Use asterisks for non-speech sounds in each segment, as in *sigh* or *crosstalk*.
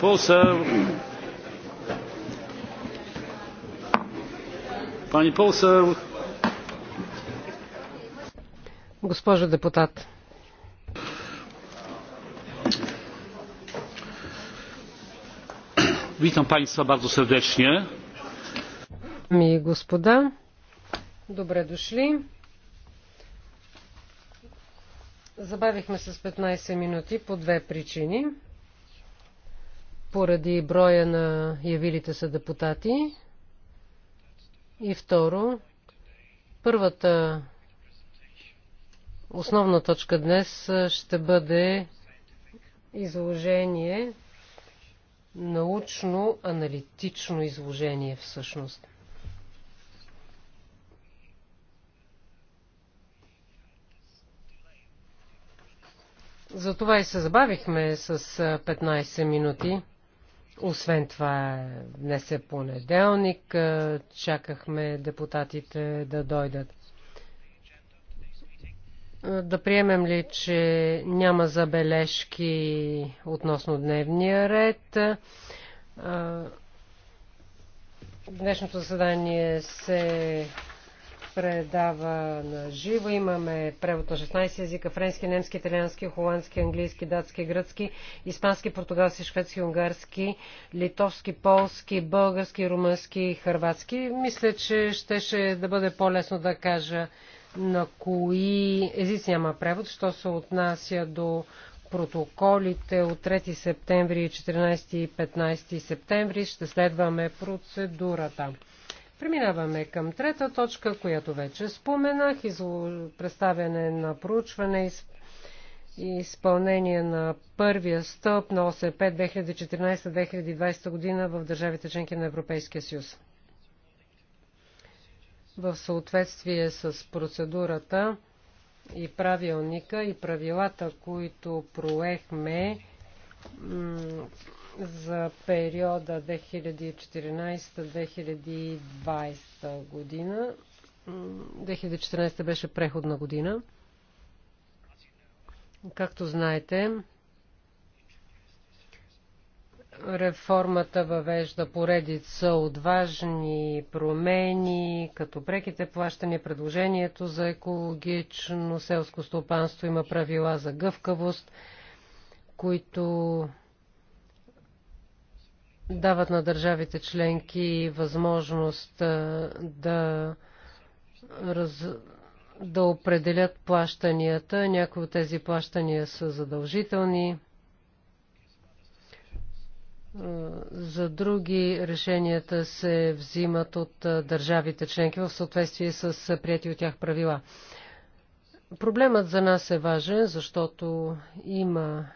poseł. Pani poseł. Госпожо депутат. Witam Państwa bardzo serdecznie. Mi господа, добре дошли. Забавихме се с 15 минути по две причини поради броя на явилите са депутати. И второ, първата основна точка днес ще бъде изложение, научно-аналитично изложение всъщност. Затова и се забавихме с 15 минути. Освен това, днес е понеделник, чакахме депутатите да дойдат. Да приемем ли, че няма забележки относно дневния ред? Днешното заседание се предава на живо. Имаме превод на 16 езика. Френски, немски, италиански, холандски, английски, датски, гръцки, испански, португалски, шведски, унгарски, литовски, полски, български, румънски и хърватски. Мисля, че ще да бъде по-лесно да кажа на кои езици няма превод, що се отнася до протоколите от 3 септември, 14 и 15 септември. Ще следваме процедурата. Преминаваме към трета точка, която вече споменах, изл... представяне на проучване и изпълнение на първия стълб на ОСП 2014-2020 година в държавите членки на Европейския съюз. В съответствие с процедурата и правилника и правилата, които проехме за периода 2014-2020 година. 2014 беше преходна година. Както знаете, реформата въвежда поредица от важни промени, като преките плащания, предложението за екологично селско стопанство има правила за гъвкавост, които дават на държавите членки възможност да, раз, да определят плащанията. Някои от тези плащания са задължителни. За други решенията се взимат от държавите членки в съответствие с прияти от тях правила. Проблемът за нас е важен, защото има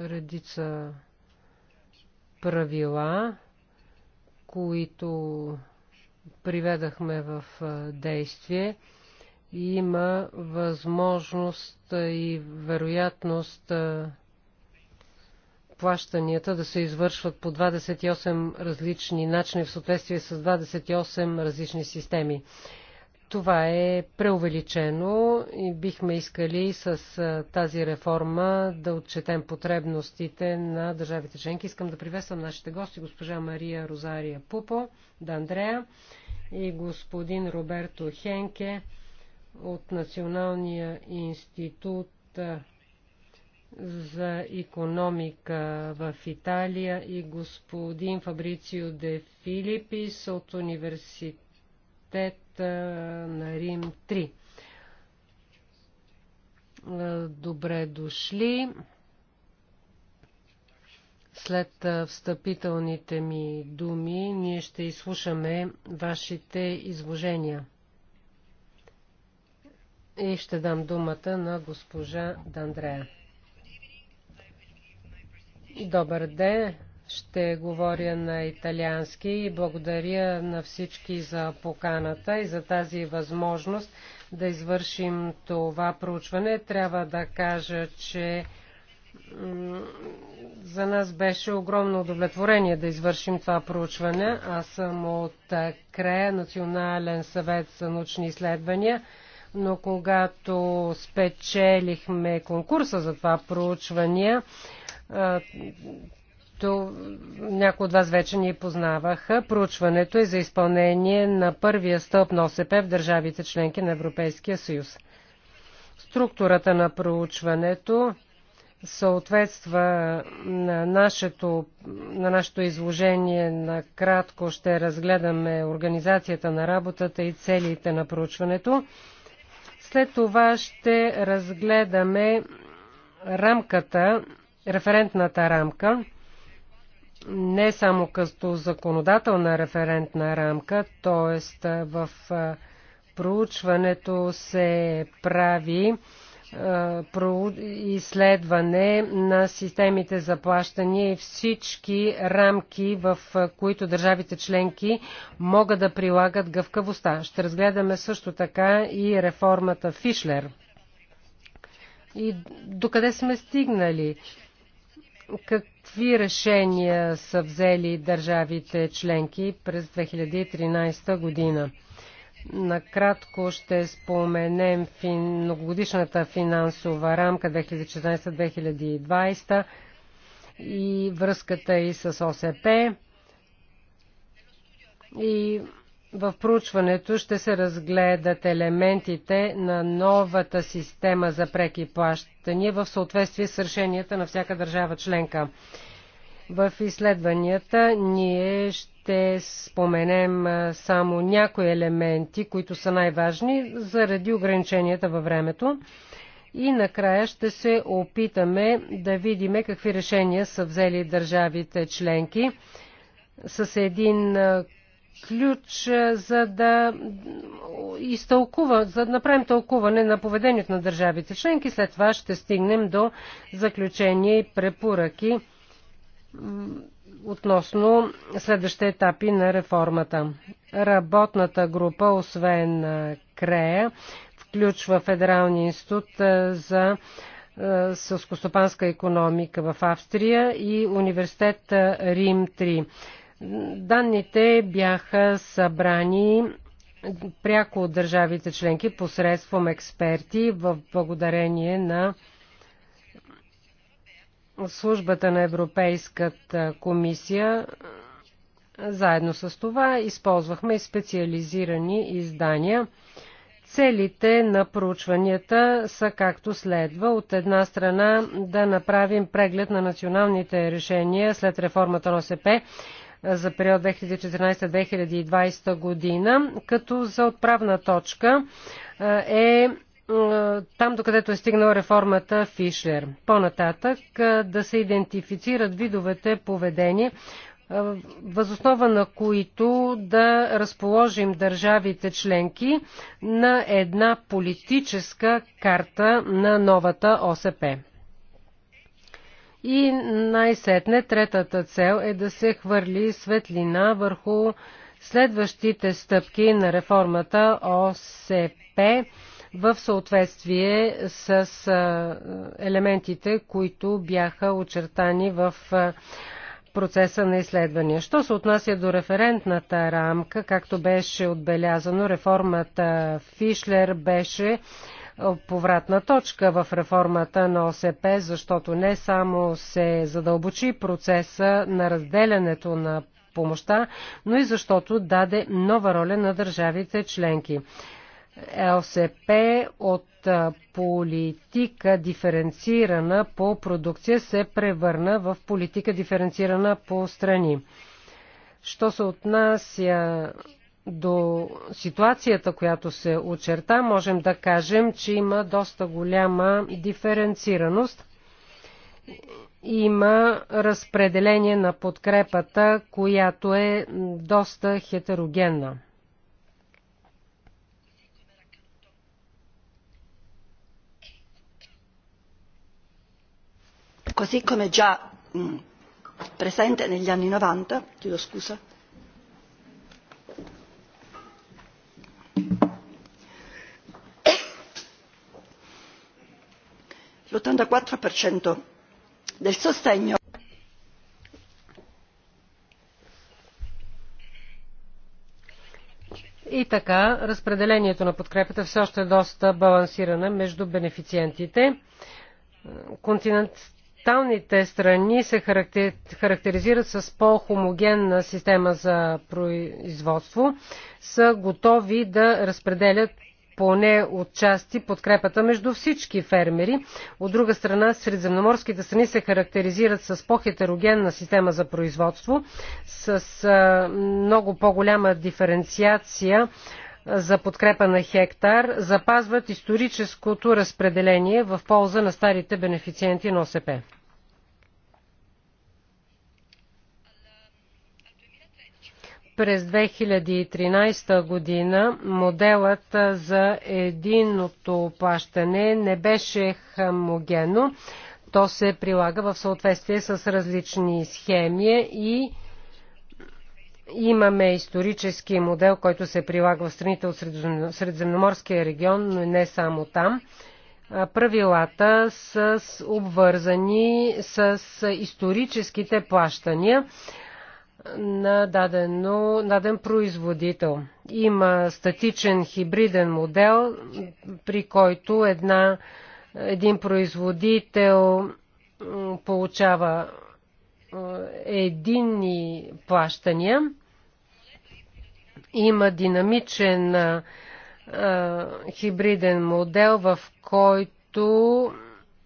редица правила, които приведахме в действие, има възможност и вероятност плащанията да се извършват по 28 различни начини в съответствие с 28 различни системи. Това е преувеличено и бихме искали с тази реформа да отчетем потребностите на държавите членки. Искам да приветствам нашите гости, госпожа Мария Розария Пупо, да Андрея и господин Роберто Хенке от Националния институт за економика в Италия и господин Фабрицио де Филипис от университет на Рим 3. Добре дошли. След встъпителните ми думи, ние ще изслушаме вашите изложения. И ще дам думата на госпожа Дандрея. Добър ден! Ще говоря на италиански и благодаря на всички за поканата и за тази възможност да извършим това проучване. Трябва да кажа, че за нас беше огромно удовлетворение да извършим това проучване. Аз съм от Крея, Национален съвет за научни изследвания, но когато спечелихме конкурса за това проучване, които някои от вас вече ни познаваха. Проучването е за изпълнение на първия стълб на ОСП в държавите членки на Европейския съюз. Структурата на проучването съответства на нашето, на нашето изложение. Накратко ще разгледаме организацията на работата и целите на проучването. След това ще разгледаме рамката, референтната рамка не само като законодателна референтна рамка, т.е. в проучването се прави изследване на системите за плащане и всички рамки, в които държавите членки могат да прилагат гъвкавостта. Ще разгледаме също така и реформата Фишлер. И докъде сме стигнали? Какви решения са взели държавите членки през 2013 година? Накратко ще споменем фин... многогодишната финансова рамка 2016 2020 и връзката и с ОСП. И в проучването ще се разгледат елементите на новата система за преки плащания в съответствие с решенията на всяка държава членка. В изследванията ние ще споменем само някои елементи, които са най-важни заради ограниченията във времето. И накрая ще се опитаме да видим какви решения са взели държавите членки с един ключ, е, за да изтълкува, за да направим тълкуване на поведението на държавите членки. След това ще стигнем до заключения и препоръки относно следващите етапи на реформата. Работната група, освен е, Крея, включва Федералния институт е, за сълскостопанска економика в Австрия и университет Рим 3. Данните бяха събрани пряко от държавите членки посредством експерти в благодарение на службата на Европейската комисия. Заедно с това използвахме специализирани издания. Целите на проучванията са както следва. От една страна да направим преглед на националните решения след реформата на ОСП за период 2014-2020 година, като за отправна точка е, е там, докъдето е стигнала реформата Фишлер. По-нататък е, да се идентифицират видовете поведение, възоснова на които да разположим държавите членки на една политическа карта на новата ОСП. И най-сетне третата цел е да се хвърли светлина върху следващите стъпки на реформата ОСП в съответствие с елементите, които бяха очертани в процеса на изследвания. Що се отнася до референтната рамка, както беше отбелязано, реформата Фишлер беше повратна точка в реформата на ОСП, защото не само се задълбочи процеса на разделянето на помощта, но и защото даде нова роля на държавите членки. ЛСП от политика диференцирана по продукция се превърна в политика диференцирана по страни. Що се отнася до ситуацията, която се очерта, можем да кажем, че има доста голяма диференцираност. Има разпределение на подкрепата, която е доста хетерогенна. Così come già presente negli anni 90, chiedo scusa, l' ottantaquattro del sostegno И така, разпределението на подкрепата все още е доста балансиране между бенефициентите. Континенталните страни се характеризират с по-хомогенна система за производство, са готови да разпределят поне отчасти подкрепата между всички фермери. От друга страна, средземноморските страни се характеризират с по-хетерогенна система за производство, с много по-голяма диференциация за подкрепа на хектар, запазват историческото разпределение в полза на старите бенефициенти на ОСП. През 2013 година моделът за единното плащане не беше хомогенно. То се прилага в съответствие с различни схеми и имаме исторически модел, който се прилага в страните от Средиземноморския регион, но и не само там. Правилата са обвързани с историческите плащания на дадено, даден производител. Има статичен хибриден модел, при който една, един производител получава е, единни плащания. Има динамичен а, хибриден модел, в който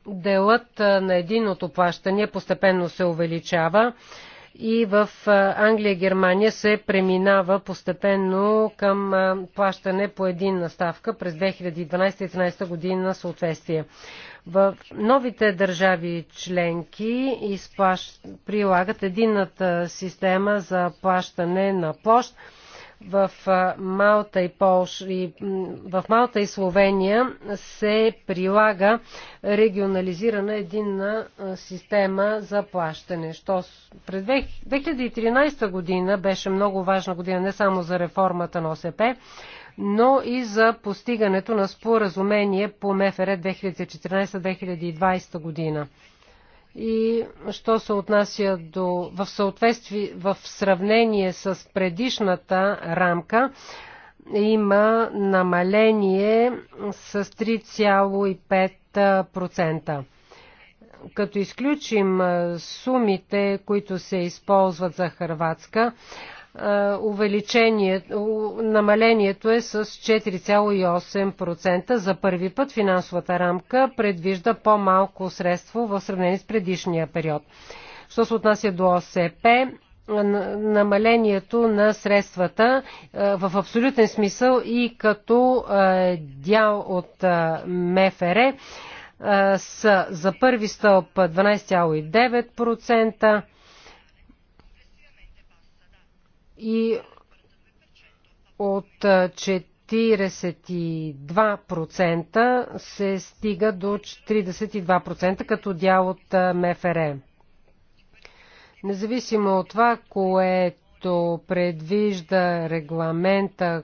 делът на единното плащане постепенно се увеличава и в Англия и Германия се преминава постепенно към плащане по един наставка през 2012-2013 година съответствие. В новите държави членки изплащ... прилагат единната система за плащане на площ в Малта и, Полш, и, в Малта и Словения се прилага регионализирана единна система за плащане. Що пред 2013 година беше много важна година не само за реформата на ОСП, но и за постигането на споразумение по МФР 2014-2020 година. И що се отнася до в съответствие, в сравнение с предишната рамка, има намаление с 3,5%. Като изключим сумите, които се използват за Харватска, е, увеличение, намалението е с 4,8%. За първи път финансовата рамка предвижда по-малко средство в сравнение с предишния период. Що се отнася до ОСП, намалението на средствата е, в абсолютен смисъл и като е, дял от МФР са за първи стълб 12,9%, и от 42% се стига до 32% като дял от МФР. Независимо от това, което предвижда регламента,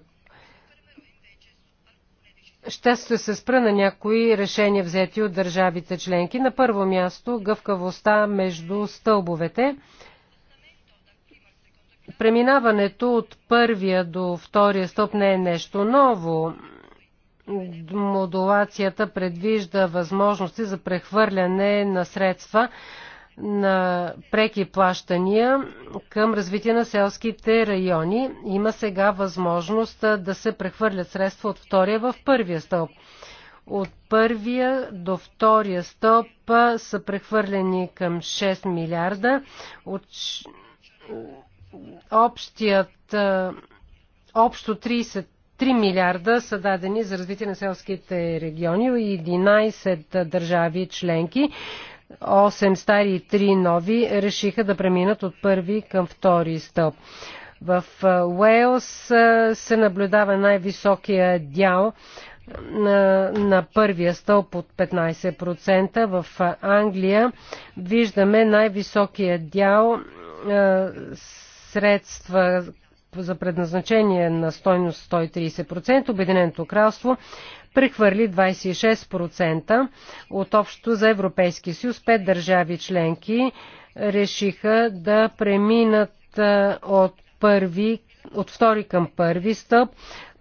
ще се спра на някои решения взети от държавите членки. На първо място гъвкавостта между стълбовете – Преминаването от първия до втория стоп не е нещо ново. Модулацията предвижда възможности за прехвърляне на средства на преки плащания към развитие на селските райони. Има сега възможност да се прехвърлят средства от втория в първия стоп. От първия до втория стоп са прехвърлени към 6 милиарда. От общият, е, общо 33 3 милиарда са дадени за развитие на селските региони и 11 държави членки, 8 стари и 3 нови, решиха да преминат от първи към втори стълб. В е, Уелс е, се наблюдава най-високия дял на, на първия стълб от 15%. В Англия виждаме най-високия дял с средства за предназначение на стойност 130%, Обединеното кралство прехвърли 26% от общо за Европейския съюз. Пет държави членки решиха да преминат от, първи, от втори към първи стъп.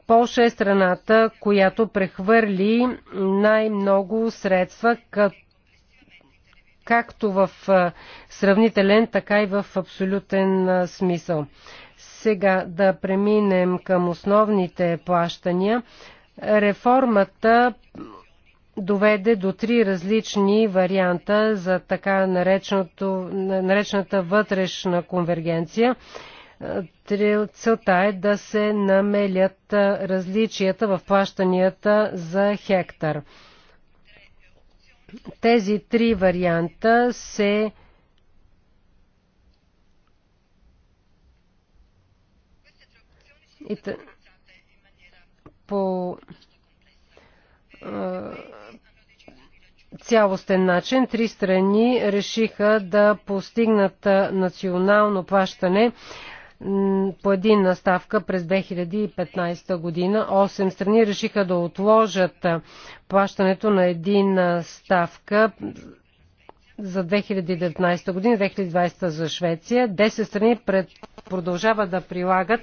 Полша е страната, която прехвърли най-много средства, като както в сравнителен, така и в абсолютен смисъл. Сега да преминем към основните плащания. Реформата доведе до три различни варианта за така наречената вътрешна конвергенция. Целта е да се намелят различията в плащанията за хектар. Тези три варианта се по цялостен начин три страни решиха да постигнат национално плащане по един наставка през 2015 година. 8 страни решиха да отложат плащането на един ставка за 2019 година, 2020 за Швеция. Десет страни пред, продължават да прилагат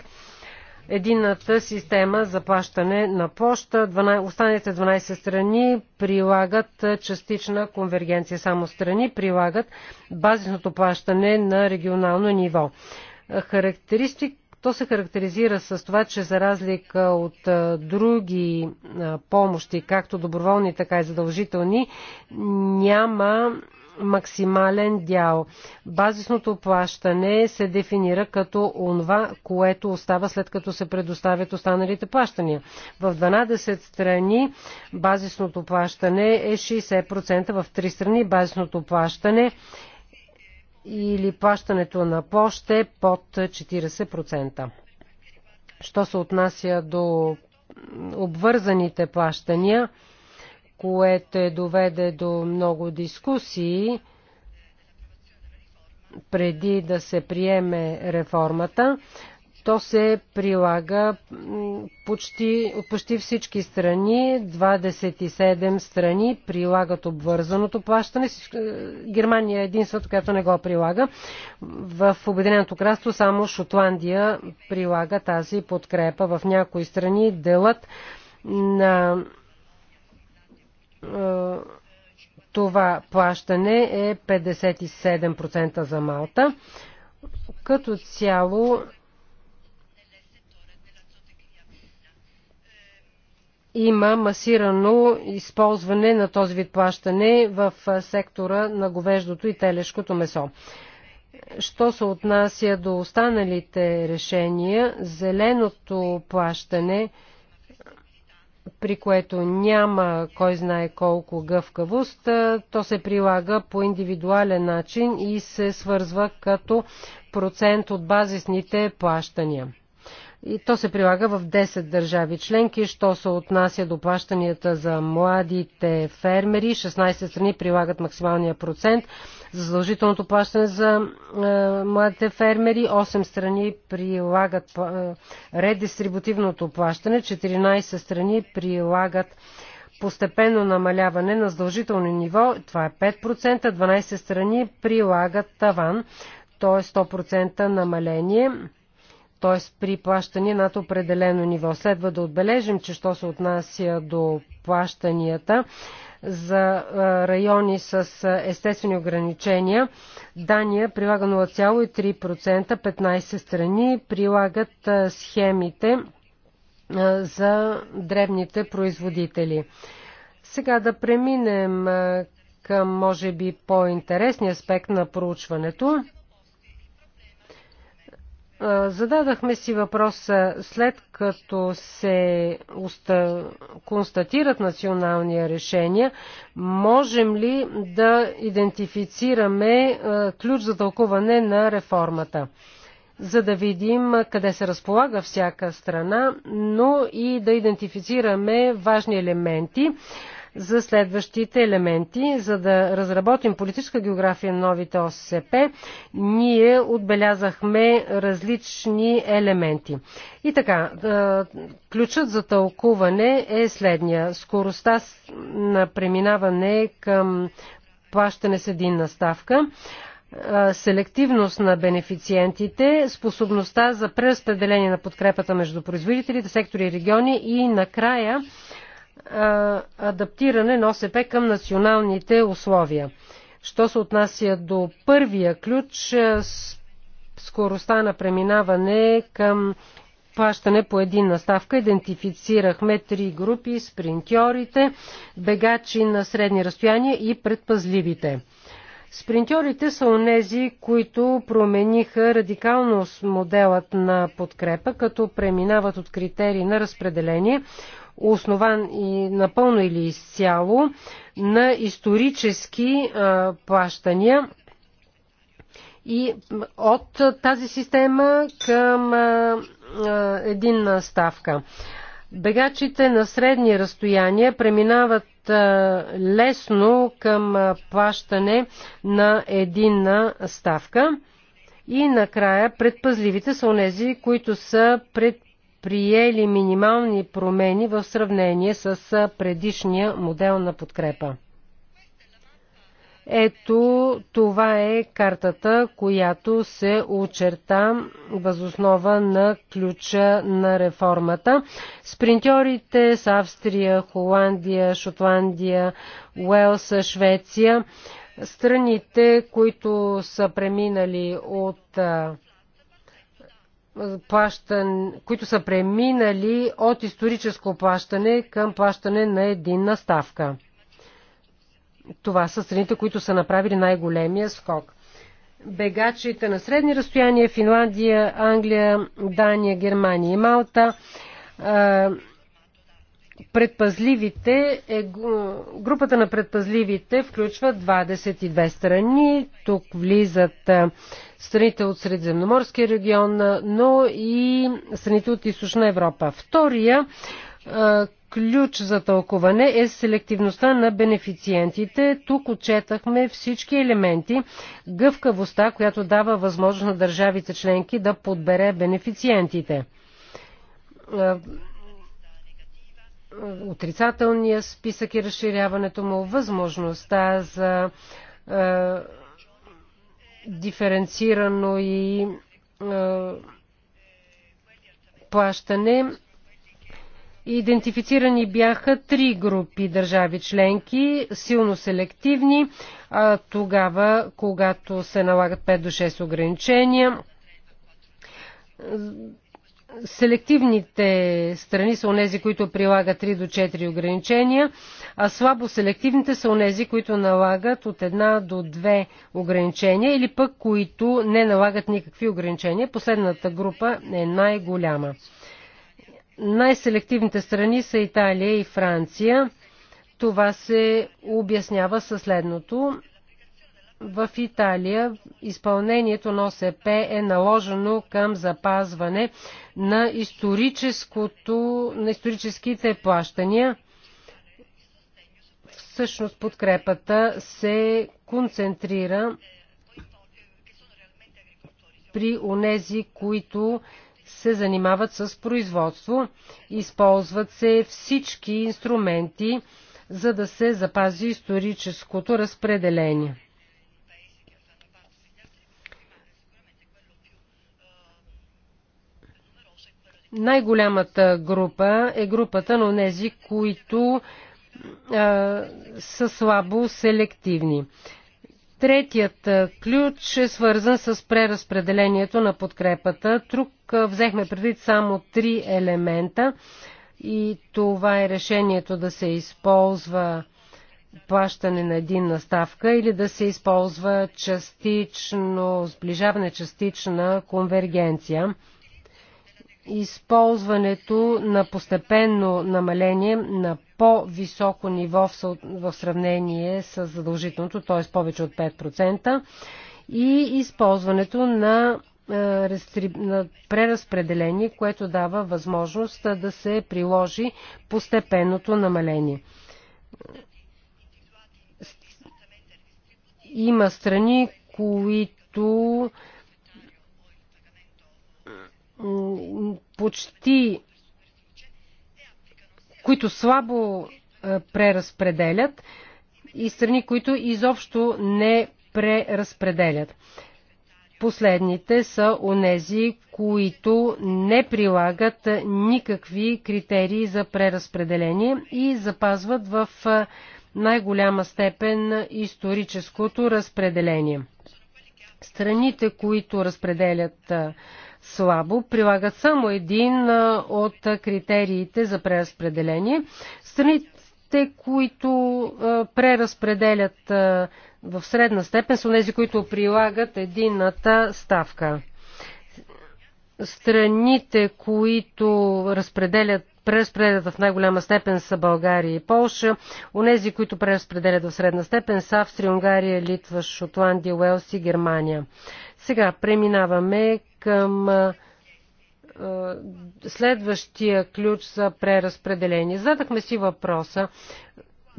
единната система за плащане на площа. 12, останалите 12 страни прилагат частична конвергенция. Само страни прилагат базисното плащане на регионално ниво. Характеристик, то се характеризира с това, че за разлика от други помощи, както доброволни, така и задължителни, няма максимален дял. Базисното плащане се дефинира като онова, което остава след като се предоставят останалите плащания. В 12 страни базисното плащане е 60%, в 3 страни базисното плащане или плащането на поще под 40%. Що се отнася до обвързаните плащания, което е доведе до много дискусии преди да се приеме реформата, то се прилага почти, от почти всички страни. 27 страни прилагат обвързаното плащане. Е, Германия е единството, която не го прилага. В Обединеното кралство само Шотландия прилага тази подкрепа. В някои страни делът на е, това плащане е 57% за Малта. Като цяло има масирано използване на този вид плащане в сектора на говеждото и телешкото месо. Що се отнася до останалите решения, зеленото плащане, при което няма кой знае колко гъвкавост, то се прилага по индивидуален начин и се свързва като процент от базисните плащания и то се прилага в 10 държави членки, що се отнася до плащанията за младите фермери. 16 страни прилагат максималния процент за задължителното плащане за е, младите фермери. 8 страни прилагат е, редистрибутивното плащане. 14 страни прилагат постепенно намаляване на задължително ниво. Това е 5%. 12 страни прилагат таван, т.е. 100% намаление т.е. при плащане над определено ниво. Следва да отбележим, че що се отнася до плащанията за райони с естествени ограничения, Дания прилага 0,3%, 15 страни прилагат схемите за древните производители. Сега да преминем към, може би, по-интересния аспект на проучването Зададахме си въпроса след като се констатират националния решения, можем ли да идентифицираме ключ за тълкуване на реформата, за да видим къде се разполага всяка страна, но и да идентифицираме важни елементи, за следващите елементи. За да разработим политическа география на новите ОССП, ние отбелязахме различни елементи. И така, ключът за тълкуване е следния. Скоростта на преминаване към плащане с единна ставка, селективност на бенефициентите, способността за преразпределение на подкрепата между производителите, сектори и региони и накрая адаптиране на ОСП към националните условия. Що се отнася до първия ключ, скоростта на преминаване към плащане по един наставка. Идентифицирахме три групи – спринтьорите, бегачи на средни разстояния и предпазливите. Спринтьорите са онези, които промениха радикално моделът на подкрепа, като преминават от критерии на разпределение основан и напълно или изцяло на исторически а, плащания и от тази система към а, а, единна ставка. Бегачите на средни разстояния преминават а, лесно към а, плащане на единна ставка. И накрая предпазливите са онези, които са пред приели минимални промени в сравнение с предишния модел на подкрепа. Ето това е картата, която се очерта възоснова на ключа на реформата. Спринтьорите с Австрия, Холандия, Шотландия, Уелс, Швеция. Страните, които са преминали от плащан, които са преминали от историческо плащане към плащане на единна ставка. Това са страните, които са направили най-големия скок. Бегачите на средни разстояния Финландия, Англия, Дания, Германия и Малта Предпазливите е, групата на предпазливите включва 22 страни. Тук влизат страните от Средиземноморския регион, но и страните от Източна Европа. Втория ключ за тълкуване е селективността на бенефициентите. Тук отчетахме всички елементи, гъвкавостта, която дава възможност на държавите членки да подбере бенефициентите отрицателния списък и разширяването му, възможността за е, диференцирано и е, плащане. Идентифицирани бяха три групи държави членки, силно селективни, а тогава, когато се налагат 5 до 6 ограничения Селективните страни са онези, които прилагат 3 до 4 ограничения, а слабо селективните са онези, които налагат от 1 до 2 ограничения или пък които не налагат никакви ограничения. Последната група е най-голяма. Най-селективните страни са Италия и Франция. Това се обяснява със следното. В Италия изпълнението на ОСП е наложено към запазване на, на историческите плащания. Всъщност подкрепата се концентрира при онези, които се занимават с производство. Използват се всички инструменти, за да се запази историческото разпределение. Най-голямата група е групата на тези, които а, са слабо селективни. Третият ключ е свързан с преразпределението на подкрепата. Тук взехме предвид само три елемента и това е решението да се използва плащане на единна ставка или да се използва частично сближаване, частична конвергенция използването на постепенно намаление на по-високо ниво в сравнение с задължителното, т.е. повече от 5%, и използването на, е, на преразпределение, което дава възможност да се приложи постепенното намаление. Има страни, които почти които слабо е, преразпределят и страни, които изобщо не преразпределят. Последните са онези, които не прилагат никакви критерии за преразпределение и запазват в е, най-голяма степен историческото разпределение. Страните, които разпределят е, слабо прилагат само един от критериите за преразпределение. Страните, които преразпределят в средна степен, са тези, които прилагат единната ставка. Страните, които разпределят преразпределят в най-голяма степен са България и Полша. Онези, които преразпределят в средна степен са Австрия, Унгария, Литва, Шотландия, Уелс и Германия. Сега преминаваме към следващия ключ за преразпределение. Задахме си въпроса,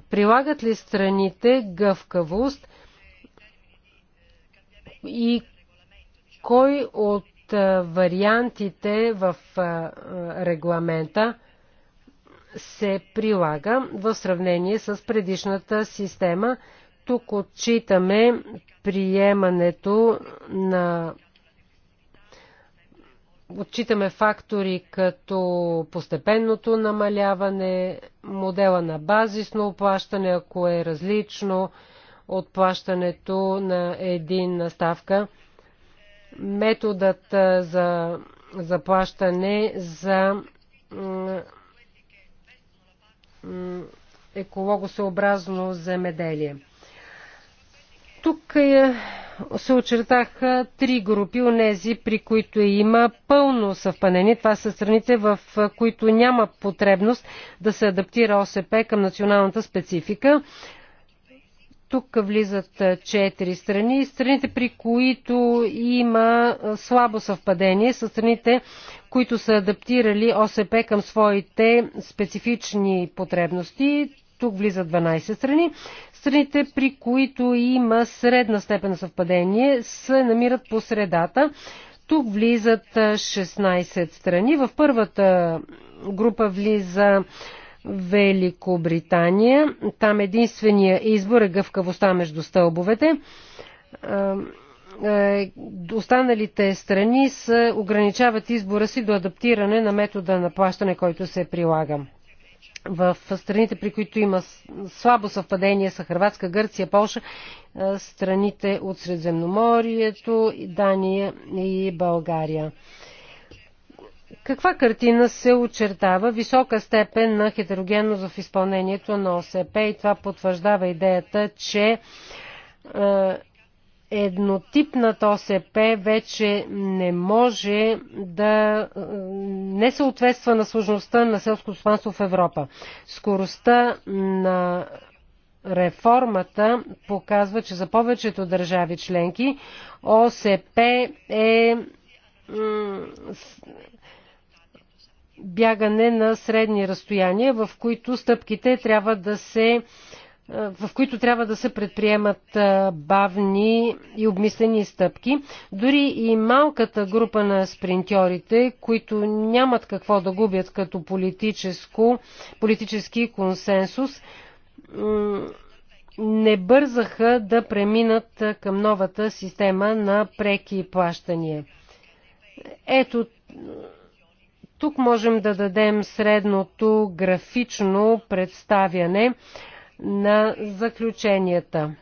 прилагат ли страните гъвкавост и кой от вариантите в регламента се прилага в сравнение с предишната система – тук отчитаме приемането на отчитаме фактори като постепенното намаляване, модела на базисно оплащане, ако е различно от плащането на един наставка, методът за заплащане за екологосъобразно земеделие. Тук е, се очертаха три групи, онези, при които е има пълно съвпадение. Това са страните, в които няма потребност да се адаптира ОСП към националната специфика. Тук влизат е, четири страни. Страните, при които има слабо съвпадение, са страните, които са адаптирали ОСП към своите специфични потребности тук влизат 12 страни. Страните, при които има средна степен на съвпадение, се намират по средата. Тук влизат 16 страни. В първата група влиза Великобритания. Там единствения избор е гъвкавостта между стълбовете. Останалите страни са, ограничават избора си до адаптиране на метода на плащане, който се прилага в страните, при които има слабо съвпадение са Хрватска, Гърция, Полша, страните от Средземноморието, Дания и България. Каква картина се очертава? Висока степен на хетерогенност в изпълнението на ОСП и това потвърждава идеята, че еднотипната ОСП вече не може да не съответства на сложността на селско стопанство в Европа. Скоростта на реформата показва, че за повечето държави членки ОСП е бягане на средни разстояния, в които стъпките трябва да се в които трябва да се предприемат бавни и обмислени стъпки. Дори и малката група на спринтьорите, които нямат какво да губят като политически консенсус, не бързаха да преминат към новата система на преки плащания. Ето, тук можем да дадем средното графично представяне на заключенията.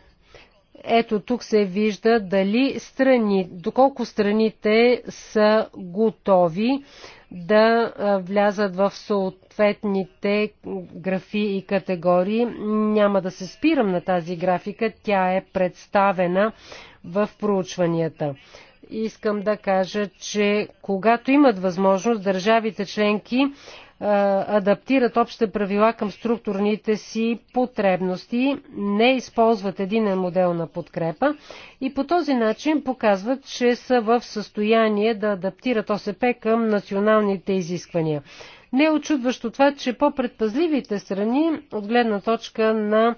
Ето тук се вижда дали страни, доколко страните са готови да влязат в съответните графи и категории. Няма да се спирам на тази графика, тя е представена в проучванията. Искам да кажа, че когато имат възможност, държавите членки адаптират общите правила към структурните си потребности, не използват един модел на подкрепа и по този начин показват, че са в състояние да адаптират ОСП към националните изисквания. Не е очудващо това, че по-предпазливите страни от гледна точка на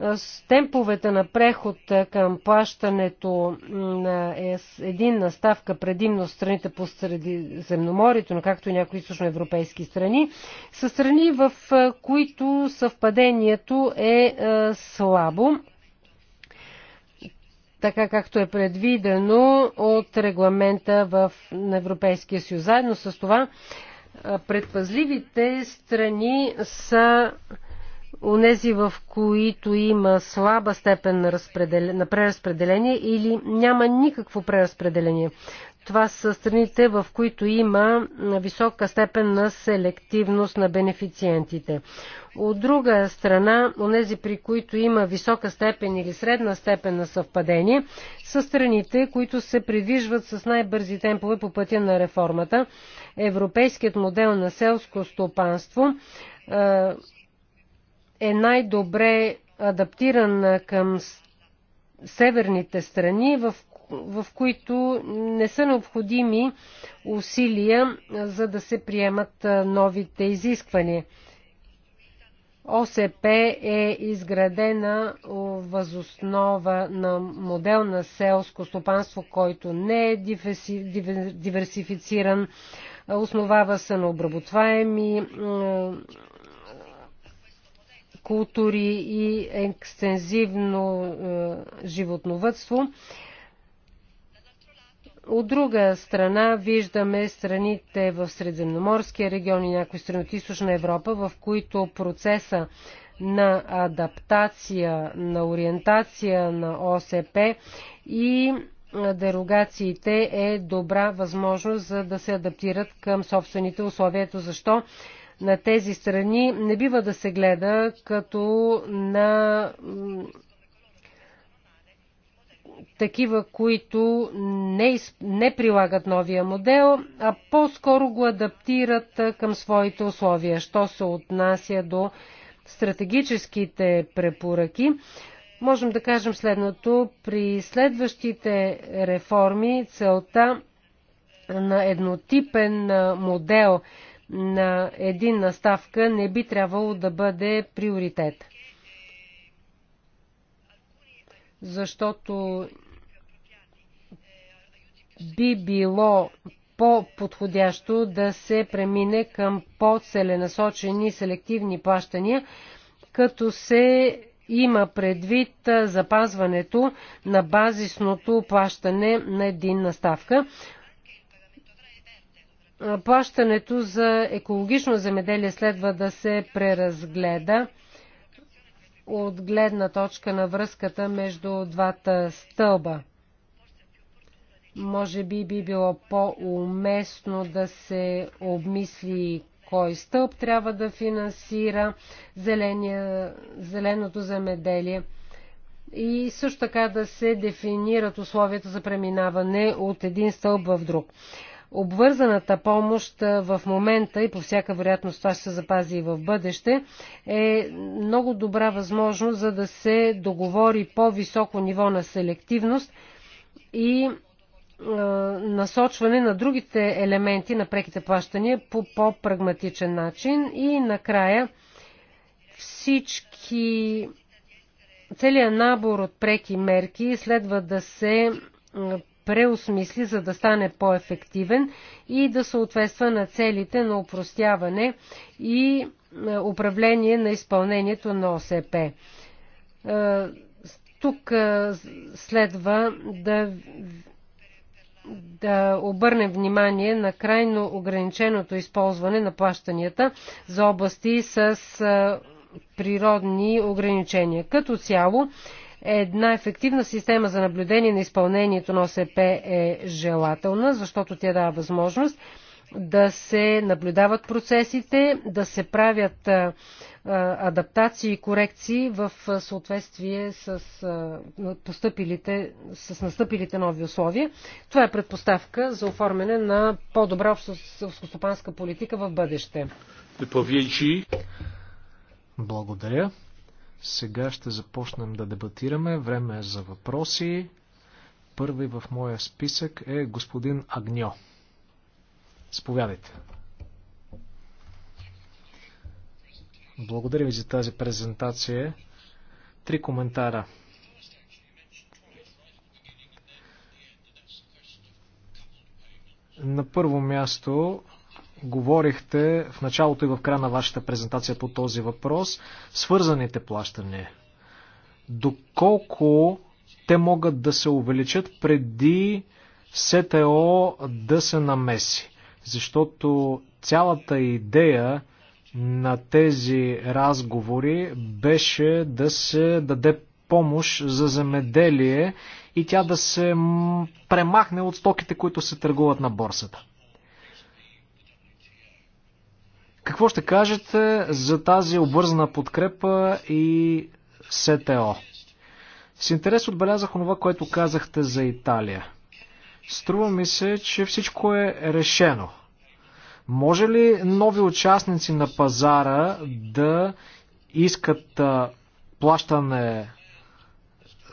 с темповете на преход към плащането на е единна ставка предимно страните по Средиземноморието, но както и някои източноевропейски страни, са страни, в които съвпадението е слабо, така както е предвидено от регламента в, на Европейския съюз. Заедно с това предпазливите страни са онези, в които има слаба степен на, разпредел... на преразпределение или няма никакво преразпределение. Това са страните, в които има висока степен на селективност на бенефициентите. От друга страна, онези, при които има висока степен или средна степен на съвпадение, са страните, които се придвижват с най-бързи темпове по пътя на реформата. Европейският модел на селско стопанство е най-добре адаптиран към северните страни, в, в които не са необходими усилия, за да се приемат новите изисквания. ОСП е изградена възоснова на модел на селско стопанство, който не е диверсифициран, основава се на обработваеми култури и екстензивно е, животновътство. От друга страна виждаме страните в Средземноморския регион и някои страни от Източна Европа, в които процеса на адаптация, на ориентация на ОСП и е, дерогациите е добра възможност за да се адаптират към собствените условия. Ето защо на тези страни не бива да се гледа като на такива, които не, не прилагат новия модел, а по-скоро го адаптират към своите условия. Що се отнася до стратегическите препоръки, можем да кажем следното. При следващите реформи целта на еднотипен модел – на един наставка не би трябвало да бъде приоритет. Защото би било по-подходящо да се премине към по-целенасочени селективни плащания, като се има предвид запазването на базисното плащане на единна ставка плащането за екологично земеделие следва да се преразгледа от гледна точка на връзката между двата стълба. Може би би било по-уместно да се обмисли кой стълб трябва да финансира зеления, зеленото земеделие и също така да се дефинират условията за преминаване от един стълб в друг. Обвързаната помощ в момента и по всяка вероятност това ще се запази и в бъдеще е много добра възможност за да се договори по-високо ниво на селективност и насочване на другите елементи на преките плащания по по-прагматичен начин и накрая всички целият набор от преки мерки следва да се преосмисли, за да стане по-ефективен и да съответства на целите на упростяване и е, управление на изпълнението на ОСП. Е, тук е, следва да, да обърнем внимание на крайно ограниченото използване на плащанията за области с природни ограничения. Като цяло, Една ефективна система за наблюдение на изпълнението на ОСП е желателна, защото тя дава възможност да се наблюдават процесите, да се правят адаптации и корекции в съответствие с, постъпилите, с настъпилите нови условия. Това е предпоставка за оформяне на по-добра общостопанска политика в бъдеще. Благодаря. Сега ще започнем да дебатираме. Време е за въпроси. Първи в моя списък е господин Агньо. Сповядайте. Благодаря ви за тази презентация. Три коментара. На първо място Говорихте в началото и в края на вашата презентация по този въпрос. Свързаните плащания. Доколко те могат да се увеличат преди СТО да се намеси? Защото цялата идея на тези разговори беше да се даде помощ за земеделие и тя да се премахне от стоките, които се търгуват на борсата. Какво ще кажете за тази обвързана подкрепа и СТО? С интерес отбелязах онова, което казахте за Италия. Струва ми се, че всичко е решено. Може ли нови участници на пазара да искат плащане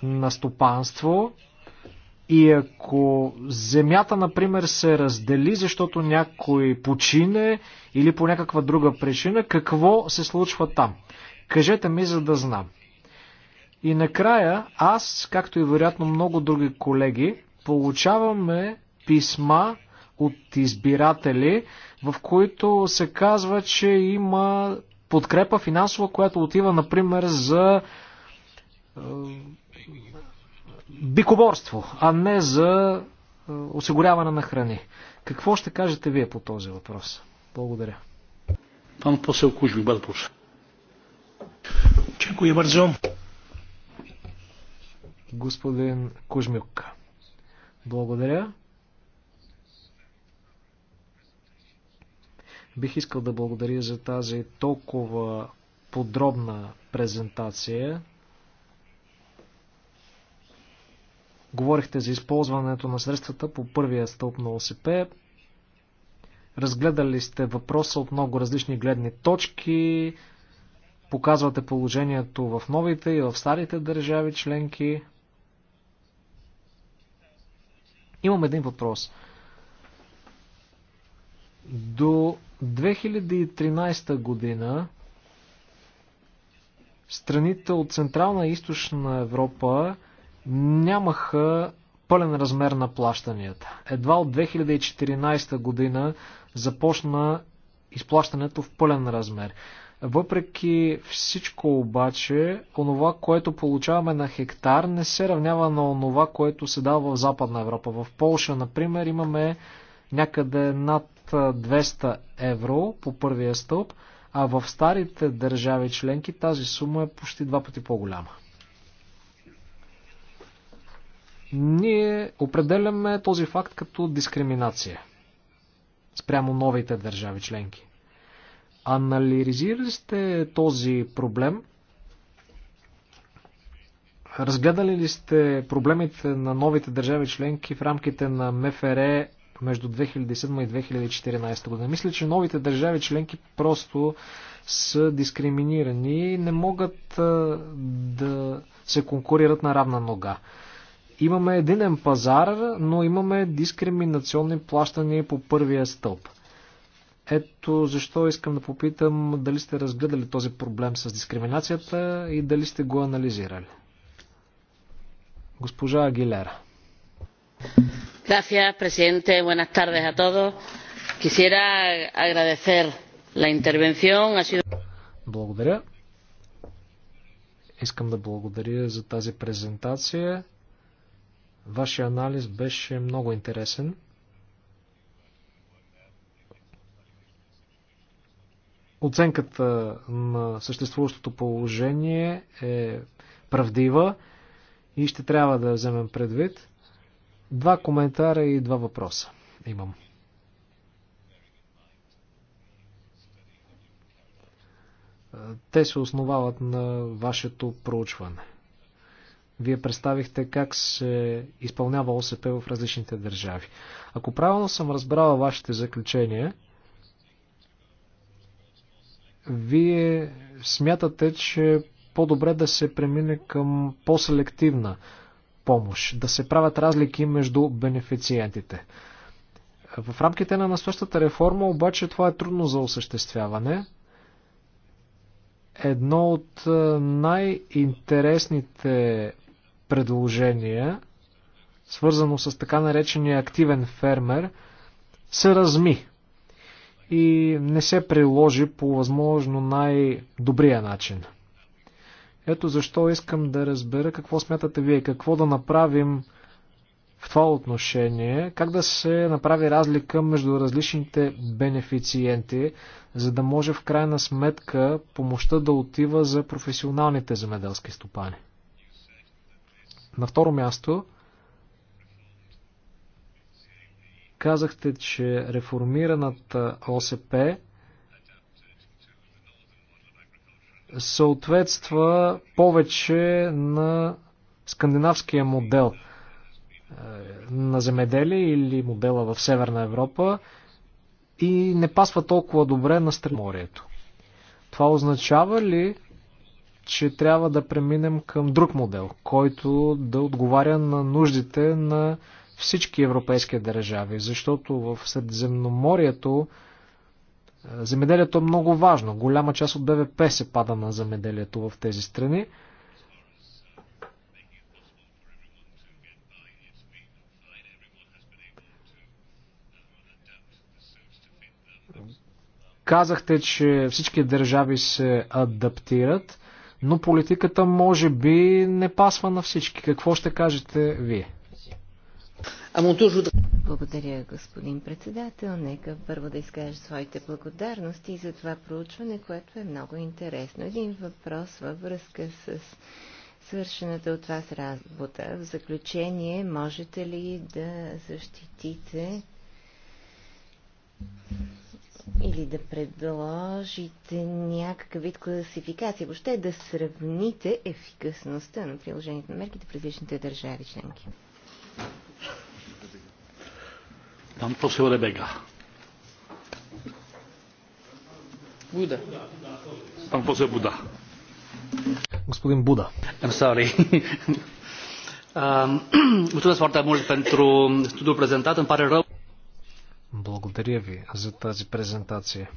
на стопанство и ако земята, например, се раздели, защото някой почине или по някаква друга причина, какво се случва там? Кажете ми, за да знам. И накрая, аз, както и вероятно много други колеги, получаваме писма от избиратели, в които се казва, че има подкрепа финансова, която отива, например, за е, бикоборство, а не за е, осигуряване на храни. Какво ще кажете вие по този въпрос? Благодаря. Пан посел Кузьми, Бадбус. Дякую бързо. Господин Кужмюк. Благодаря. Бих искал да благодаря за тази толкова подробна презентация. Говорихте за използването на средствата по първия стълб на ОСП. Разгледали сте въпроса от много различни гледни точки. Показвате положението в новите и в старите държави членки. Имам един въпрос. До 2013 година страните от Централна и Източна Европа нямаха пълен размер на плащанията. Едва от 2014 година започна изплащането в пълен размер. Въпреки всичко обаче, онова, което получаваме на хектар, не се равнява на онова, което се дава в Западна Европа. В Полша, например, имаме някъде над 200 евро по първия стълб, а в старите държави членки тази сума е почти два пъти по-голяма. Ние определяме този факт като дискриминация спрямо новите държави членки. Анализирали сте този проблем? Разгледали ли сте проблемите на новите държави членки в рамките на МФР между 2007 и 2014 година? Мисля, че новите държави членки просто са дискриминирани и не могат да се конкурират на равна нога. Имаме единен пазар, но имаме дискриминационни плащания по първия стълб. Ето защо искам да попитам дали сте разгледали този проблем с дискриминацията и дали сте го анализирали. Госпожа Агилера. Gracias, presidente. Buenas tardes a todos. Quisiera agradecer la intervención. Ha sido... Благодаря. Искам да благодаря за тази презентация. Вашия анализ беше много интересен. Оценката на съществуващото положение е правдива и ще трябва да вземем предвид. Два коментара и два въпроса имам. Те се основават на вашето проучване. Вие представихте как се изпълнява ОСП в различните държави. Ако правилно съм разбрала вашите заключения, вие смятате, че по-добре да се премине към по-селективна помощ, да се правят разлики между бенефициентите. В рамките на настоящата реформа обаче това е трудно за осъществяване. Едно от най-интересните предложение, свързано с така наречения активен фермер, се разми и не се приложи по възможно най-добрия начин. Ето защо искам да разбера какво смятате вие, какво да направим в това отношение, как да се направи разлика между различните бенефициенти, за да може в крайна сметка помощта да отива за професионалните земеделски стопани. На второ място, казахте, че реформираната ОСП съответства повече на скандинавския модел е, на земеделие или модела в Северна Европа и не пасва толкова добре на Стреморието. Това означава ли, че трябва да преминем към друг модел, който да отговаря на нуждите на всички европейски държави, защото в Средиземноморието е, земеделието е много важно. Голяма част от БВП се пада на земеделието в тези страни. Казахте, че всички държави се адаптират но политиката може би не пасва на всички. Какво ще кажете вие? Благодаря, господин председател. Нека първо да изкажа своите благодарности за това проучване, което е много интересно. Един въпрос във връзка с свършената от вас работа. В заключение, можете ли да защитите или да предложите някакъв вид класификация, въобще да сравните ефикасността на приложението на мерките в различните държави членки. Pan poseł Rebega. Буда. Там poseł Буда. Господин Буда. I'm sorry. Mulțumesc *laughs* *clears throat* foarte mult pentru studiul prezentat. Îmi pare rău. Благодаря ви за тази презентация.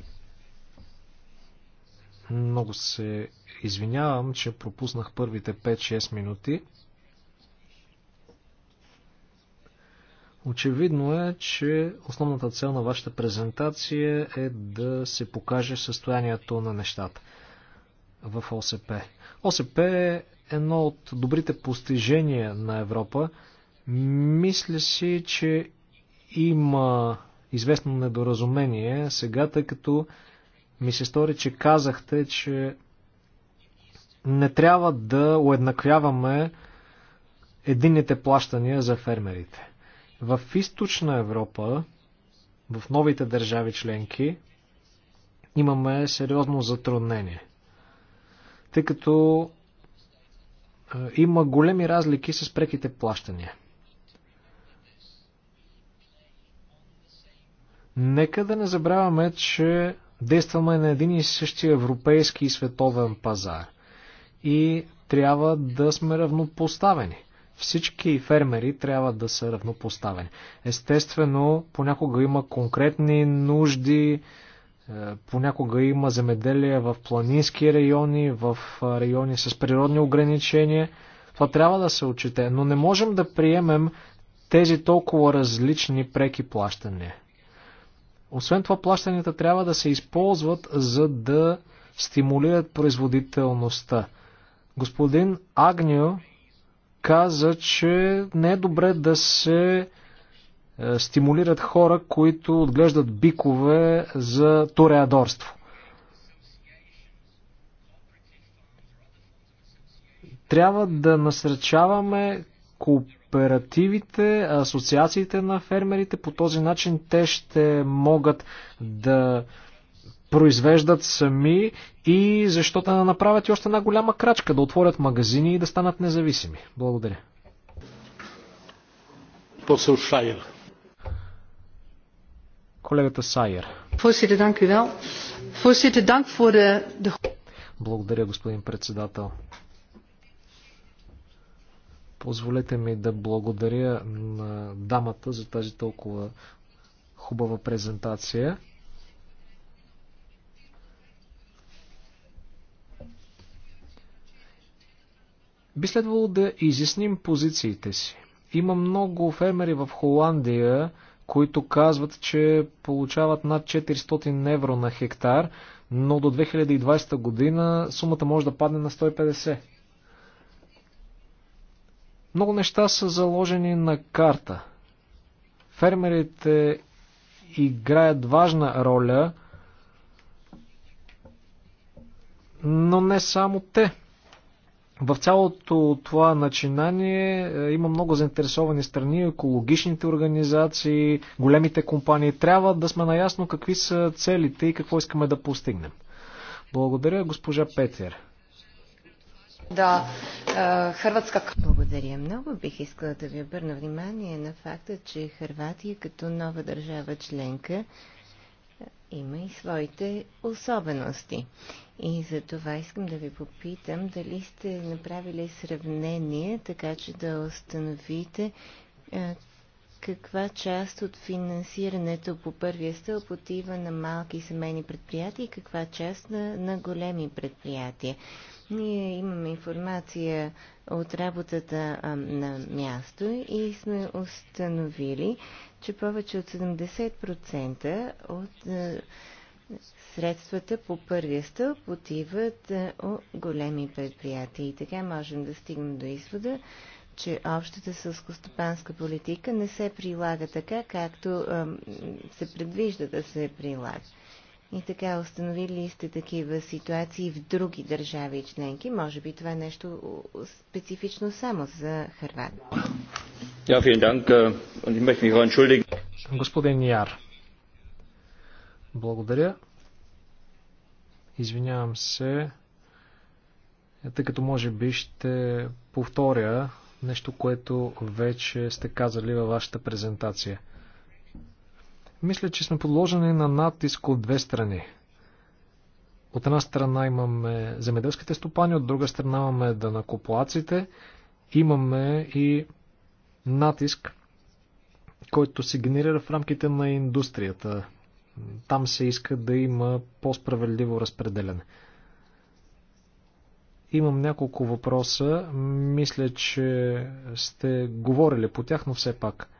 Много се извинявам, че пропуснах първите 5-6 минути. Очевидно е, че основната цел на вашата презентация е да се покаже състоянието на нещата в ОСП. ОСП е едно от добрите постижения на Европа. Мисля си, че има известно недоразумение сега, тъй като ми се стори, че казахте, че не трябва да уеднаквяваме единните плащания за фермерите. В източна Европа, в новите държави членки, имаме сериозно затруднение. Тъй като е, има големи разлики с преките плащания. Нека да не забравяме, че действаме на един и същи европейски и световен пазар. И трябва да сме равнопоставени. Всички фермери трябва да са равнопоставени. Естествено, понякога има конкретни нужди, е, понякога има земеделие в планински райони, в райони с природни ограничения. Това трябва да се отчете, но не можем да приемем тези толкова различни преки плащания. Освен това, плащанията трябва да се използват, за да стимулират производителността. Господин Агнио каза, че не е добре да се е, стимулират хора, които отглеждат бикове за тореадорство. Трябва да насръчаваме кооперативите кооперативите, асоциациите на фермерите. По този начин те ще могат да произвеждат сами и защо да не направят и още една голяма крачка, да отворят магазини и да станат независими. Благодаря. Посъл Шайер. Колегата Сайер. Благодаря, господин председател. Позволете ми да благодаря на дамата за тази толкова хубава презентация. Би следвало да изясним позициите си. Има много фермери в Холандия, които казват, че получават над 400 евро на хектар, но до 2020 година сумата може да падне на 150. Много неща са заложени на карта. Фермерите играят важна роля, но не само те. В цялото това начинание е, има много заинтересовани страни, екологичните организации, големите компании. Трябва да сме наясно какви са целите и какво искаме да постигнем. Благодаря, госпожа Петер. Да, е, Хрватска... Благодаря много. Бих искала да ви обърна внимание на факта, че Хрватия като нова държава членка е, има и своите особености. И за това искам да ви попитам дали сте направили сравнение, така че да установите е, каква част от финансирането по първия стълб отива на малки семейни предприятия и каква част на, на големи предприятия. Ние имаме информация от работата а, на място и сме установили, че повече от 70% от а, средствата по първия стълб отиват от големи предприятия. И така можем да стигнем до извода, че общата сълскостопанска политика не се прилага така, както а, се предвижда да се прилага. И така, установили сте такива ситуации в други държави и членки? Може би това е нещо специфично само за Хърватия. Äh, Господин Яр, благодаря. Извинявам се, тъй като може би ще повторя нещо, което вече сте казали във вашата презентация. Мисля, че сме подложени на натиск от две страни. От една страна имаме земеделските стопани, от друга страна имаме данакоплаците, имаме и натиск, който се генерира в рамките на индустрията. Там се иска да има по-справедливо разпределене. Имам няколко въпроса. Мисля, че сте говорили по тях, но все пак –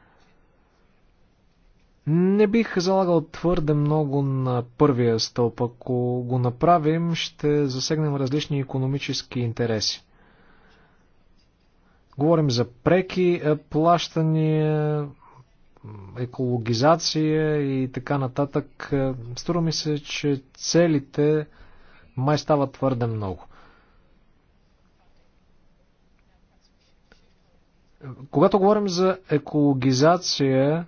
не бих залагал твърде много на първия стълб. Ако го направим, ще засегнем различни економически интереси. Говорим за преки е, плащания, екологизация и така нататък. Е, струва ми се, че целите май стават твърде много. Когато говорим за екологизация,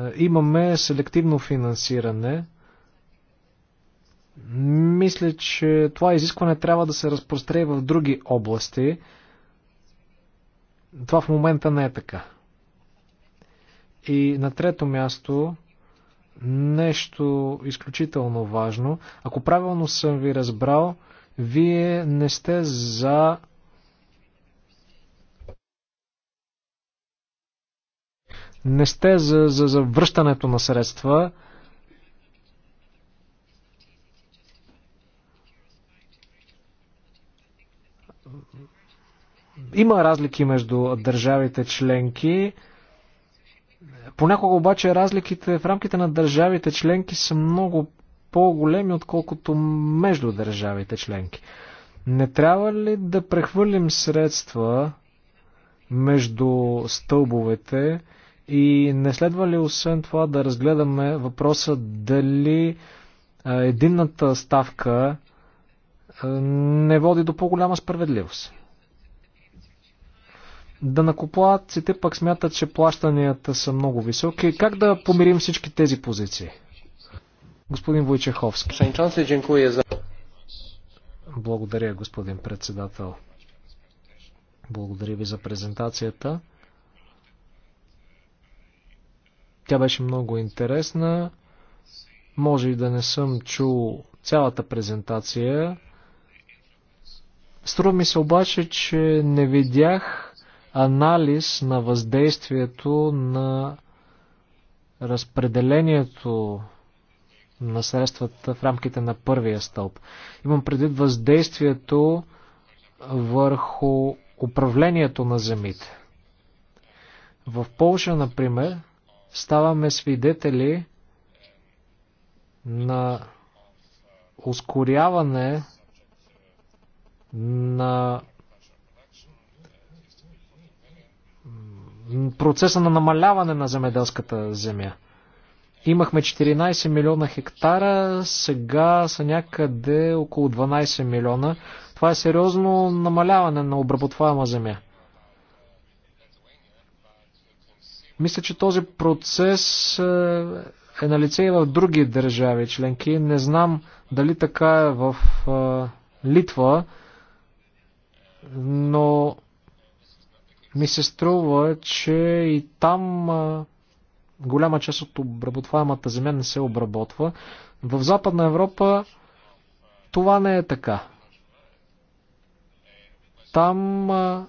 е, имаме селективно финансиране. Мисля, че това изискване трябва да се разпростре в други области. Това в момента не е така. И на трето място, нещо изключително важно. Ако правилно съм ви разбрал, вие не сте за не сте за, за, за връщането на средства. Има разлики между държавите членки. Понякога обаче разликите в рамките на държавите членки са много по-големи, отколкото между държавите членки. Не трябва ли да прехвърлим средства между стълбовете? И не следва ли освен това да разгледаме въпроса дали единната ставка не води до по-голяма справедливост? Да накоплаците пък смятат, че плащанията са много високи. Как да помирим всички тези позиции? Господин Войчеховски. Благодаря, господин председател. Благодаря ви за презентацията. Тя беше много интересна. Може и да не съм чул цялата презентация. Струва ми се обаче, че не видях анализ на въздействието на разпределението на средствата в рамките на първия стълб. Имам предвид въздействието върху управлението на земите. В Полша, например, ставаме свидетели на ускоряване на процеса на намаляване на земеделската земя. Имахме 14 милиона хектара, сега са някъде около 12 милиона. Това е сериозно намаляване на обработваема земя. Мисля, че този процес е, е на лице и в други държави членки. Не знам дали така е в е, Литва, но ми се струва, че и там е, голяма част от обработваемата земя не се обработва. В Западна Европа това не е така. Там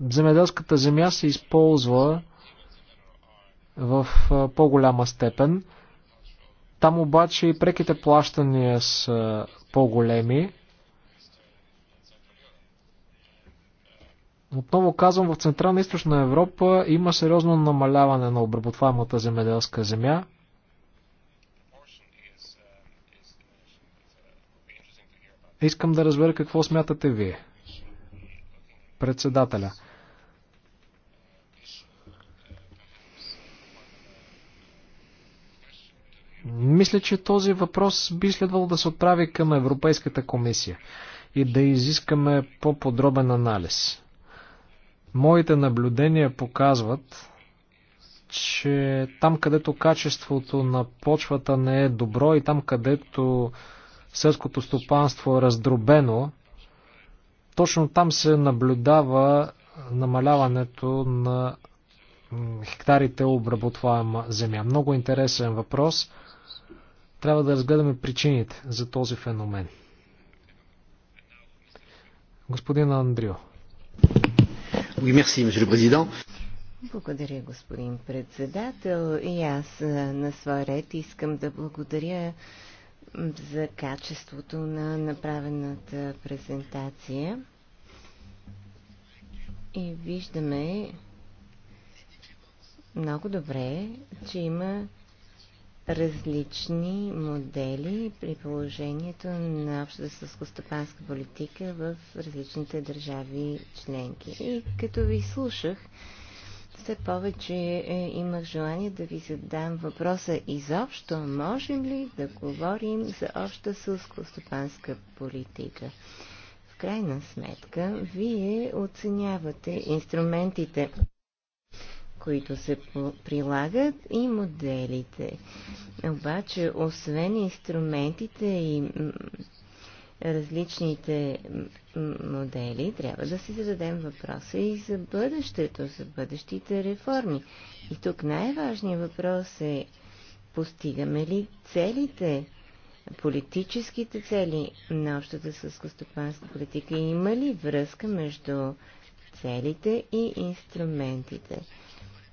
земеделската земя се използва в по-голяма степен. Там обаче и преките плащания са по-големи. Отново казвам, в Централна и Източна Европа има сериозно намаляване на обработваемата земеделска земя. Искам да разбера какво смятате вие. Председателя. Мисля, че този въпрос би следвало да се отправи към Европейската комисия и да изискаме по-подробен анализ. Моите наблюдения показват, че там, където качеството на почвата не е добро и там, където селското стопанство е раздробено, точно там се наблюдава намаляването на хектарите обработваема земя. Много интересен въпрос. Трябва да разгледаме причините за този феномен. Господин Андрио. Oui, merci, monsieur le président. Благодаря, господин председател. И аз на своя ред искам да благодаря за качеството на направената презентация. И виждаме много добре, че има различни модели при положението на общата сълскостопанска политика в различните държави членки. И като ви слушах, все повече е, имах желание да ви задам въпроса изобщо, можем ли да говорим за обща сълскостопанска политика? В крайна сметка, вие оценявате инструментите които се прилагат и моделите. Обаче, освен инструментите и различните модели, трябва да си зададем въпроса и за бъдещето, за бъдещите реформи. И тук най-важният въпрос е постигаме ли целите, политическите цели на общата съскостопанска политика и има ли връзка между целите и инструментите.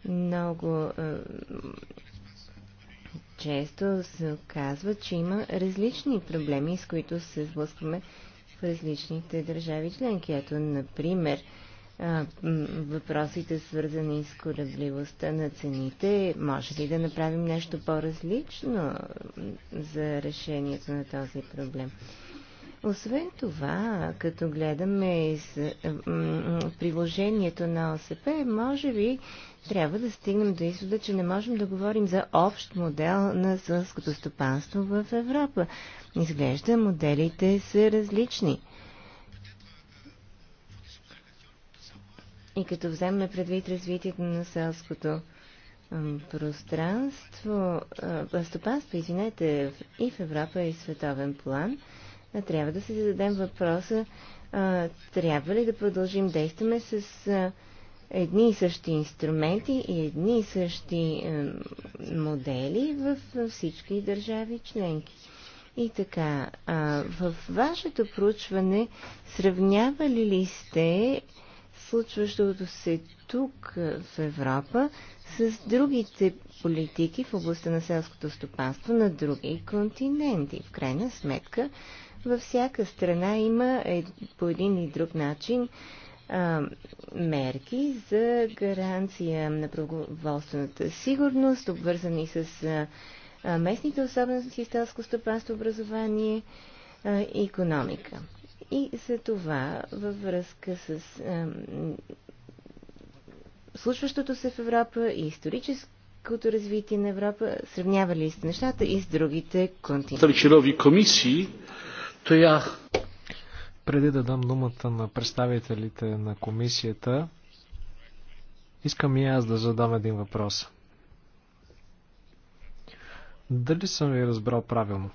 Много е, често се оказва, че има различни проблеми, с които се сблъскваме в различните държави членки. Ето, например, въпросите свързани с корабливостта на цените. Може ли да направим нещо по-различно за решението на този проблем? Освен това, като гледаме из, приложението на ОСП, може би трябва да стигнем до извода, че не можем да говорим за общ модел на сълското стопанство в Европа. Изглежда, моделите са различни. И като вземем предвид развитието на селското пространство, стопанство, извинете, и в Европа, и в световен план – трябва да се зададем въпроса, а, трябва ли да продължим действаме с а, едни и същи инструменти и едни и същи а, модели в всички държави членки. И така, а, в вашето проучване сравнявали ли сте случващото се тук в Европа с другите политики в областта на селското стопанство на други континенти? В крайна сметка, във всяка страна има по един и друг начин а, мерки за гаранция на правоволствената сигурност, обвързани с а, местните особености, селско стопанство, образование а, и економика. И за това във връзка с а, случващото се в Европа и историческото развитие на Европа, сравнявали сте нещата и с другите континенти. комисии стоях. Преди да дам думата на представителите на комисията, искам и аз да задам един въпрос. Дали съм ви разбрал правилно?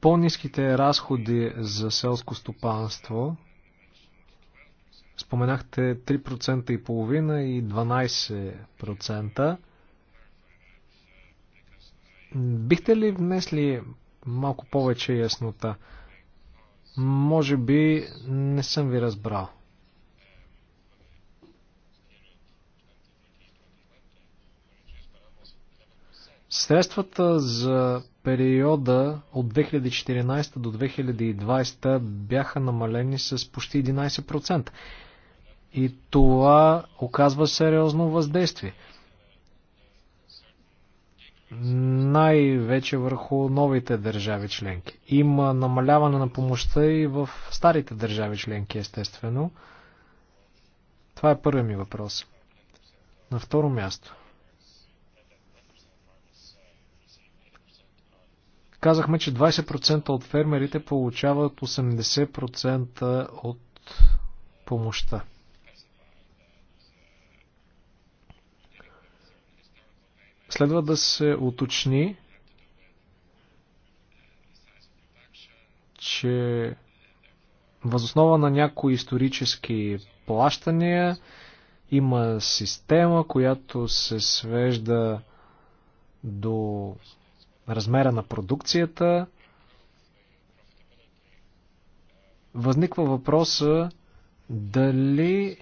По-низките разходи за селско стопанство споменахте 3% и половина и 12%. Бихте ли внесли малко повече яснота? Може би не съм ви разбрал. Средствата за периода от 2014 до 2020 бяха намалени с почти 11%. И това оказва сериозно въздействие най-вече върху новите държави членки. Има намаляване на помощта и в старите държави членки, естествено. Това е първият ми въпрос. На второ място. Казахме, че 20% от фермерите получават 80% от помощта. Следва да се уточни, че възоснова на някои исторически плащания има система, която се свежда до размера на продукцията. Възниква въпроса дали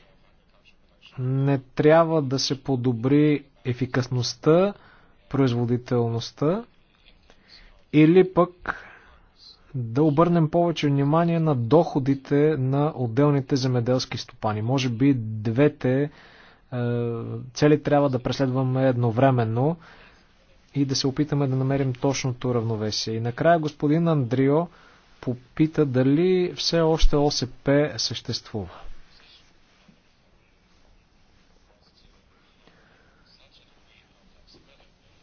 не трябва да се подобри ефикасността, производителността или пък да обърнем повече внимание на доходите на отделните земеделски стопани. Може би двете е, цели трябва да преследваме едновременно и да се опитаме да намерим точното равновесие. И накрая господин Андрио попита дали все още ОСП съществува.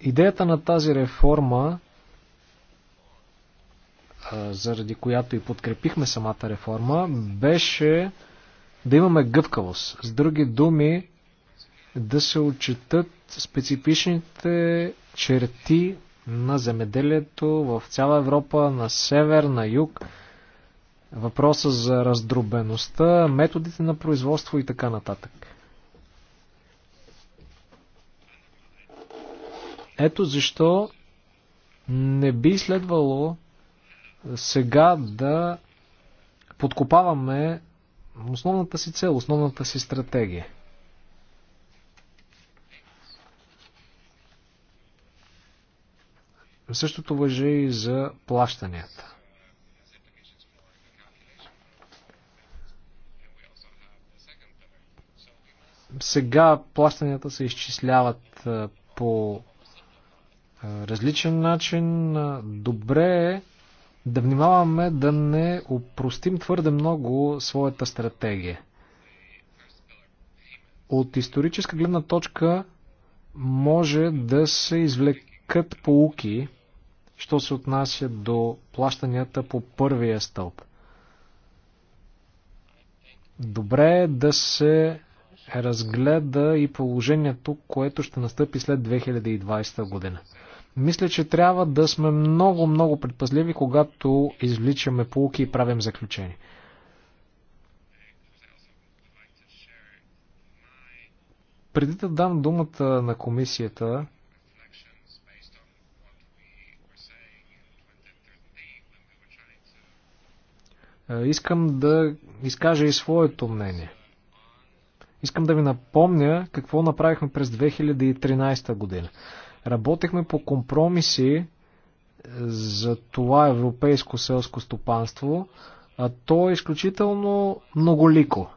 Идеята на тази реформа, заради която и подкрепихме самата реформа, беше да имаме гъвкавост. С други думи, да се отчитат специфичните черти на земеделието в цяла Европа, на север, на юг, въпроса за раздробеността, методите на производство и така нататък. Ето защо не би следвало сега да подкопаваме основната си цел, основната си стратегия. Същото въже и за плащанията. Сега плащанията се изчисляват по различен начин. Добре е да внимаваме да не упростим твърде много своята стратегия. От историческа гледна точка може да се извлекат полуки, що се отнася до плащанията по първия стълб. Добре е да се разгледа и положението, което ще настъпи след 2020 година. Мисля, че трябва да сме много, много предпазливи, когато извличаме полуки и правим заключения. Преди да дам думата на комисията, е, искам да изкажа и своето мнение. Искам да ви напомня какво направихме през 2013 година. Работехме по компромиси е, за това европейско селско стопанство, а то е изключително многолико.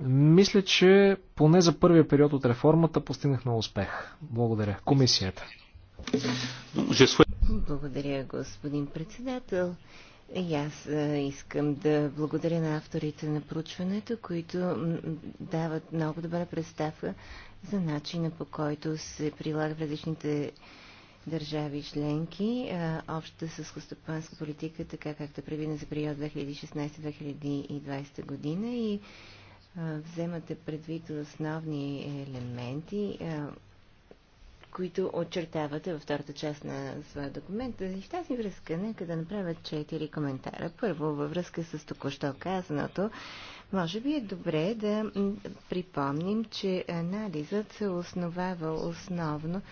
Мисля, че поне за първия период от реформата постигнахме успех. Благодаря. Комисията. Благодаря, господин председател. И аз искам да благодаря на авторите на проучването, които дават много добра представка за начина по който се прилага в различните държави и членки общата хостопанска политика, така както е за период 2016-2020 година и вземате предвид основни елементи които очертавате във втората част на своя документ. И в тази връзка нека да направя четири коментара. Първо, във връзка с току-що казаното, може би е добре да припомним, че анализът се основава основно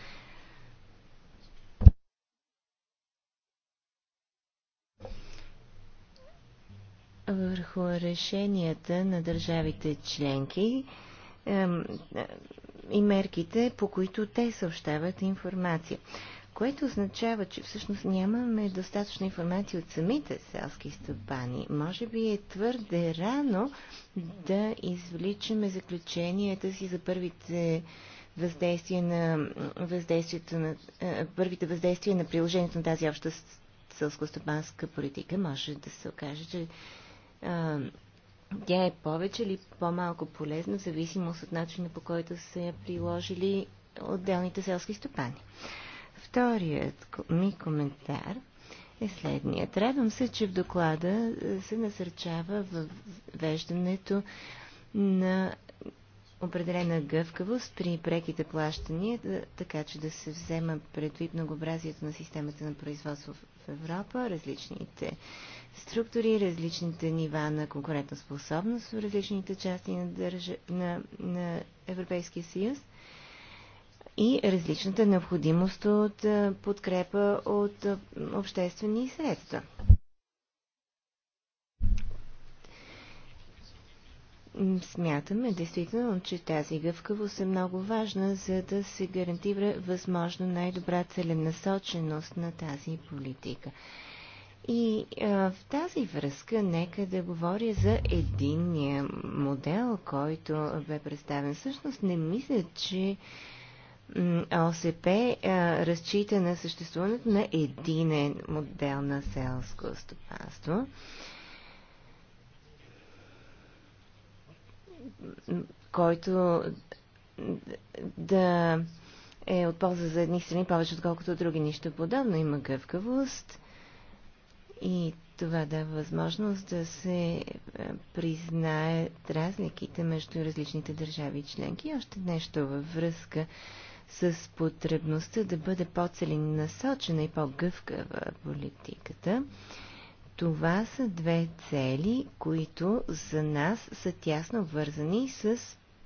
върху решенията на държавите членки и мерките, по които те съобщават информация. Което означава, че всъщност нямаме достатъчно информация от самите селски стопани. Може би е твърде рано да извличаме заключенията си за първите въздействия на, въздействието на първите въздействия на приложението на тази обща селскостопанска политика. Може да се окаже, че тя е повече или по-малко полезна, в зависимост от начина по който са я приложили отделните селски стопани. Вторият ми коментар е следният. Радвам се, че в доклада е, се насърчава въвеждането на определена гъвкавост при преките плащания, е, така че да се взема предвид многообразието на системата на производство в Европа, различните структури, различните нива на конкурентоспособност в различните части на, държа... на, на Европейския съюз и различната необходимост от подкрепа от обществени средства. Смятаме действително, че тази гъвкавост е много важна, за да се гарантира възможно най-добра целенасоченост на тази политика. И а, в тази връзка нека да говоря за единния модел, който бе представен. Всъщност не мисля, че ОСП а, разчита на съществуването на единен модел на селско стопанство. който да е от полза за едни страни повече, отколкото други. Нищо подобно. Има гъвкавост, и това дава възможност да се е, признаят разликите между различните държави и членки. И още нещо във връзка с потребността да бъде по-целенасочена и по-гъвкава политиката. Това са две цели, които за нас са тясно вързани с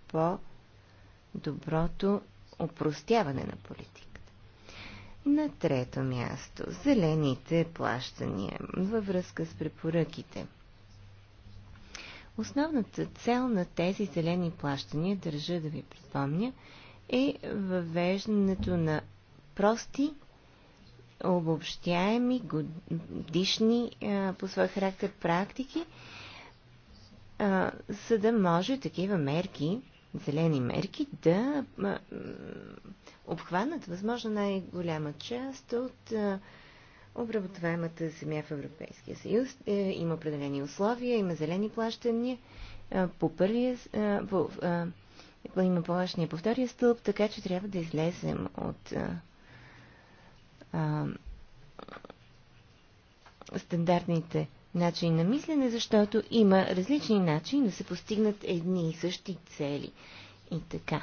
по-доброто опростяване на политика. На трето място – зелените плащания във връзка с препоръките. Основната цел на тези зелени плащания, държа да ви припомня, е въвеждането на прости, обобщаеми годишни по своя характер практики, за да може такива мерки зелени мерки да обхванат възможно най-голяма част от обработваемата земя в Европейския съюз. Е, има определени условия, има зелени плащания по първия, по, има плащания по втория стълб, така че трябва да излезем от стандартните начин на мислене, защото има различни начини да се постигнат едни и същи цели. И така,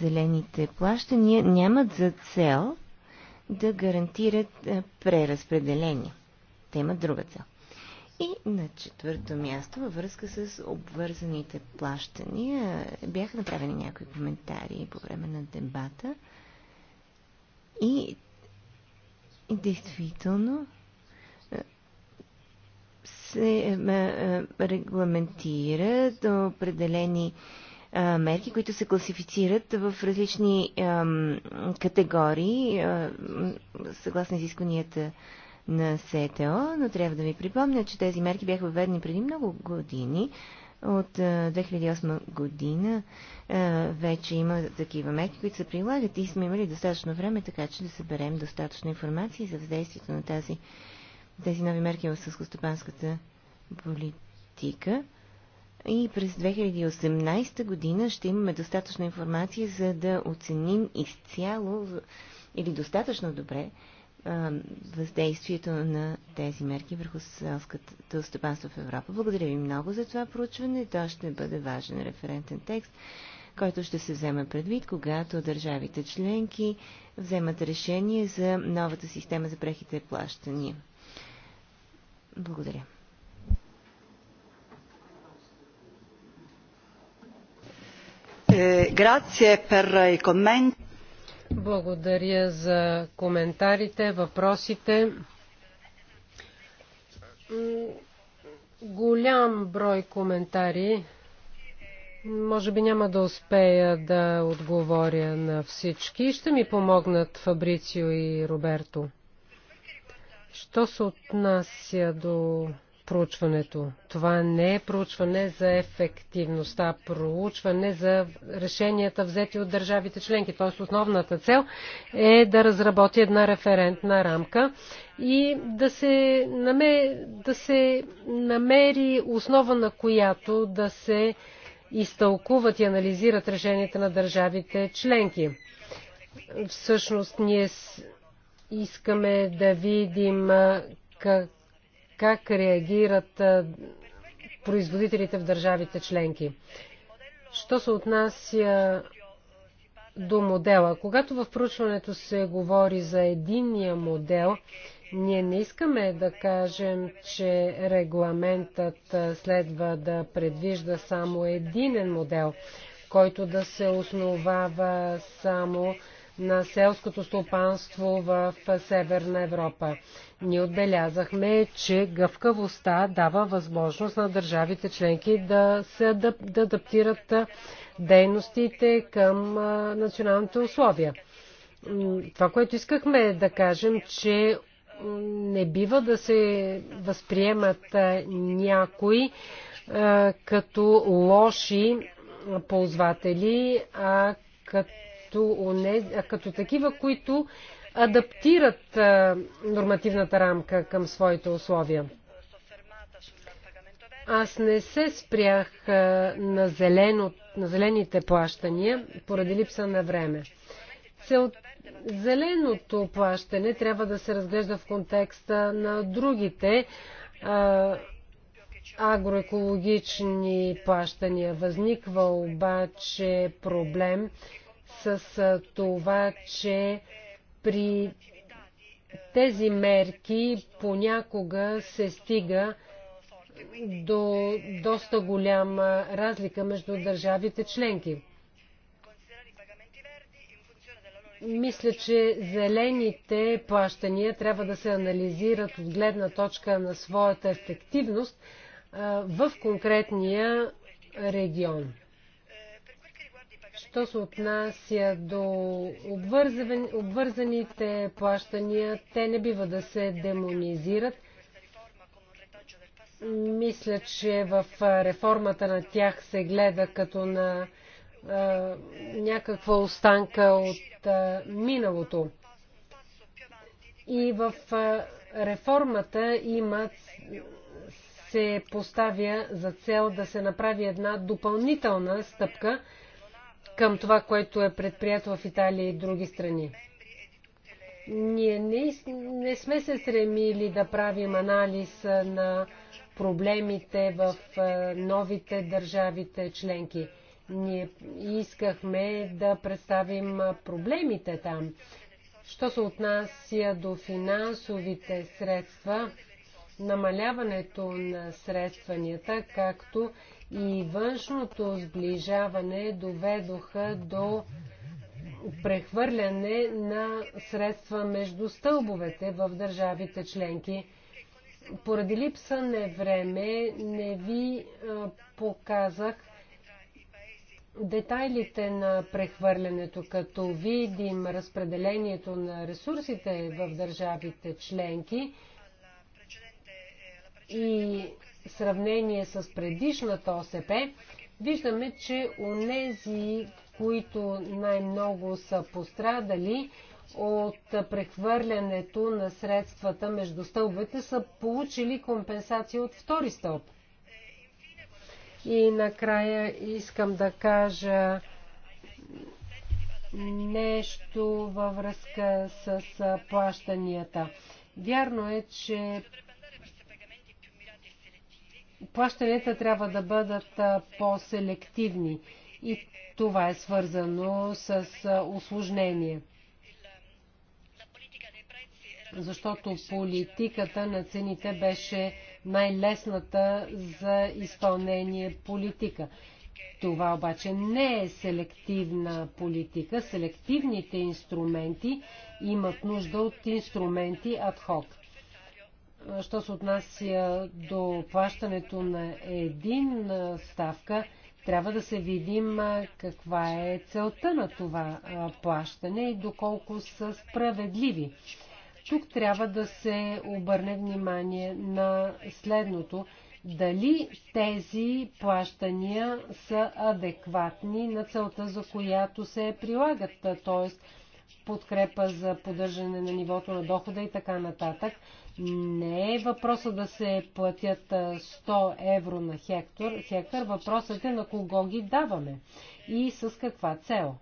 зелените плащания нямат за цел да гарантират е, преразпределение. Те имат друга цел. И на четвърто място, във връзка с обвързаните плащания, бяха направени някои коментари по време на дебата. И, и действително, се е, е, регламентират определени е, мерки, които се класифицират в различни категории съгласно изискванията на СТО, но трябва да ви припомня, че тези мерки бяха въведени преди много години. От 2008 година вече има такива мерки, които се прилагат и сме имали достатъчно време, така че да съберем достатъчно информация за въздействието на тази тези нови мерки в сълскостопанската политика. И през 2018 година ще имаме достатъчно информация, за да оценим изцяло или достатъчно добре въздействието на тези мерки върху селското стопанство в Европа. Благодаря ви много за това проучване. То ще бъде важен референтен текст, който ще се вземе предвид, когато държавите членки вземат решение за новата система за прехите плащания. Благодаря. Е, Благодаря за коментарите, въпросите. Голям брой коментари. Може би няма да успея да отговоря на всички. Ще ми помогнат Фабрицио и Роберто. Що се отнася до проучването? Това не е проучване за ефективността, проучване за решенията взети от държавите членки. Т.е. основната цел е да разработи една референтна рамка и да се, намери, да се намери основа на която да се изтълкуват и анализират решенията на държавите членки. Всъщност ние Искаме да видим как, как реагират производителите в държавите членки. Що се отнася до модела? Когато в проучването се говори за единния модел, ние не искаме да кажем, че регламентът следва да предвижда само единен модел, който да се основава само на селското стопанство в Северна Европа. Ние отбелязахме, че гъвкавостта дава възможност на държавите членки да се да адаптират дейностите към националните условия. Това, което искахме е да кажем, че не бива да се възприемат някои като лоши ползватели, а като като, като такива, които адаптират нормативната рамка към своите условия. Аз не се спрях на, зелено, на зелените плащания поради липса на време. Цел... Зеленото плащане трябва да се разглежда в контекста на другите а, агроекологични плащания. Възниква обаче проблем с това, че при тези мерки понякога се стига до доста голяма разлика между държавите членки. Мисля, че зелените плащания трябва да се анализират от гледна точка на своята ефективност в конкретния регион. Що се отнася до обвързаните плащания, те не бива да се демонизират. Мисля, че в реформата на тях се гледа като на а, някаква останка от а, миналото. И в а, реформата има се поставя за цел да се направи една допълнителна стъпка, към това, което е предприето в Италия и други страни. Ние не, не сме се стремили да правим анализ на проблемите в новите държавите членки. Ние искахме да представим проблемите там. Що се отнася до финансовите средства, намаляването на средстванията, както и външното сближаване доведоха до прехвърляне на средства между стълбовете в държавите членки. Поради липса на време не ви показах детайлите на прехвърлянето, като видим разпределението на ресурсите в държавите членки и сравнение с предишната ОСП, виждаме, че нези, които най-много са пострадали от прехвърлянето на средствата между стълбовете, са получили компенсация от втори стълб. И накрая искам да кажа нещо във връзка с плащанията. Вярно е, че плащанията трябва да бъдат по-селективни и това е свързано с осложнение. Защото политиката на цените беше най-лесната за изпълнение политика. Това обаче не е селективна политика. Селективните инструменти имат нужда от инструменти адхок що се отнася до плащането на един ставка, трябва да се видим каква е целта на това плащане и доколко са справедливи. Тук трябва да се обърне внимание на следното. Дали тези плащания са адекватни на целта, за която се прилагат, т.е. подкрепа за поддържане на нивото на дохода и така нататък. Не е въпросът да се платят 100 евро на хектар, хектар, въпросът е на кого ги даваме и с каква цел.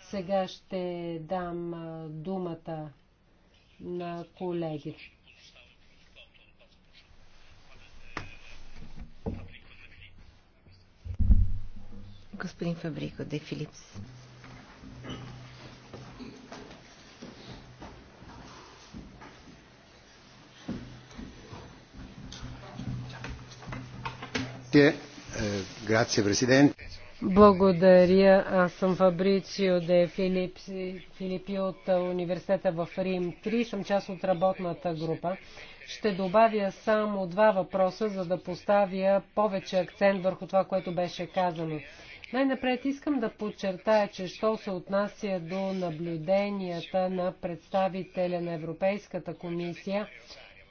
Сега ще дам думата на колегите. Господин Фабрико де Филипс. Eh, Благодаря. Аз съм Фабрицио де Филипи от университета в Рим 3. Съм част от работната група. Ще добавя само два въпроса, за да поставя повече акцент върху това, което беше казано. Най-напред искам да подчертая, че що се отнася до наблюденията на представителя на Европейската комисия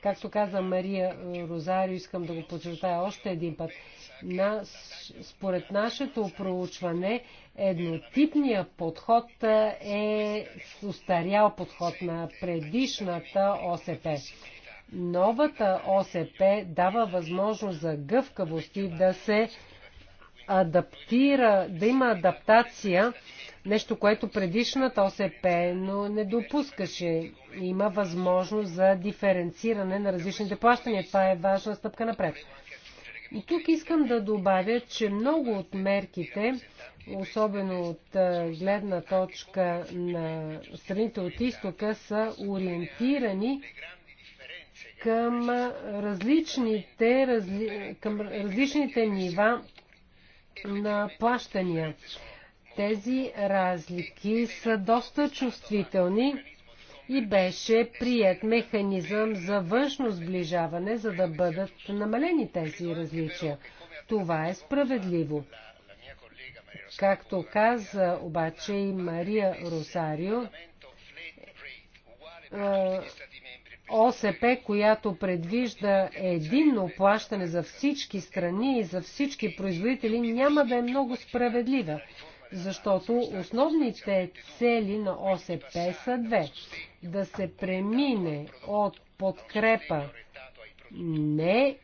Както каза Мария е, Розарио, искам да го подчертая още един път. На, според нашето проучване, еднотипният подход е, е устарял подход на предишната ОСП. Новата ОСП дава възможност за гъвкавости да се адаптира, да има адаптация Нещо, което предишната ОСП но не допускаше. Има възможност за диференциране на различните плащания. Това е важна стъпка напред. И тук искам да добавя, че много от мерките, особено от гледна точка на страните от изтока, са ориентирани към различните, към различните нива на плащания. Тези разлики са доста чувствителни и беше прият механизъм за външно сближаване, за да бъдат намалени тези различия. Това е справедливо. Както каза обаче и Мария Росарио, ОСП, която предвижда единно плащане за всички страни и за всички производители, няма да е много справедлива. Защото основните цели на ОСП са две. Да се премине от подкрепа не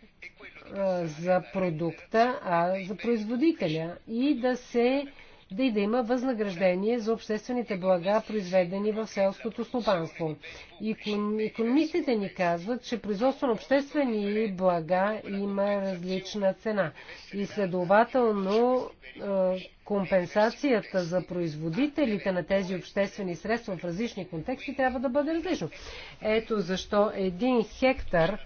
за продукта, а за производителя и да се да и да има възнаграждение за обществените блага, произведени в селското стопанство. Економистите ни казват, че производство на обществени блага има различна цена. И следователно е, компенсацията за производителите на тези обществени средства в различни контексти трябва да бъде различно. Ето защо един хектар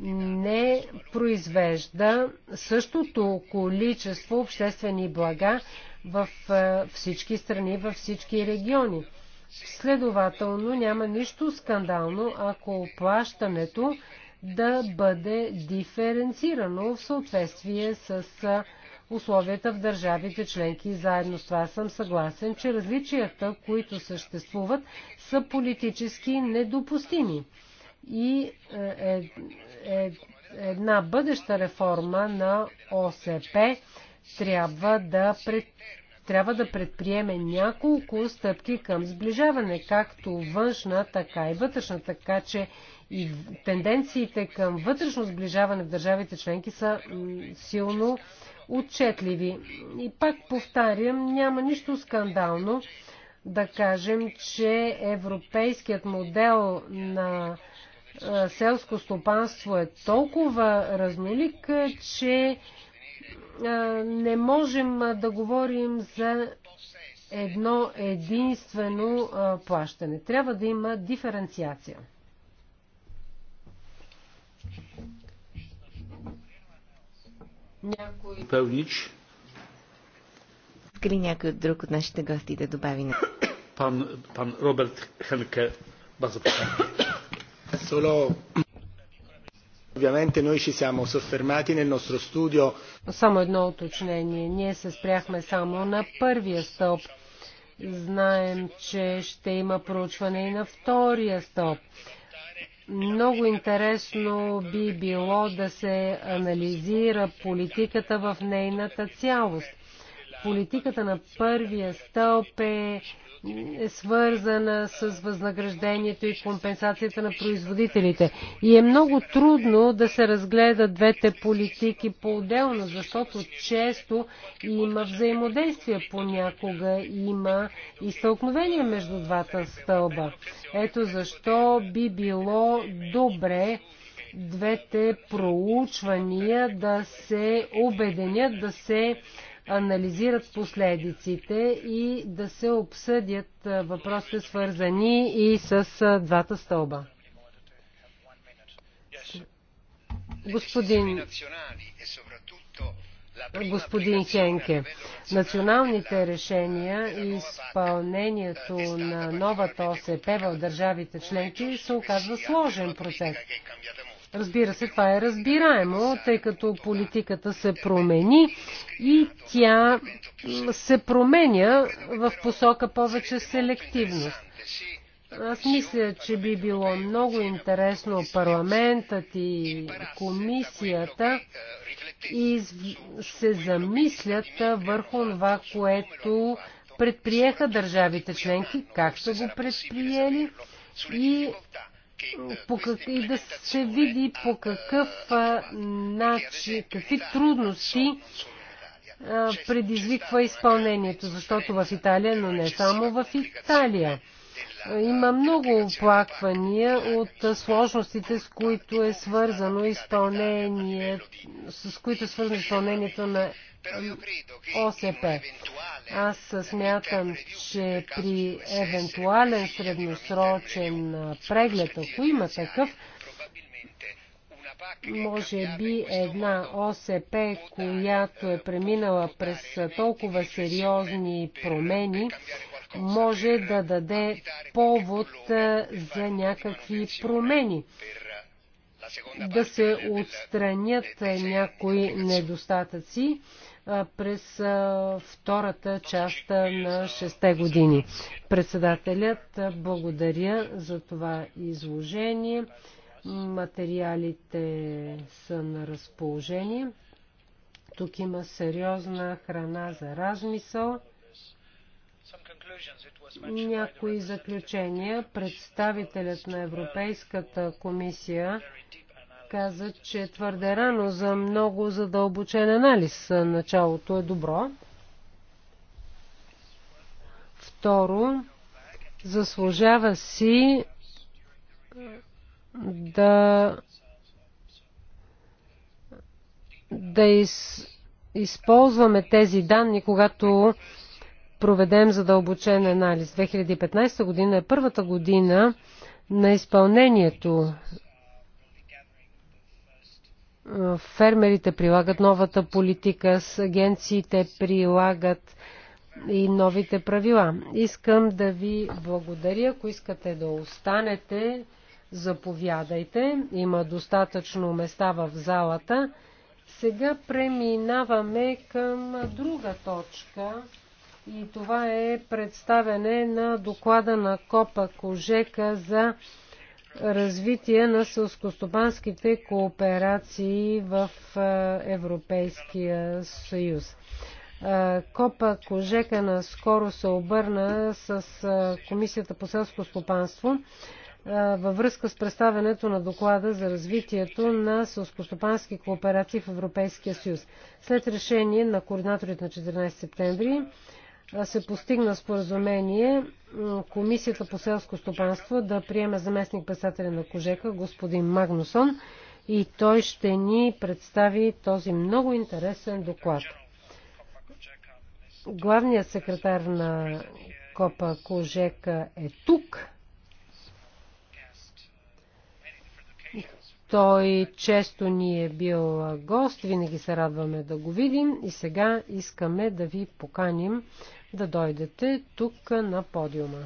не произвежда същото количество обществени блага, в е, всички страни, във всички региони. Следователно няма нищо скандално, ако плащането да бъде диференцирано в съответствие с е, условията в държавите членки. Заедно с това съм съгласен, че различията, които съществуват, са политически недопустими. И е, е, е една бъдеща реформа на ОСП трябва да, пред, трябва да предприеме няколко стъпки към сближаване, както външна, така и вътрешна, така че и тенденциите към вътрешно сближаване в държавите членки са силно отчетливи. И пак повтарям, няма нищо скандално да кажем, че европейският модел на селско стопанство е толкова разнолик, че е, не можем да говорим за едно единствено плащане. Трябва да има диференциация. Някой... Певнич. Иска ли някой друг от нашите гости да добави на... Пан, пан Роберт Хенке, база Соло. Ovviamente noi ci siamo soffermati nel nostro studio. Само едно уточнение. Ние се спряхме само на първия стоп. Знаем, че ще има проучване и на втория стоп. Много интересно би било да се анализира политиката в нейната цялост политиката на първия стълб е, е, свързана с възнаграждението и компенсацията на производителите. И е много трудно да се разгледат двете политики по-отделно, защото често има взаимодействие, понякога има и стълкновение между двата стълба. Ето защо би било добре двете проучвания да се обеденят, да се анализират последиците и да се обсъдят въпросите свързани и с двата стълба. Господин, господин Хенке, националните решения и изпълнението на новата ОСП в държавите членки се оказва сложен процес. Разбира се, това е разбираемо, тъй като политиката се промени и тя се променя в посока повече селективност. Аз мисля, че би било много интересно парламентът и комисията и се замислят върху това, което предприеха държавите членки, как са го предприели и как, и да се види по какъв начин, какви трудности предизвиква изпълнението, защото в Италия, но не само в Италия. Има много оплаквания от сложностите, с които е свързано изпълнение, с които е свързано изпълнението на ОСП. Аз смятам, че при евентуален средносрочен преглед, ако има такъв, може би една ОСП, която е eh, преминала през толкова сериозни промени, може да даде повод eh, за някакви промени да се отстранят някои недостатъци през втората част на 6 години. Председателят благодаря за това изложение. Материалите са на разположение. Тук има сериозна храна за размисъл. Някои заключения. Представителят на Европейската комисия каза, че е твърде рано за много задълбочен анализ. Началото е добро. Второ, заслужава си да да из, използваме тези данни, когато проведем задълбочен анализ. 2015 година е първата година на изпълнението фермерите прилагат новата политика, с агенциите прилагат и новите правила. Искам да ви благодаря. Ако искате да останете, заповядайте. Има достатъчно места в залата. Сега преминаваме към друга точка и това е представяне на доклада на Копа Кожека за развитие на селскостопанските кооперации в Европейския съюз. Копа Кожека наскоро се обърна с Комисията по селско стопанство във връзка с представянето на доклада за развитието на селскостопански кооперации в Европейския съюз. След решение на координаторите на 14 септември се постигна споразумение Комисията по селско стопанство да приеме заместник председателя на Кожека, господин Магнусон, и той ще ни представи този много интересен доклад. Главният секретар на Копа Кожека е тук. Той често ни е бил гост, винаги се радваме да го видим и сега искаме да ви поканим да дойдете тук на подиума.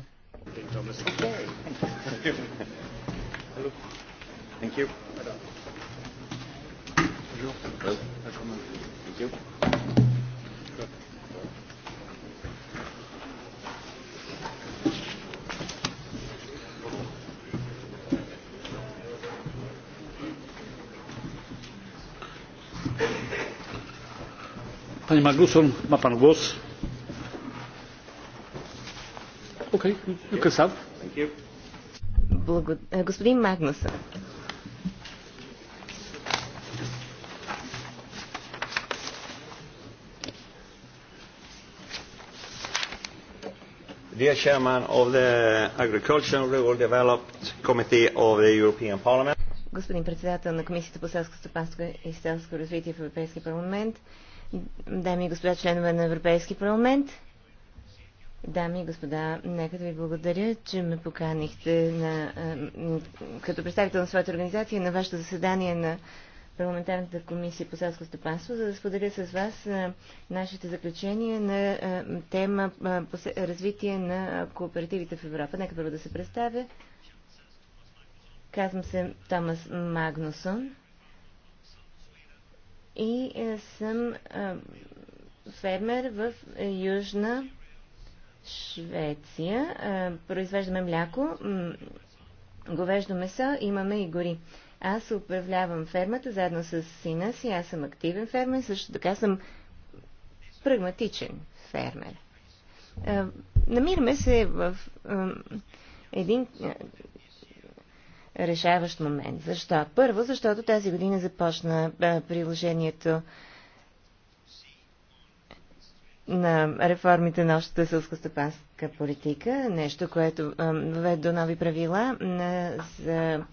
Panie Magnusson, ma pan głos. Okay, you Thank you. Благо... Е, господин Магнусън. Dear Chairman of the Agriculture Rural Development Committee of the European Parliament. Господин председател на Комисията по селско стопанство и селско развитие в Европейския парламент, дами и господа членове на Европейски парламент, Дами и господа, нека да ви благодаря, че ме поканихте на, като представител на своята организация на вашето заседание на парламентарната комисия по селско стопанство, за да споделя с вас нашите заключения на тема развитие на кооперативите в Европа. Нека първо да се представя. Казвам се Томас Магнусон и съм фермер в е, Южна Швеция. Произвеждаме мляко, говеждо месо, имаме и гори. Аз управлявам фермата заедно с сина си. Аз съм активен фермер, също така съм прагматичен фермер. Намираме се в един решаващ момент. Защо? Първо, защото тази година започна приложението на реформите на общата сълскостопанска политика, нещо, което въведе до нови правила на, за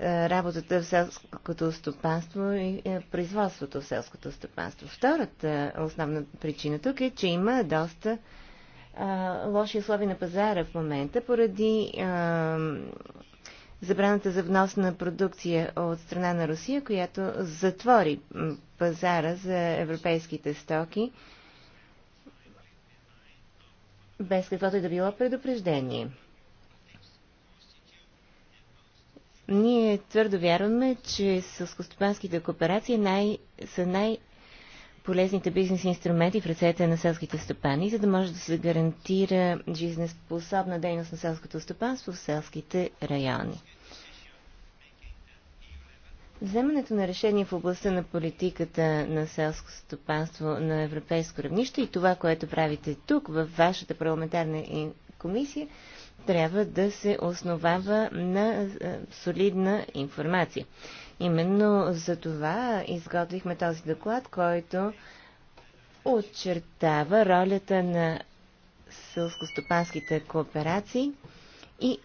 работата в селското стопанство и производството в селското стопанство. Втората основна причина тук е, че има доста а, лоши условия на пазара в момента поради а, забраната за внос на продукция от страна на Русия, която затвори пазара за европейските стоки без каквото и да било предупреждение. Ние твърдо вярваме, че сълскостопанските кооперации най, са най-полезните бизнес инструменти в ръцете на селските стопани, за да може да се гарантира жизнеспособна дейност на селското стопанство в селските райони. Вземането на решение в областта на политиката на селско стопанство на европейско равнище и това, което правите тук в вашата парламентарна комисия, трябва да се основава на солидна информация. Именно за това изготвихме този доклад, който очертава ролята на селско-стопанските кооперации и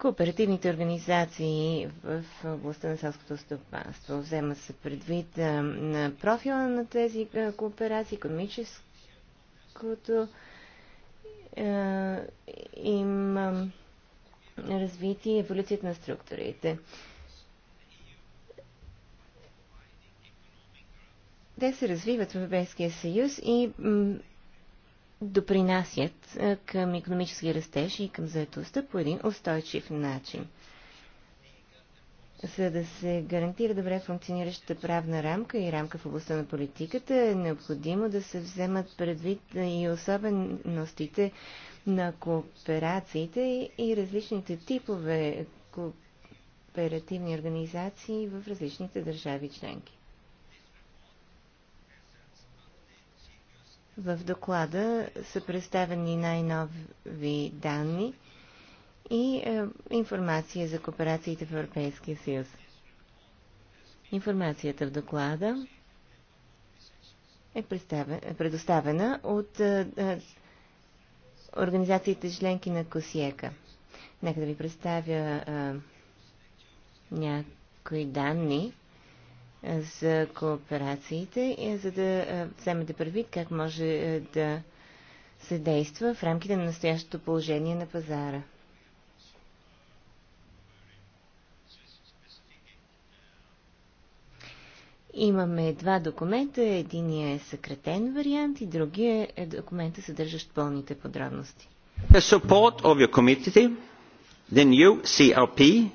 кооперативните организации в областта на селското стопанство. Взема се предвид на профила на тези кооперации, економическото им развитие и еволюцията на структурите. Те се развиват в Европейския съюз и допринасят към економически растеж и към заетостта по един устойчив начин. За да се гарантира добре функциониращата правна рамка и рамка в областта на политиката, е необходимо да се вземат предвид и особеностите на кооперациите и различните типове кооперативни организации в различните държави членки. В доклада са представени най-нови данни и е, информация за кооперациите в Европейския съюз. Информацията в доклада е, е предоставена от е, е, организациите членки на Косиека. Нека да ви представя е, някои данни за кооперациите, е, за да е, вземете предвид как може е, да се действа в рамките на настоящото положение на пазара. Имаме два документа. Единият е съкратен вариант и другия е документа, съдържащ пълните подробности. The support of your committee, the new CRP,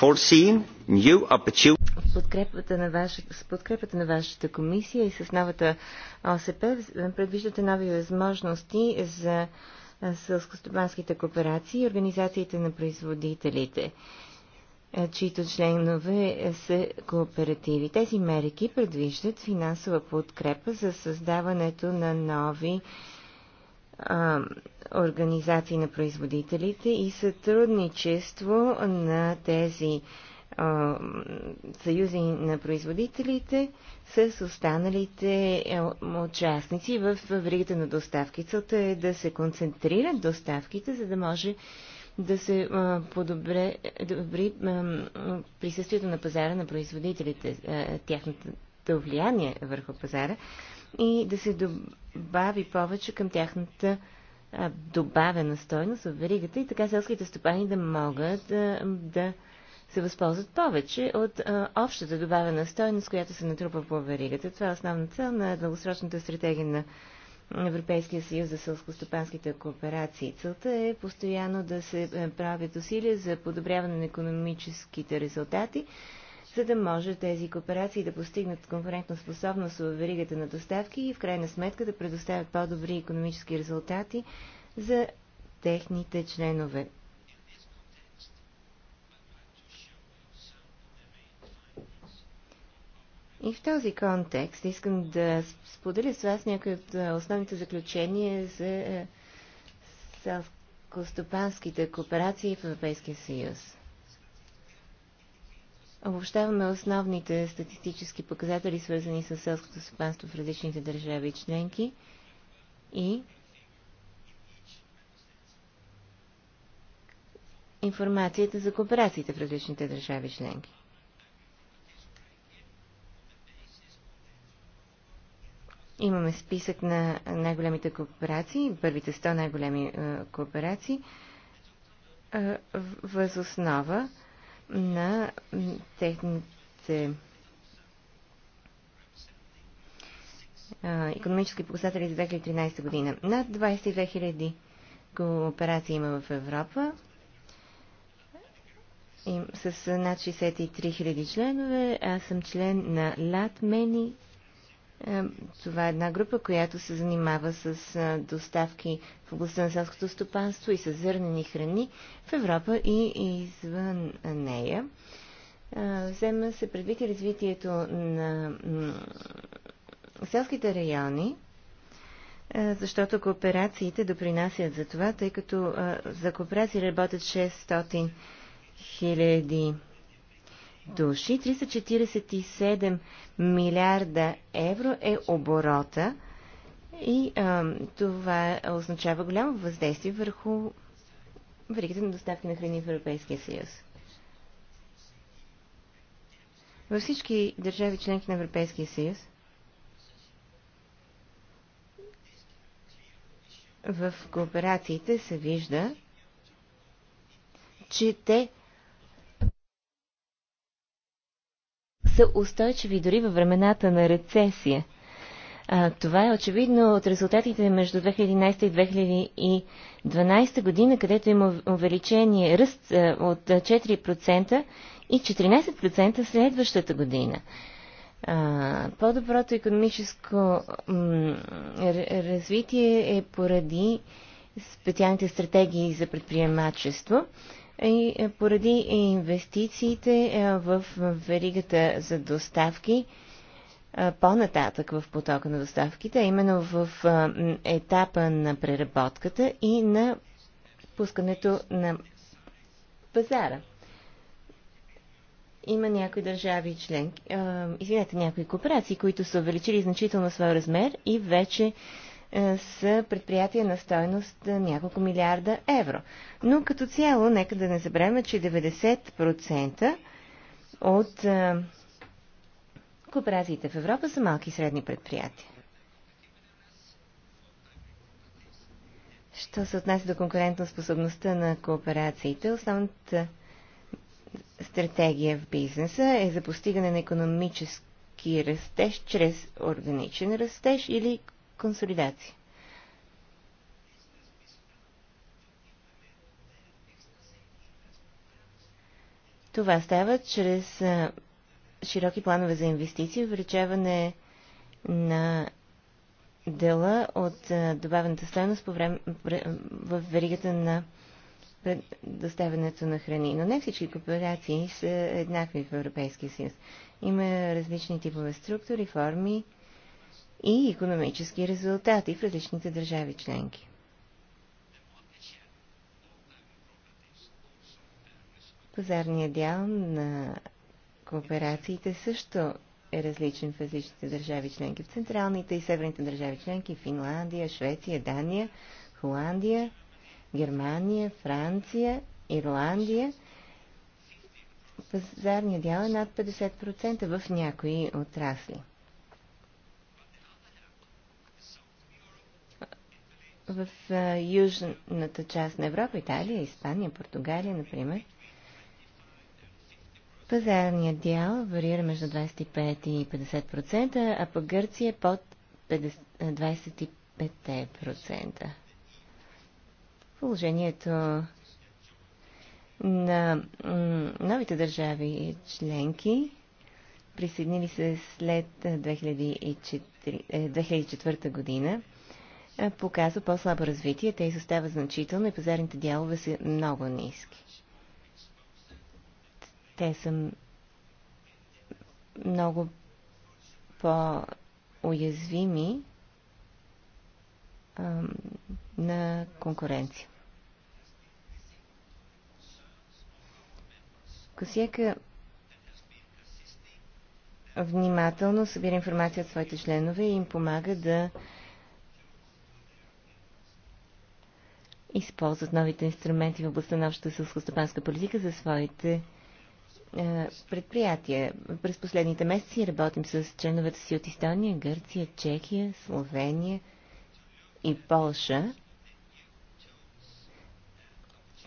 foreseen new opportunities подкрепата на, ваша, с подкрепата на вашата комисия и с новата ОСП предвиждате нови възможности за сълскостопанските кооперации и организациите на производителите, чието членове са кооперативи. Тези мерки предвиждат финансова подкрепа за създаването на нови организации на производителите и сътрудничество на тези съюзи на производителите с останалите е, участници в вригата на доставки. Целта е да се концентрират доставките, за да може да се подобре, добри присъствието на пазара на производителите, тяхното влияние върху пазара и да се добави повече към тяхната добавена стойност в веригата и така селските стопани да могат да, да се възползват повече от а, общата добавена стойност, която се натрупа по веригата. Това е основна цел на дългосрочната стратегия на Европейския съюз за сълскостопанските кооперации. Целта е постоянно да се е, правят усилия за подобряване на економическите резултати, за да може тези кооперации да постигнат конкурентна способност в веригата на доставки и в крайна сметка да предоставят по-добри економически резултати за техните членове. И в този контекст искам да споделя с вас някои от основните заключения за селско-стопанските кооперации в Европейския съюз. Обобщаваме основните статистически показатели, свързани с селското стопанство в различните държави и членки и информацията за кооперациите в различните държави и членки. Имаме списък на най-големите кооперации, първите 100 най-големи е, кооперации, е, възоснова на техните економически показатели за 2013 година. Над 22 000 кооперации има в Европа и с над 63 000 членове. Аз съм член на LATMENI е, това е една група, която се занимава с е, доставки в областта на селското стопанство и с зърнени храни в Европа и извън нея. Е, взема се предвид и развитието на селските райони, защото кооперациите допринасят за това, тъй като за кооперации работят 600 хиляди 000 души. 347 милиарда евро е оборота и а, това означава голямо въздействие върху веригата на доставки на храни в Европейския съюз. Във всички държави членки на Европейския съюз в кооперациите се вижда, че те са устойчиви дори във времената на рецесия. А, това е очевидно от резултатите между 2011 и 2012 година, където има увеличение ръст а, от 4% и 14% следващата година. по-доброто економическо развитие е поради специалните стратегии за предприемачество и е, поради инвестициите е, в веригата за доставки е, по-нататък в потока на доставките, а именно в етапа на преработката и на пускането на пазара. Има някои държави членки, извинете, някои кооперации, които са увеличили значително своя размер и вече е, С предприятия на стойност е, няколко милиарда евро. Но като цяло, нека да не забравяме, че 90% от е, кооперациите в Европа са малки и средни предприятия. Що се отнася до конкурентна способността на кооперациите, основната стратегия в бизнеса е за постигане на економически растеж чрез органичен растеж или консолидация. Това става чрез широки планове за инвестиции, увеличаване на дела от добавената стойност по време, в веригата на доставянето на храни. Но не всички кооперации са еднакви в Европейския съюз. Има различни типове структури, форми и економически резултати в различните държави членки. Пазарният дял на кооперациите също е различен в различните държави членки. В централните и северните държави членки Финландия, Швеция, Дания, Холандия, Германия, Франция, Ирландия пазарният дял е над 50% в някои отрасли. в южната част на Европа, Италия, Испания, Португалия, например, пазарният дял варира между 25 и 50%, а по Гърция е под 50, 25%. Положението на новите държави членки, присъединили се след 2004, 2004 е, година, е, показва по-слабо развитие, те изостава значително и пазарните дялове са много ниски. Те са много по-уязвими на конкуренция. Косяка внимателно събира информация от своите членове и им помага да използват новите инструменти в областта на общата селскостопанска политика за своите е, предприятия. През последните месеци работим с членовете си от Естония, Гърция, Чехия, Словения и Полша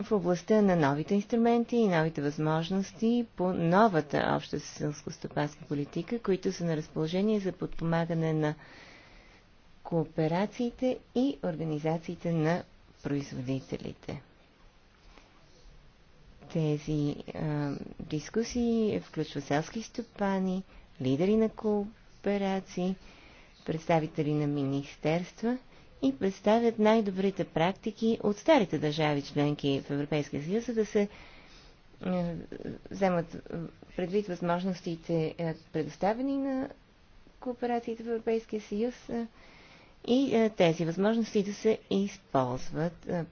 в областта на новите инструменти и новите възможности по новата обща селскостопанска политика, които са на разположение за подпомагане на кооперациите и организациите на производителите. Тези а, дискусии включват селски стопани, лидери на кооперации, представители на министерства и представят най-добрите практики от старите държави членки в Европейския съюз, за да се вземат предвид възможностите, предоставени на кооперациите в Европейския съюз, и е, тези възможности да се използват е,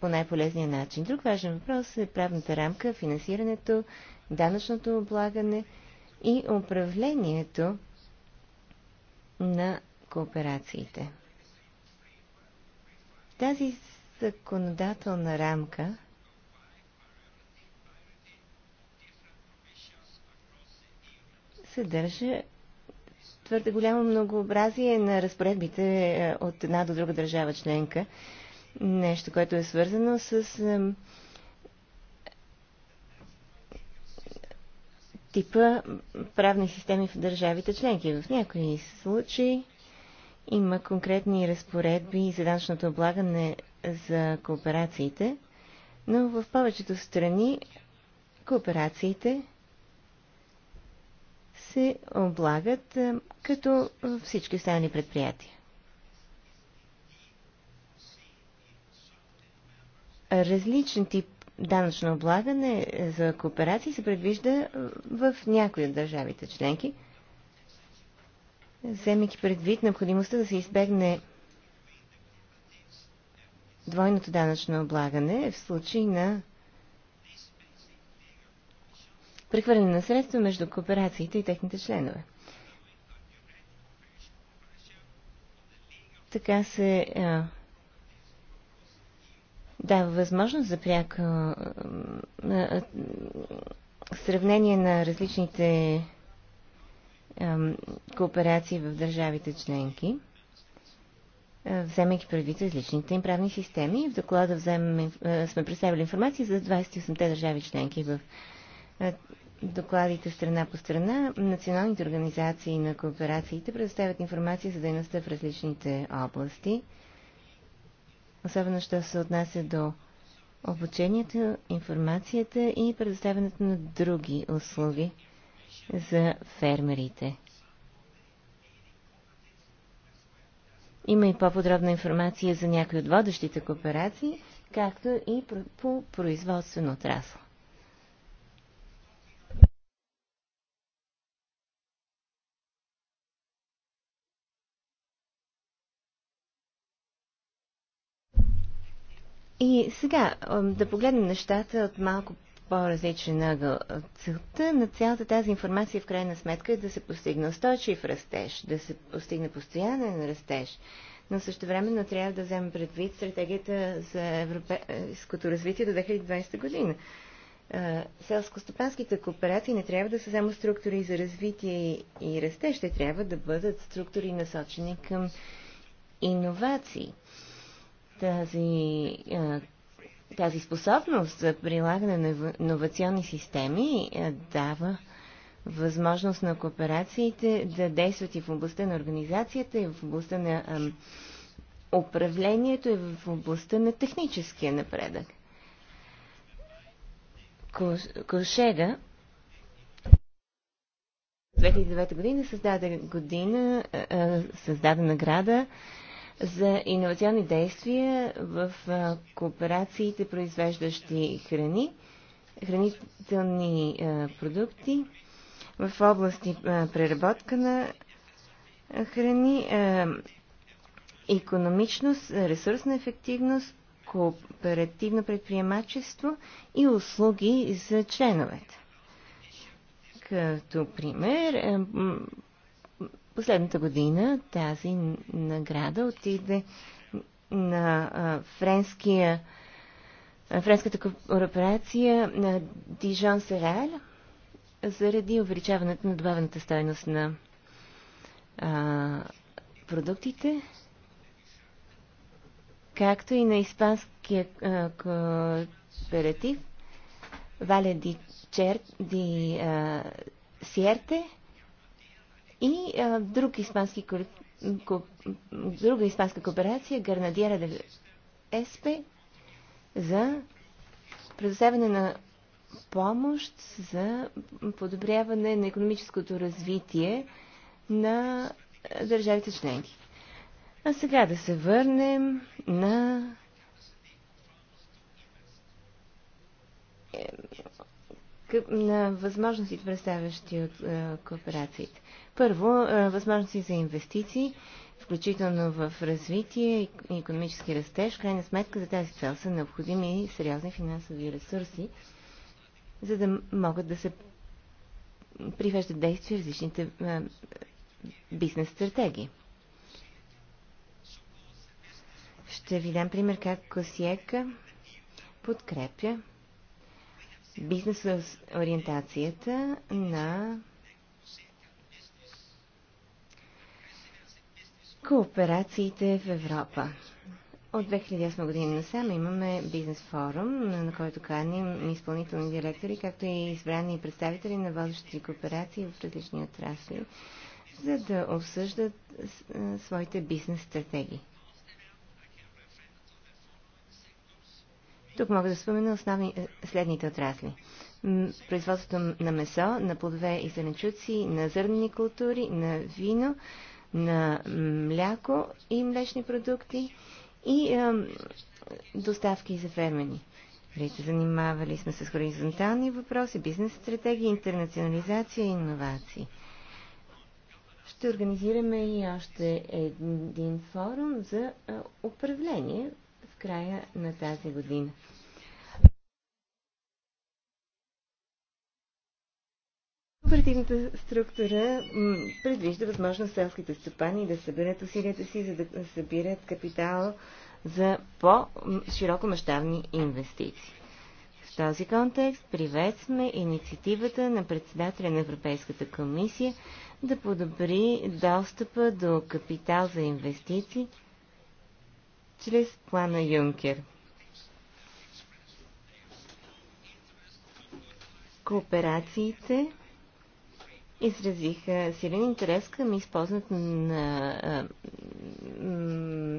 по най-полезния начин. Друг важен въпрос е правната рамка, финансирането, данъчното облагане и управлението на кооперациите. Тази законодателна рамка съдържа твърде голямо многообразие на разпоредбите е, от една до друга държава членка. Нещо, което е свързано с типа правни системи в държавите членки. В някои случаи има конкретни разпоредби за данъчното облагане за кооперациите, но в повечето страни кооперациите се облагат е, като всички останали предприятия. Различен тип данъчно облагане е, за кооперации се предвижда е, в някои от държавите членки, вземайки предвид необходимостта да се избегне двойното данъчно облагане в случай на прехвърляне на средства между кооперациите и техните членове. Така се а, дава възможност за пряко а, а, сравнение на различните а, кооперации в държавите членки, а, вземайки предвид различните им правни системи. В доклада вземем, а, сме представили информация за 28-те държави членки в докладите страна по страна, националните организации на кооперациите предоставят информация за дейността в различните области, особено що се отнася до обучението, информацията и предоставянето на други услуги за фермерите. Има и по-подробна информация за някои от водещите кооперации, както и по производствен отрасъл. И сега да погледнем нещата от малко по-различен ъгъл. Целта на цялата тази информация в крайна сметка е да се постигне устойчив растеж, да се постигне постоянен растеж, но също времено трябва да вземем предвид стратегията за европейското развитие до 2020 година. Селско-стопанските кооперации не трябва да са само структури за развитие и растеж, ще трябва да бъдат структури насочени към иновации тази, тази способност за прилагане на иновационни системи дава възможност на кооперациите да действат и в областта на организацията, и в областта на управлението, и в областта на техническия напредък. Кошеда 2009 година създаде година, създаде награда за иновационни действия в кооперациите, произвеждащи храни, хранителни продукти, в области преработка на храни, економичност, ресурсна ефективност, кооперативно предприемачество и услуги за членовете. Като пример, Последната година тази награда отиде на френския, френската корпорация на Дижон Серал заради увеличаването на добавената стойност на а, продуктите, както и на испанския кооператив Вале ди, ди а, Сиерте – и а, друг испански, ко, друга испанска кооперация, Гарнадиера де Еспе, за предоставяне на помощ за подобряване на економическото развитие на държавите членки. А сега да се върнем на е, на възможностите, представящи от е, кооперациите. Първо, е, възможности за инвестиции, включително в развитие и економически растеж. Крайна сметка за тази цел са необходими и сериозни финансови ресурси, за да могат да се привеждат действия различните е, бизнес стратегии. Ще ви дам пример как Косиека подкрепя бизнес ориентацията на Кооперациите в Европа. От 2008 година насам имаме бизнес форум, на който каним изпълнителни директори, както и избрани представители на водещите кооперации в различни отрасли, за да обсъждат своите бизнес стратегии. Тук мога да спомена основни, следните отрасли. Производството на месо, на плодове и зеленчуци, на зърнени култури, на вино, на мляко и млечни продукти и а, доставки за фермени. Вече занимавали сме с хоризонтални въпроси, бизнес стратегии, интернационализация и иновации. Ще организираме и още един форум за управление в края на тази година. Оперативната структура предвижда възможност селските стопани да съберат усилията си, за да събират капитал за по-широко мащабни инвестиции. В този контекст приветстваме инициативата на председателя на Европейската комисия да подобри достъпа до капитал за инвестиции чрез плана Юнкер. Кооперациите изразиха силен интерес към използването на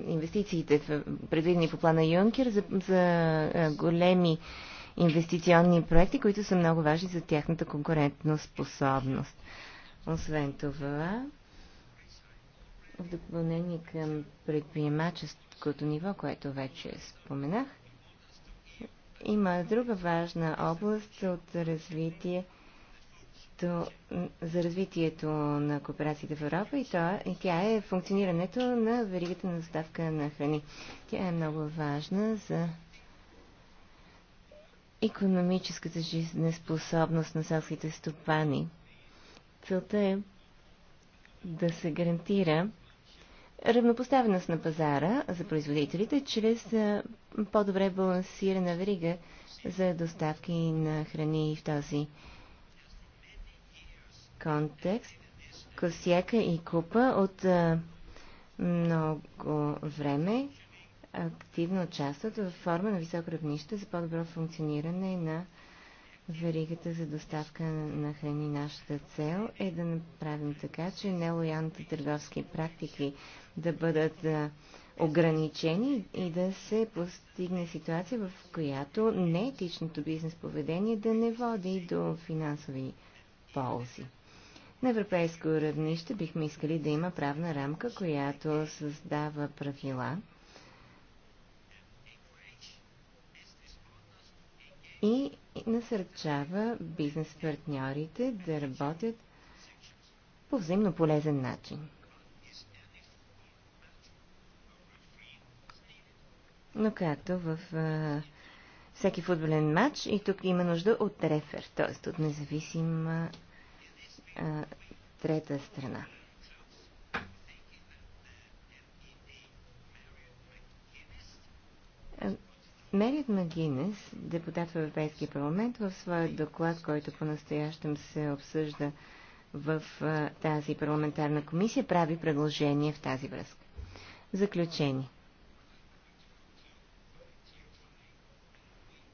инвестициите, в, предвидени по плана Юнкер, за, за големи инвестиционни проекти, които са много важни за тяхната конкурентна способност. Освен това, в допълнение към предприемаческото ниво, което вече споменах, има друга важна област от развитие – развитието, за развитието на кооперациите в Европа и, то, и тя е функционирането на веригата на доставка на храни. Тя е много важна за економическата жизнеспособност на селските стопани. Целта е да се гарантира равнопоставеност на пазара за производителите чрез по-добре балансирана верига за доставки на храни в този контекст Косяка и Купа от а, много време активно участват в форма на високо равнище за по-добро функциониране на веригата за доставка на храни. Нашата цел е да направим така, че нелоялните търговски практики да бъдат а, ограничени и да се постигне ситуация, в която неетичното бизнес поведение да не води до финансови ползи. На европейско равнище бихме искали да има правна рамка, която създава правила и насърчава бизнес партньорите да работят по взаимно полезен начин. Но както в а, всеки футболен матч, и тук има нужда от рефер, т.е. от независим а, трета страна. Мерит Магинес, депутат в Европейския парламент, в своя доклад, който по-настоящем се обсъжда в тази парламентарна комисия, прави предложение в тази връзка. Заключение.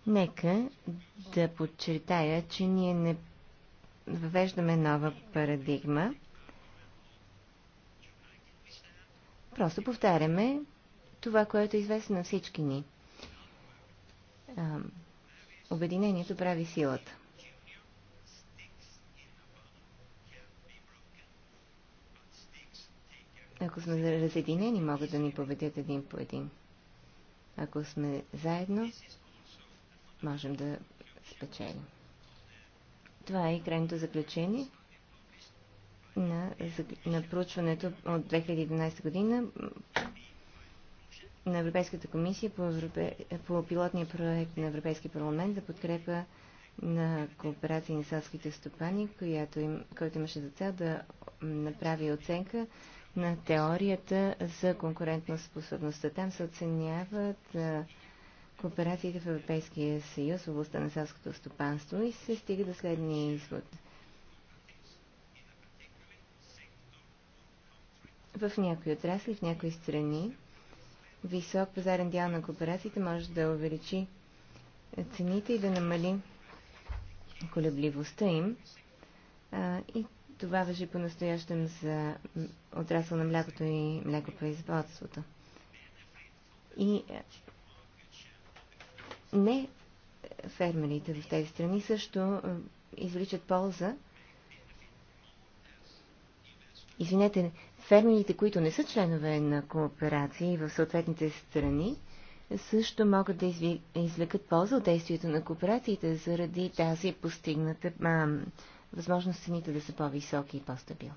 Нека да подчертая, че ние не въвеждаме нова парадигма. Просто повтаряме това, което е известно на всички ни. Обединението прави силата. Ако сме разединени, могат да ни победят един по един. Ако сме заедно, можем да спечелим. Това е и крайното заключение на, на проучването от 2011 година на Европейската комисия по, Европе... по пилотния проект на Европейския парламент за подкрепа на кооперации на селските стопани, която им, който имаше за цел да направи оценка на теорията за конкурентна способността. Там се оценяват а, кооперациите в Европейския съюз в областта на селското стопанство и се стига до следния извод. В някои отрасли, в някои страни, висок пазарен дял на кооперациите може да увеличи цените и да намали колебливостта им. А, и това въжи по-настоящем за отрасъл на млякото и млекопроизводството. И не фермерите в тези страни също е, извличат полза. Извинете, фермерите, които не са членове на кооперации в съответните страни, също могат да извлекат полза от действието на кооперациите заради тази постигната а, възможност цените да са по-високи и по стабил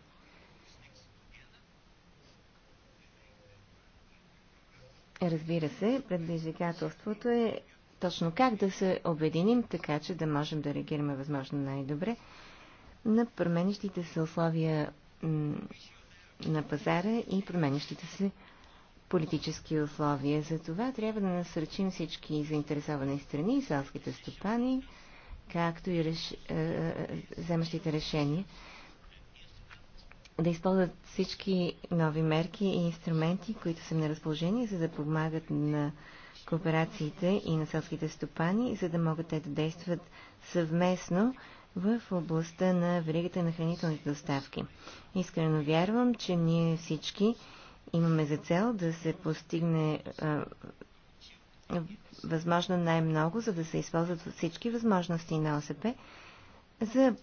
Разбира се, предизвикателството е точно как да се обединим, така че да можем да реагираме възможно най-добре на променящите се условия на пазара и променящите се политически условия. За това трябва да насръчим всички заинтересовани страни, селските стопани, както и реш... Е, е, е, вземащите решения, да използват всички нови мерки и инструменти, които са на разположение, за да помагат на кооперациите и на селските стопани, за да могат те да действат съвместно в областта на веригата на хранителните доставки. Искрено вярвам, че ние всички имаме за цел да се постигне а, възможно най-много, за да се използват всички възможности на ОСП за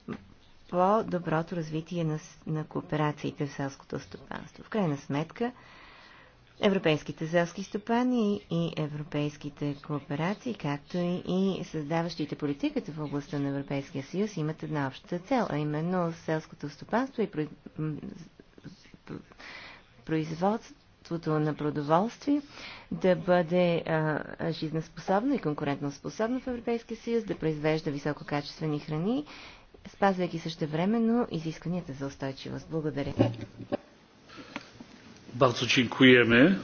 по-доброто развитие на, на кооперациите в селското стопанство. В крайна сметка, европейските селски стопани и европейските кооперации, както и създаващите политиката в областта на Европейския съюз имат една обща цел, а именно селското стопанство и производството на продоволствие да бъде а, жизнеспособно и конкурентоспособно в Европейския съюз, да произвежда висококачествени храни, спазвайки същевременно изискванията за устойчивост. Благодаря. Bardzo dziękujemy.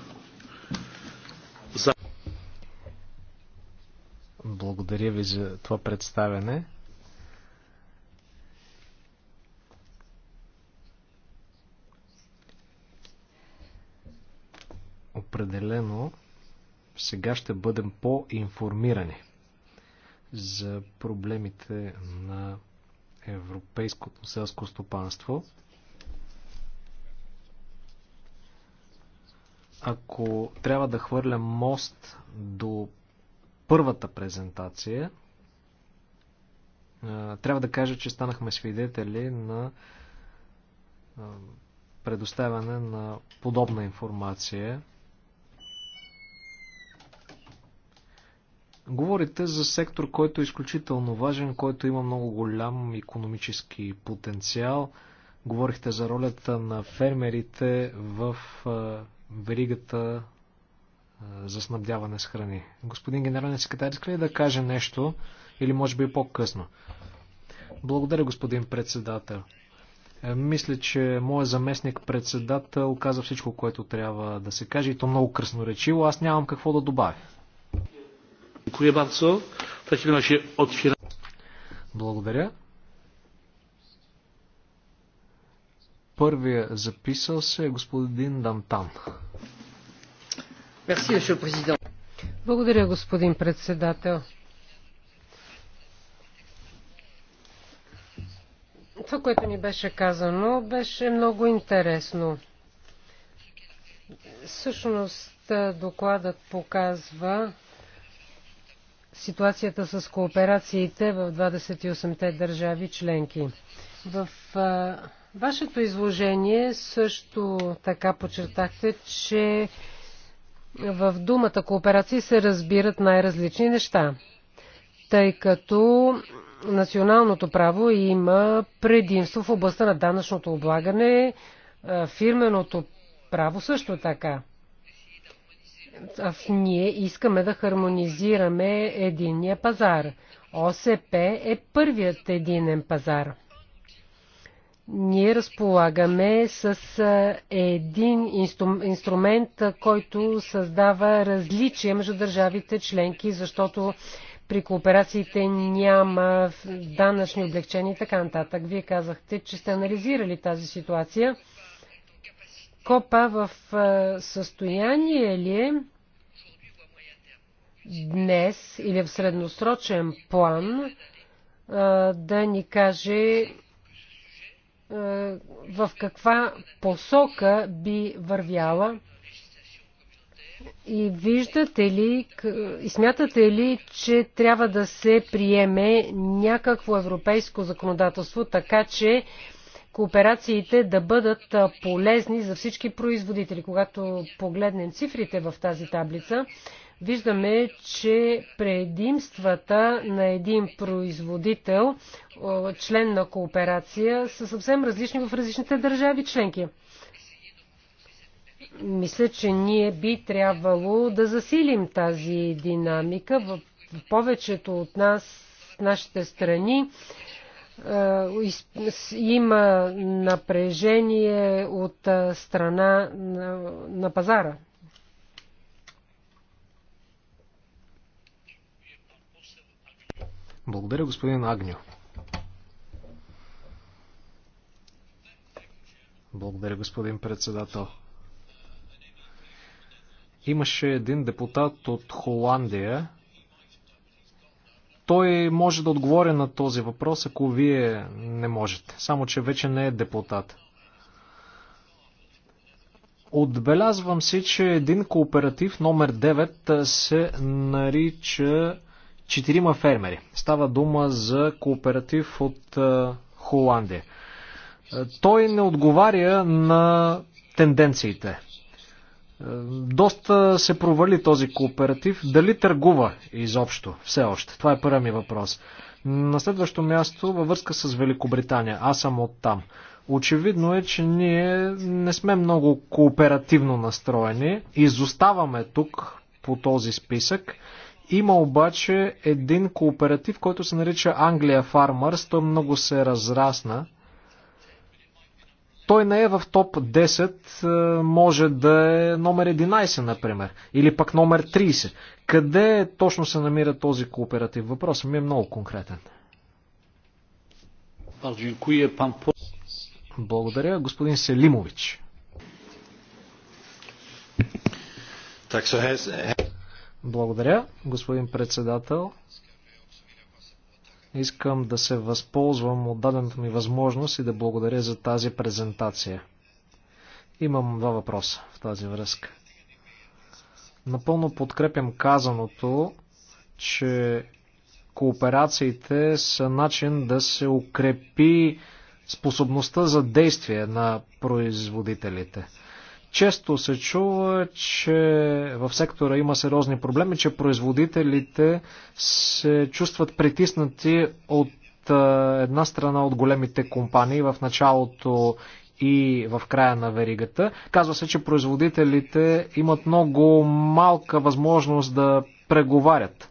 Благодаря ви за това представяне. Определено сега ще бъдем по-информирани за проблемите на европейското селско стопанство. Ако трябва да хвърля мост до първата презентация, трябва да кажа, че станахме свидетели на предоставяне на подобна информация. Говорите за сектор, който е изключително важен, който има много голям економически потенциал. Говорихте за ролята на фермерите в веригата за снабдяване с храни. Господин генерален секретар, иска ли да каже нещо или може би по-късно? Благодаря, господин председател. Е, мисля, че моят заместник председател каза всичко, което трябва да се каже и то много речило, Аз нямам какво да добавя. Благодаря. Първия записал се е господин Дантан. Благодаря, господин председател. Това, което ни беше казано, беше много интересно. Всъщност, докладът показва ситуацията с кооперациите в 28-те държави членки. В Вашето изложение също така подчертахте, че в думата кооперации се разбират най-различни неща, тъй като националното право има предимство в областта на данъчното облагане, фирменото право също така. ние искаме да хармонизираме единния пазар. ОСП е първият единен пазар – ние разполагаме с един инструмент, който създава различия между държавите членки, защото при кооперациите няма данъчни облегчения и така нататък. Вие казахте, че сте анализирали тази ситуация. Копа в състояние ли е днес или в средносрочен план да ни каже е, в каква посока би вървяла и виждате ли и смятате ли, че трябва да се приеме някакво европейско законодателство, така че кооперациите да бъдат полезни за всички производители. Когато погледнем цифрите в тази таблица, виждаме, че предимствата на един производител, член на кооперация, са съвсем различни в различните държави членки. Мисля, че ние би трябвало да засилим тази динамика. В повечето от нас, нашите страни, има напрежение от страна на пазара. Благодаря, господин Агню. Благодаря, господин председател. Имаше един депутат от Холандия. Той може да отговори на този въпрос, ако вие не можете. Само, че вече не е депутат. Отбелязвам си, че един кооператив номер 9 се нарича четирима фермери. Става дума за кооператив от е, Холандия. Е, той не отговаря на тенденциите. Е, доста се провали този кооператив. Дали търгува изобщо? Все още. Това е първият ми въпрос. На следващо място във връзка с Великобритания. Аз съм от там. Очевидно е, че ние не сме много кооперативно настроени. Изоставаме тук по този списък. Има обаче един кооператив, който се нарича Англия Farmers. Той много се разрасна. Той не е в топ 10, е, може да е номер 11, например, или пък номер 30. Къде точно се намира този кооператив? Въпросът ми е много конкретен. Благодаря, господин Селимович. Благодаря, господин председател. Искам да се възползвам от дадената ми възможност и да благодаря за тази презентация. Имам два въпроса в тази връзка. Напълно подкрепям казаното, че кооперациите са начин да се укрепи способността за действие на производителите. Често се чува, че в сектора има сериозни проблеми, че производителите се чувстват притиснати от една страна от големите компании в началото и в края на веригата. Казва се, че производителите имат много малка възможност да преговарят.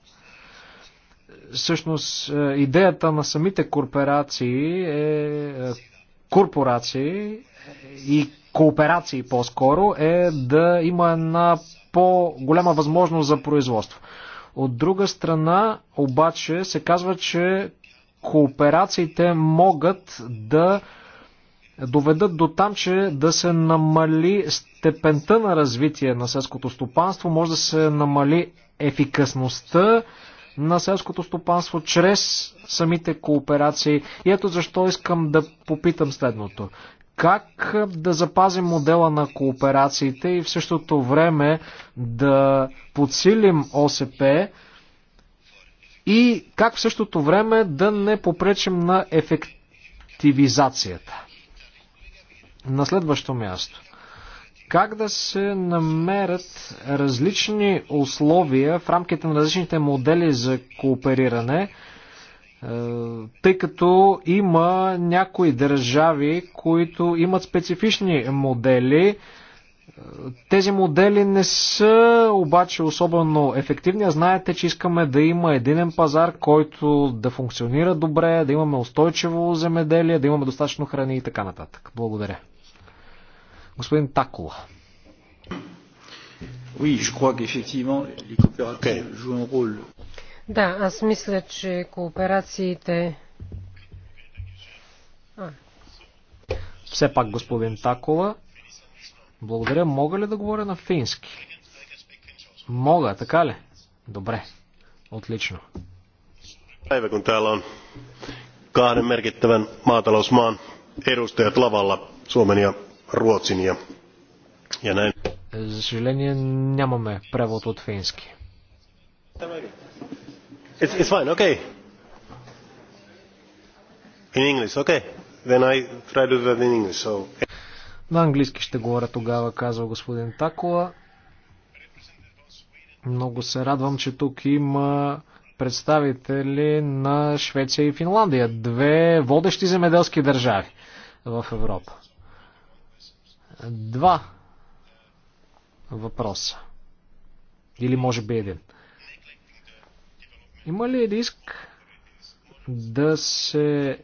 Всъщност, идеята на самите корпорации е корпорации и кооперации по-скоро, е да има една по-голяма възможност за производство. От друга страна, обаче, се казва, че кооперациите могат да доведат до там, че да се намали степента на развитие на селското стопанство, може да се намали ефикасността на селското стопанство чрез самите кооперации. И ето защо искам да попитам следното как да запазим модела на кооперациите и в същото време да подсилим ОСП и как в същото време да не попречим на ефективизацията. На следващо място. Как да се намерят различни условия в рамките на различните модели за коопериране – е, тъй като има някои държави, които имат специфични модели. Е, тези модели не са обаче особено ефективни. Знаете, че искаме да има единен пазар, който да функционира добре, да имаме устойчиво земеделие, да имаме достатъчно храни и така нататък. Благодаря. Господин Такола. Oui, je crois qu'effectivement, les coopératives okay. jouent un rôle да, аз мисля, че кооперациите. А. Все пак, господин Такова, благодаря. Мога ли да говоря на фински? Мога, така ли? Добре. Отлично. Päivä, kun täällä on kahden merkittävän maatalousmaan edustajat lavalla, Suomen ja Ruotsin ja, ja näin. За съжаление нямаме превод от фински. It's, it's fine, okay. In English, okay. Then I try to do that in English, so... На английски ще говоря тогава, казва господин Такола. Много се радвам, че тук има представители на Швеция и Финландия, две водещи земеделски държави в Европа. Два въпроса. Или може би един. Има ли риск да се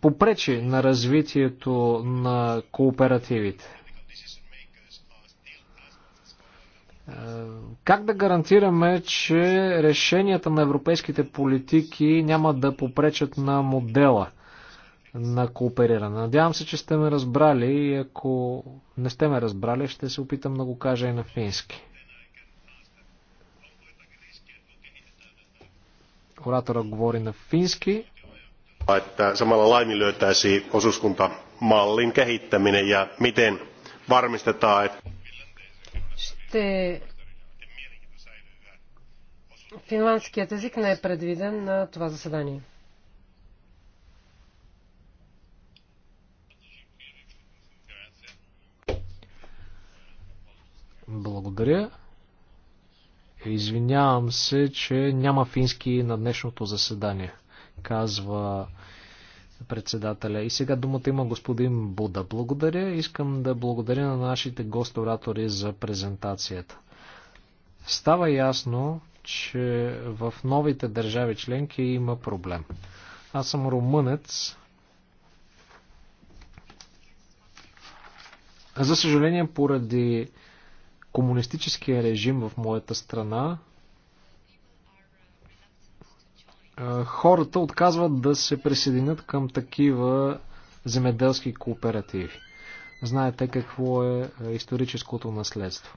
попречи на развитието на кооперативите? Как да гарантираме, че решенията на европейските политики няма да попречат на модела на коопериране? Надявам се, че сте ме разбрали и ако не сте ме разбрали, ще се опитам да го кажа и на фински. Оратора говори на фински. Että samalla laiminlyötäisiin osuuskuntamallin kehittäminen ja miten varmistetaan, että... Ще... Финландският език не е предвиден на това заседание. Благодаря. Извинявам се, че няма фински на днешното заседание, казва председателя. И сега думата има господин Буда. Благодаря. Искам да благодаря на нашите госторатори за презентацията. Става ясно, че в новите държави членки има проблем. Аз съм румънец. За съжаление, поради комунистическия режим в моята страна, хората отказват да се присъединят към такива земеделски кооперативи. Знаете какво е историческото наследство.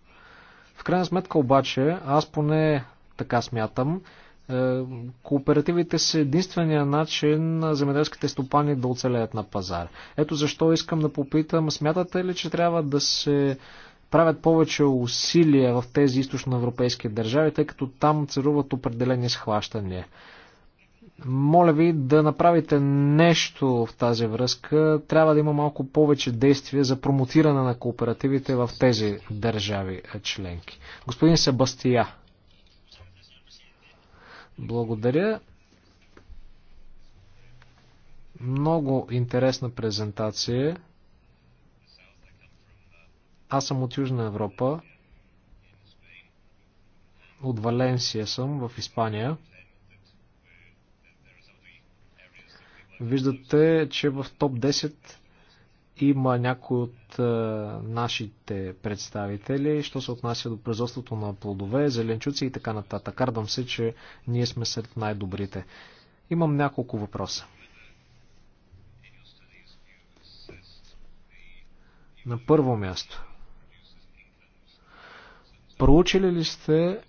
В крайна сметка обаче, аз поне така смятам, кооперативите са единствения начин на земеделските стопани да оцелеят на пазар. Ето защо искам да попитам, смятате ли, че трябва да се правят повече усилия в тези източноевропейски държави, тъй като там царуват определени схващания. Моля ви да направите нещо в тази връзка. Трябва да има малко повече действия за промотиране на кооперативите в тези държави членки. Господин Себастия. Благодаря. Много интересна презентация. Аз съм от Южна Европа. От Валенсия съм, в Испания. Виждате, че в топ 10 има някои от е, нашите представители, що се отнася до производството на плодове, зеленчуци и така нататък. Кардам се, че ние сме сред най-добрите. Имам няколко въпроса. На първо място. Проучили ли сте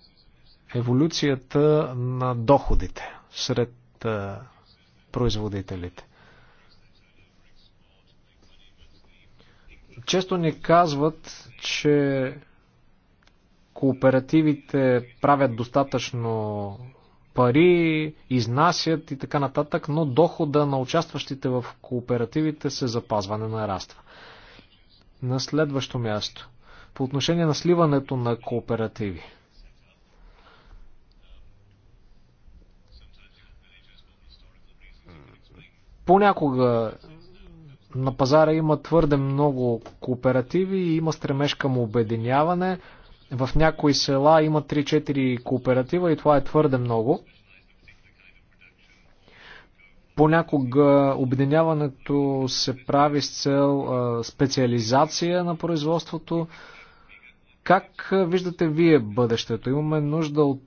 еволюцията на доходите сред е, производителите? Често ни казват, че кооперативите правят достатъчно пари, изнасят и така нататък, но дохода на участващите в кооперативите се запазване на нараства. На следващо място по отношение на сливането на кооперативи. Понякога на пазара има твърде много кооперативи и има стремеж към обединяване. В някои села има 3-4 кооператива и това е твърде много. Понякога обединяването се прави с цел специализация на производството. Как виждате вие бъдещето? Имаме нужда от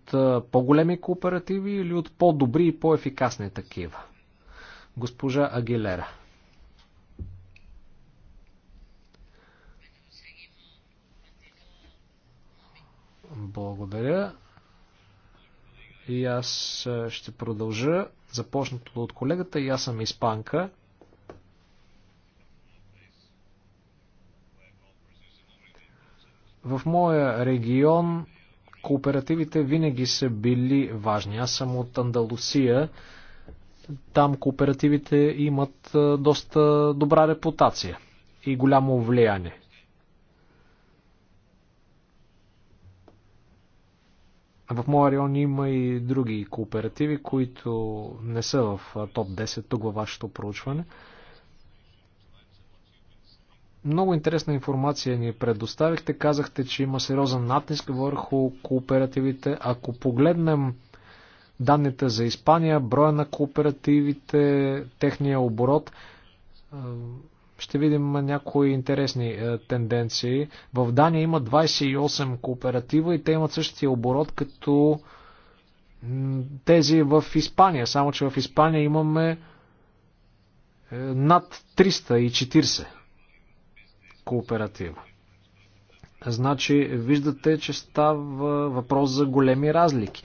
по-големи кооперативи или от по-добри и по-ефикасни такива? Госпожа Агилера. Благодаря. И аз ще продължа започнато от колегата. И аз съм испанка. В моя регион кооперативите винаги са били важни. Аз съм от Андалусия. Там кооперативите имат доста добра репутация и голямо влияние. В моя район има и други кооперативи, които не са в топ 10 тук във вашето проучване. Много интересна информация ни предоставихте. Казахте, че има сериозен натиск върху кооперативите. Ако погледнем данните за Испания, броя на кооперативите, техния оборот, ще видим някои интересни тенденции. В Дания има 28 кооператива и те имат същия оборот като тези в Испания. Само, че в Испания имаме е, над 340 кооператива. Значи, виждате, че става въпрос за големи разлики.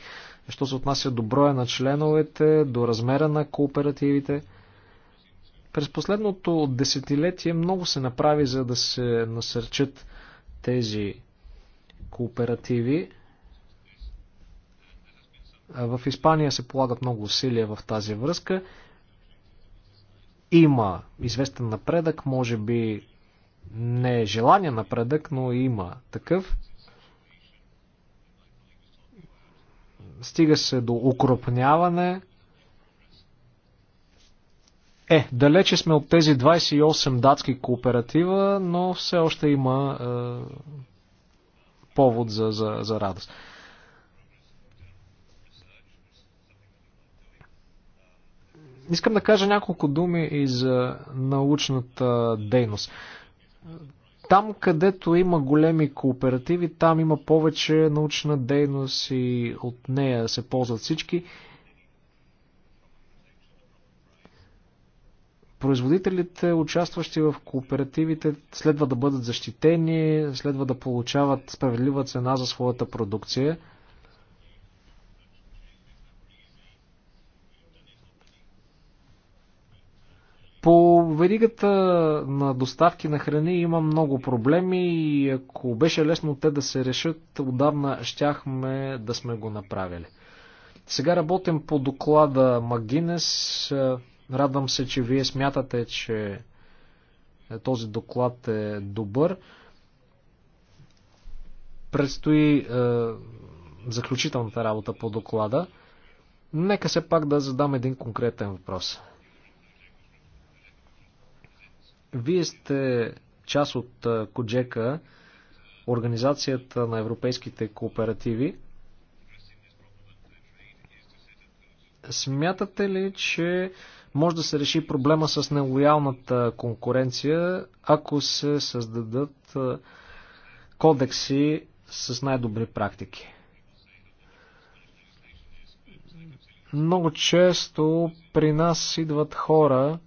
Що се отнася до броя на членовете, до размера на кооперативите. През последното десетилетие много се направи, за да се насърчат тези кооперативи. В Испания се полагат много усилия в тази връзка. Има известен напредък, може би не е желание напредък, но има такъв. Стига се до укропняване. Е, далече сме от тези 28 датски кооператива, но все още има е, повод за, за, за радост. Искам да кажа няколко думи и за научната дейност. Там, където има големи кооперативи, там има повече научна дейност и от нея се ползват всички. производителите, участващи в кооперативите, следва да бъдат защитени, следва да получават справедлива цена за своята продукция. По веригата на доставки на храни има много проблеми и ако беше лесно те да се решат, отдавна щяхме да сме го направили. Сега работим по доклада Магинес. Радвам се, че вие смятате, че този доклад е добър. Предстои е, заключителната работа по доклада. Нека се пак да задам един конкретен въпрос. Вие сте част от Коджека, Организацията на европейските кооперативи. Смятате ли, че може да се реши проблема с нелоялната конкуренция, ако се създадат кодекси с най-добри практики? Много често при нас идват хора,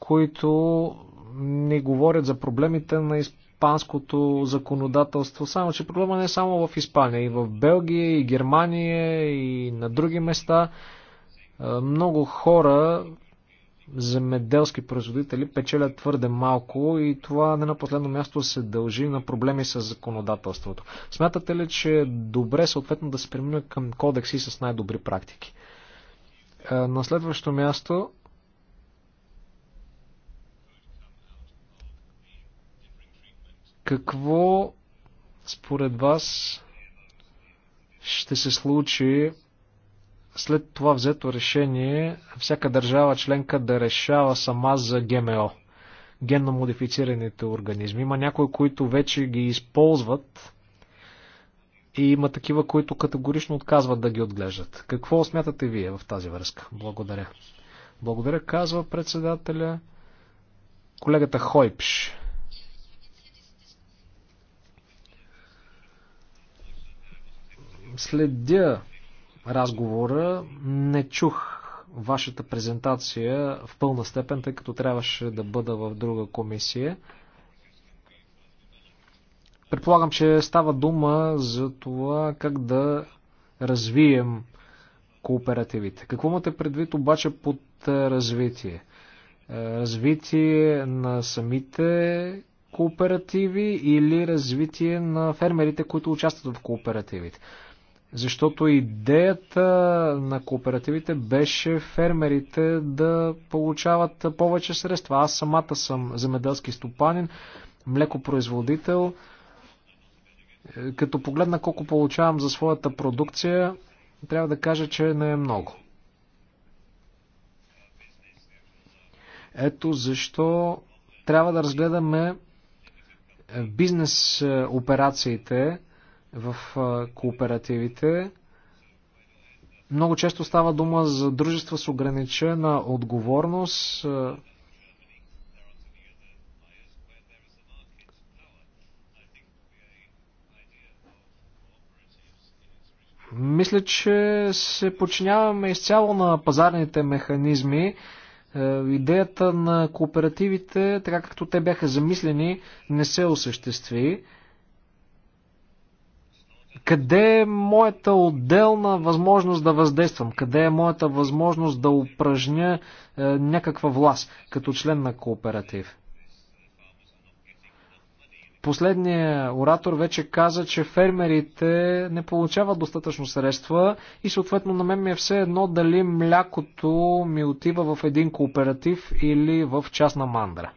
които ни говорят за проблемите на испанското законодателство. Само, че проблема не е само в Испания, и в Белгия, и Германия, и на други места. Е, много хора, земеделски производители, печелят твърде малко и това не на последно място се дължи на проблеми с законодателството. Смятате ли, че е добре съответно да се премина към кодекси с най-добри практики? Е, на следващо място Какво според вас ще се случи след това взето решение всяка държава членка да решава сама за ГМО, генно модифицираните организми. Има някои, които вече ги използват и има такива, които категорично отказват да ги отглеждат. Какво смятате вие в тази връзка? Благодаря. Благодаря, казва председателя. Колегата Хойпш следя разговора, не чух вашата презентация в пълна степен, тъй като трябваше да бъда в друга комисия. Предполагам, че става дума за това как да развием кооперативите. Какво имате предвид обаче под е, развитие? Е, развитие на самите кооперативи или развитие на фермерите, които участват в кооперативите? Защото идеята на кооперативите беше фермерите да получават повече средства. Аз самата съм земеделски стопанин, млекопроизводител. Като погледна колко получавам за своята продукция, трябва да кажа, че не е много. Ето защо трябва да разгледаме бизнес е, операциите в кооперативите. Много често става дума за дружества с ограничена отговорност. Мисля, че се подчиняваме изцяло на пазарните механизми. Е, идеята на кооперативите, така както те бяха замислени, не се осъществи. Къде е моята отделна възможност да въздействам? Къде е моята възможност да упражня е, някаква власт като член на кооператив? Последният оратор вече каза, че фермерите не получават достатъчно средства и съответно на мен ми е все едно дали млякото ми отива в един кооператив или в частна мандра.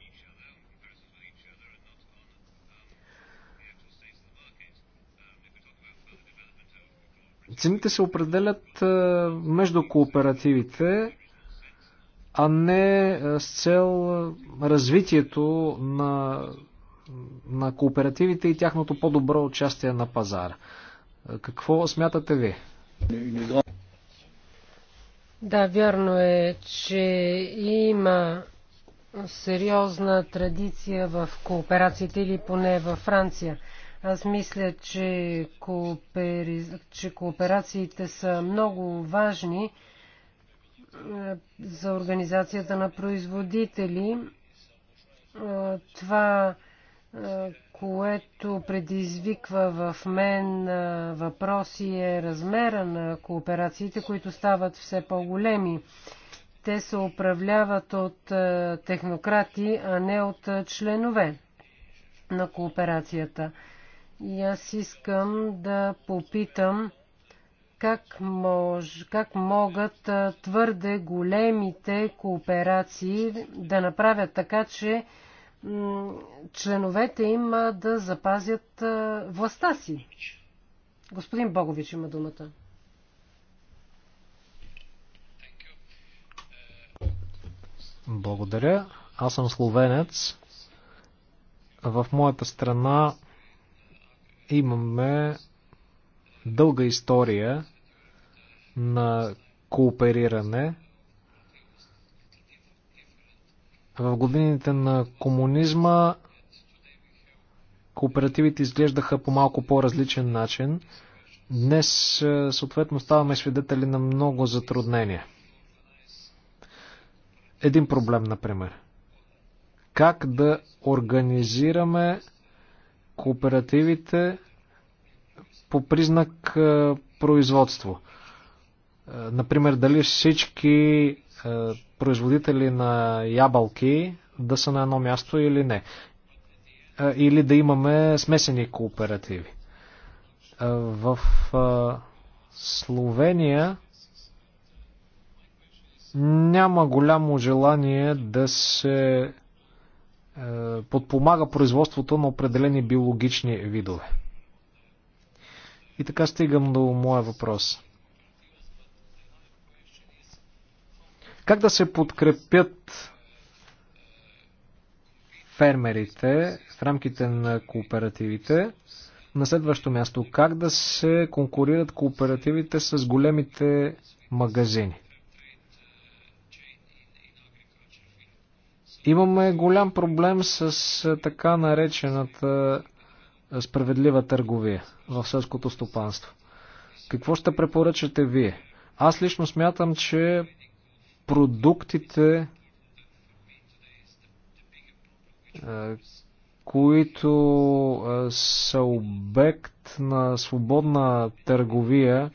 Цените се определят е, между кооперативите, а не е, с цел е, развитието на, на кооперативите и тяхното по-добро участие на пазара. Какво смятате ви? Да, вярно е, че има сериозна традиция в кооперациите или поне във Франция – аз мисля, че, коопери... че кооперациите са много важни е, за организацията на производители. Е, това, е, което предизвиква в мен въпроси е размера на кооперациите, които стават все по-големи. Те се управляват от технократи, а не от членове на кооперацията. И аз искам да попитам как, мож, как могат твърде големите кооперации да направят така, че членовете им да запазят властта си. Господин Богович има думата. Благодаря. Аз съм словенец. В моята страна имаме дълга история на коопериране. В годините на комунизма кооперативите изглеждаха по малко по-различен начин. Днес, е, съответно, ставаме свидетели на много затруднения. Един проблем, например. Как да организираме кооперативите по признак производство. Например, дали всички производители на ябълки да са на едно място или не. Или да имаме смесени кооперативи. В Словения няма голямо желание да се е, подпомага производството на определени биологични видове. И така стигам до моя въпрос. Как да се подкрепят фермерите в рамките на кооперативите? На следващо място, как да се конкурират кооперативите с големите магазини? Имаме голям проблем с така наречената справедлива търговия в сълското стопанство. Какво ще препоръчате вие? Аз лично смятам, че продуктите, които са обект на свободна търговия,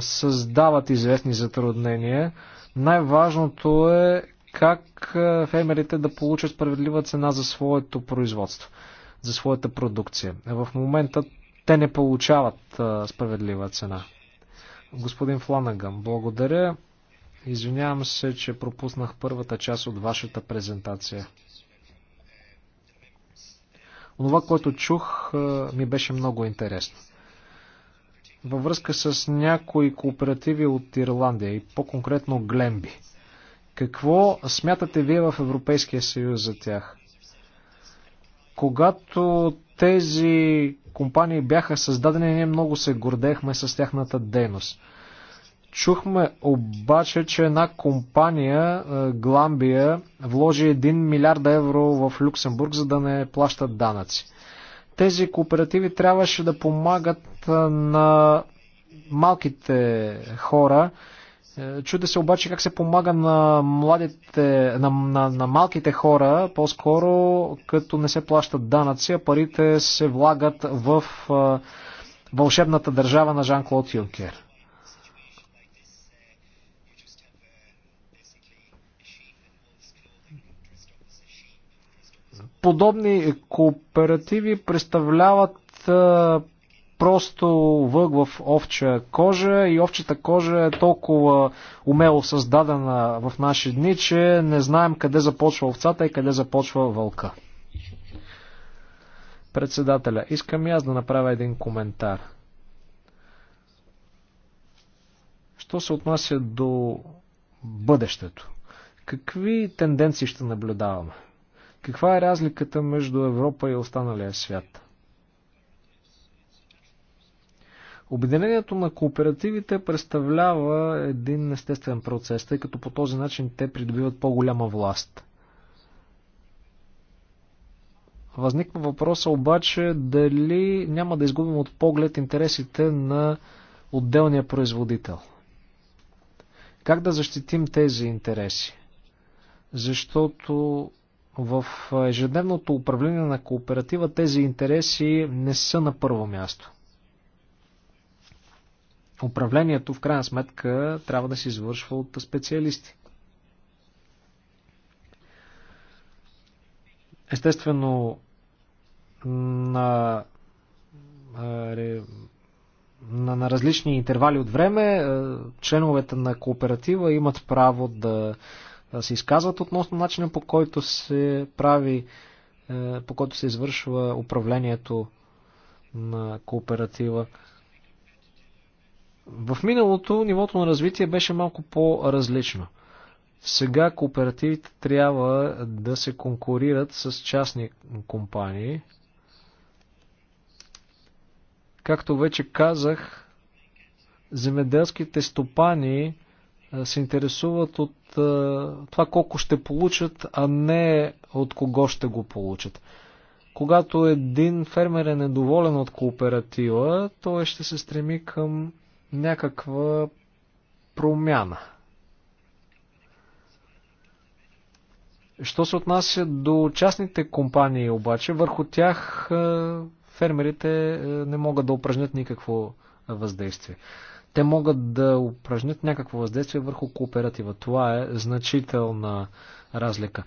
създават известни затруднения. Най-важното е как е, фермерите да получат справедлива цена за своето производство, за своята продукция. В момента те не получават е, справедлива цена. Господин Фланаган, благодаря. Извинявам се, че пропуснах първата част от вашата презентация. Онова, което чух, е, ми беше много интересно във връзка с някои кооперативи от Ирландия и по-конкретно Глемби. Какво смятате вие в Европейския съюз за тях? Когато тези компании бяха създадени, ние много се гордехме с тяхната дейност. Чухме обаче, че една компания, Гламбия, е, вложи 1 милиард евро в Люксембург, за да не плащат данъци. Тези кооперативи трябваше да помагат на малките хора. Е, чуде се обаче как се помага на младите, на, на, на малките хора, по-скоро като не се плащат данъци, а парите се влагат в а, вълшебната държава на Жан-Клод Юнкер. подобни кооперативи представляват а, просто въг в овча кожа и овчата кожа е толкова умело създадена в наши дни, че не знаем къде започва овцата и къде започва вълка. Председателя, искам и аз да направя един коментар. Що се отнася до бъдещето? Какви тенденции ще наблюдаваме? Каква е разликата между Европа и останалия свят? Обединението на кооперативите представлява един естествен процес, тъй като по този начин те придобиват по-голяма власт. Възниква въпроса обаче дали няма да изгубим от поглед интересите на отделния производител. Как да защитим тези интереси? Защото в ежедневното управление на кооператива тези интереси не са на първо място. Управлението, в крайна сметка, трябва да се извършва от специалисти. Естествено, на, на, на различни интервали от време членовете на кооператива имат право да се изказват относно начина по който се прави, е, по който се извършва управлението на кооператива. В миналото нивото на развитие беше малко по-различно. Сега кооперативите трябва да се конкурират с частни компании. Както вече казах, земеделските стопани се интересуват от това колко ще получат, а не от кого ще го получат. Когато един фермер е недоволен от кооператива, той ще се стреми към някаква промяна. Що се отнася до частните компании обаче, върху тях фермерите не могат да упражнят никакво въздействие те могат да упражнят някакво въздействие върху кооператива. Това е значителна разлика.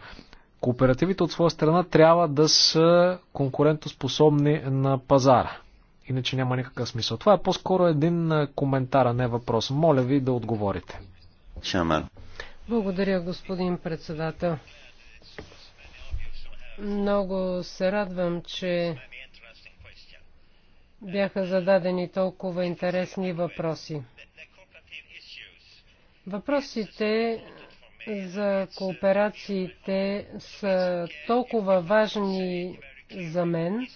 Кооперативите от своя страна трябва да са конкурентоспособни на пазара. Иначе няма никакъв смисъл. Това е по-скоро един коментар, а не въпрос. Моля ви да отговорите. Шамар. Благодаря, господин председател. Много се радвам, че бяха зададени толкова интересни въпроси. Въпросите за кооперациите са толкова важни за мен,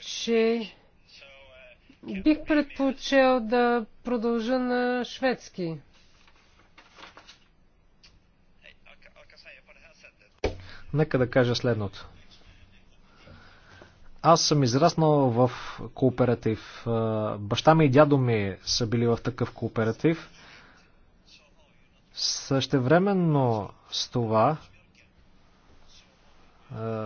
че бих предпочел да продължа на шведски. Нека да кажа следното. Аз съм израснал в кооператив. Баща ми и дядо ми са били в такъв кооператив. Същевременно с това,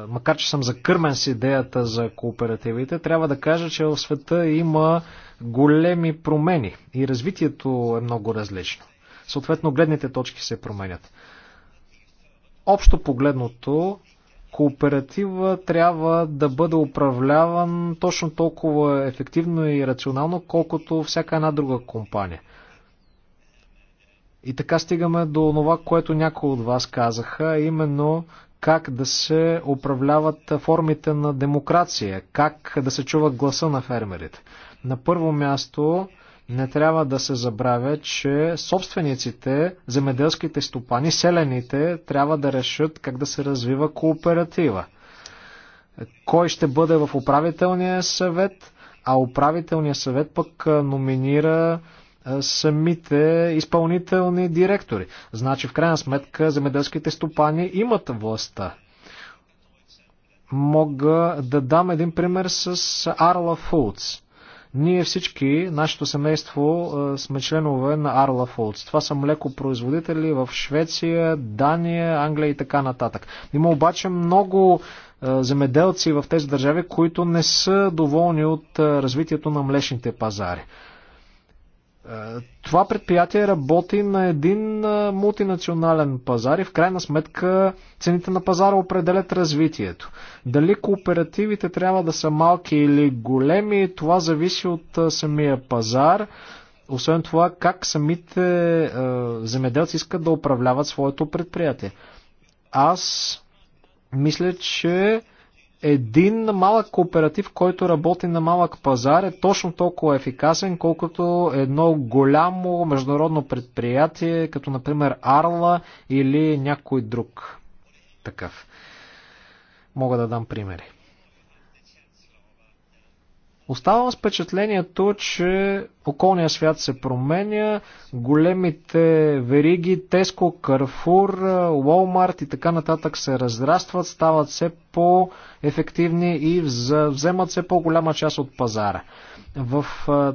макар че съм закърмен с идеята за кооперативите, трябва да кажа, че в света има големи промени и развитието е много различно. Съответно, гледните точки се променят. Общо погледното, кооператива трябва да бъде управляван точно толкова ефективно и рационално, колкото всяка една друга компания. И така стигаме до това, което някои от вас казаха, именно как да се управляват формите на демокрация, как да се чува гласа на фермерите. На първо място, не трябва да се забравя, че собствениците, земеделските стопани, селените трябва да решат как да се развива кооператива. Кой ще бъде в управителния съвет, а управителния съвет пък номинира самите изпълнителни директори. Значи, в крайна сметка, земеделските стопани имат властта. Мога да дам един пример с Arla Foods. Ние всички, нашето семейство, сме членове на Арла Foods. Това са млекопроизводители в Швеция, Дания, Англия и така нататък. Има обаче много земеделци в тези държави, които не са доволни от развитието на млечните пазари. Е, това предприятие работи на един е, мултинационален пазар и в крайна сметка цените на пазара определят развитието. Дали кооперативите трябва да са малки или големи, това зависи от е, самия пазар. Освен това, как самите е, земеделци искат да управляват своето предприятие. Аз мисля, че един малък кооператив, който работи на малък пазар е точно толкова ефикасен, колкото едно голямо международно предприятие, като например Арла или някой друг такъв. Мога да дам примери. Оставам с впечатлението, че околния свят се променя, големите вериги, Теско, Карфур, Walmart и така нататък се разрастват, стават все по-ефективни и вземат все по-голяма част от пазара. В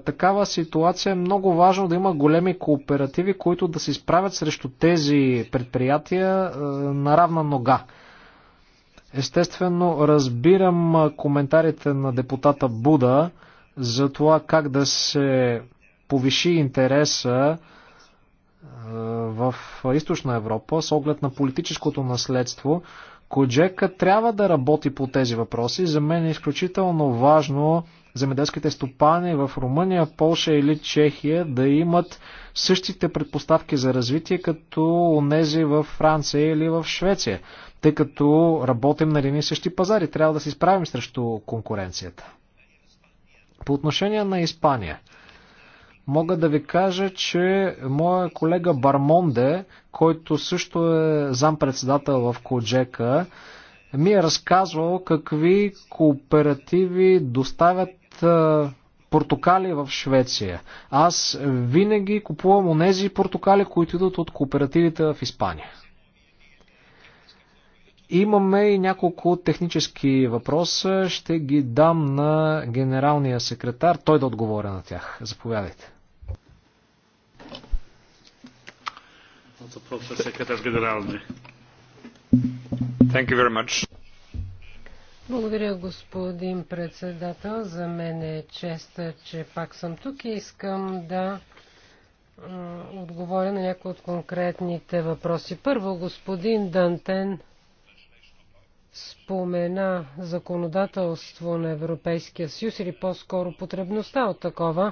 такава ситуация е много важно да има големи кооперативи, които да се справят срещу тези предприятия на равна нога. Естествено, разбирам коментарите на депутата Буда за това как да се повиши интереса в източна Европа с оглед на политическото наследство. Коджека трябва да работи по тези въпроси. За мен е изключително важно земеделските стопани в Румъния, Полша или Чехия да имат същите предпоставки за развитие като онези в Франция или в Швеция тъй като работим на едни същи пазари. Трябва да се изправим срещу конкуренцията. По отношение на Испания, мога да ви кажа, че моя колега Бармонде, който също е зампредседател в Коджека, ми е разказвал какви кооперативи доставят портокали в Швеция. Аз винаги купувам онези портокали, които идват от кооперативите в Испания. Имаме и няколко технически въпроса. Ще ги дам на генералния секретар. Той да отговоря на тях. Заповядайте. Thank you very much. Благодаря, господин председател. За мен е чест, че пак съм тук и искам да отговоря на някои от конкретните въпроси. Първо, господин Дантен спомена законодателство на Европейския съюз или по-скоро потребността от такова.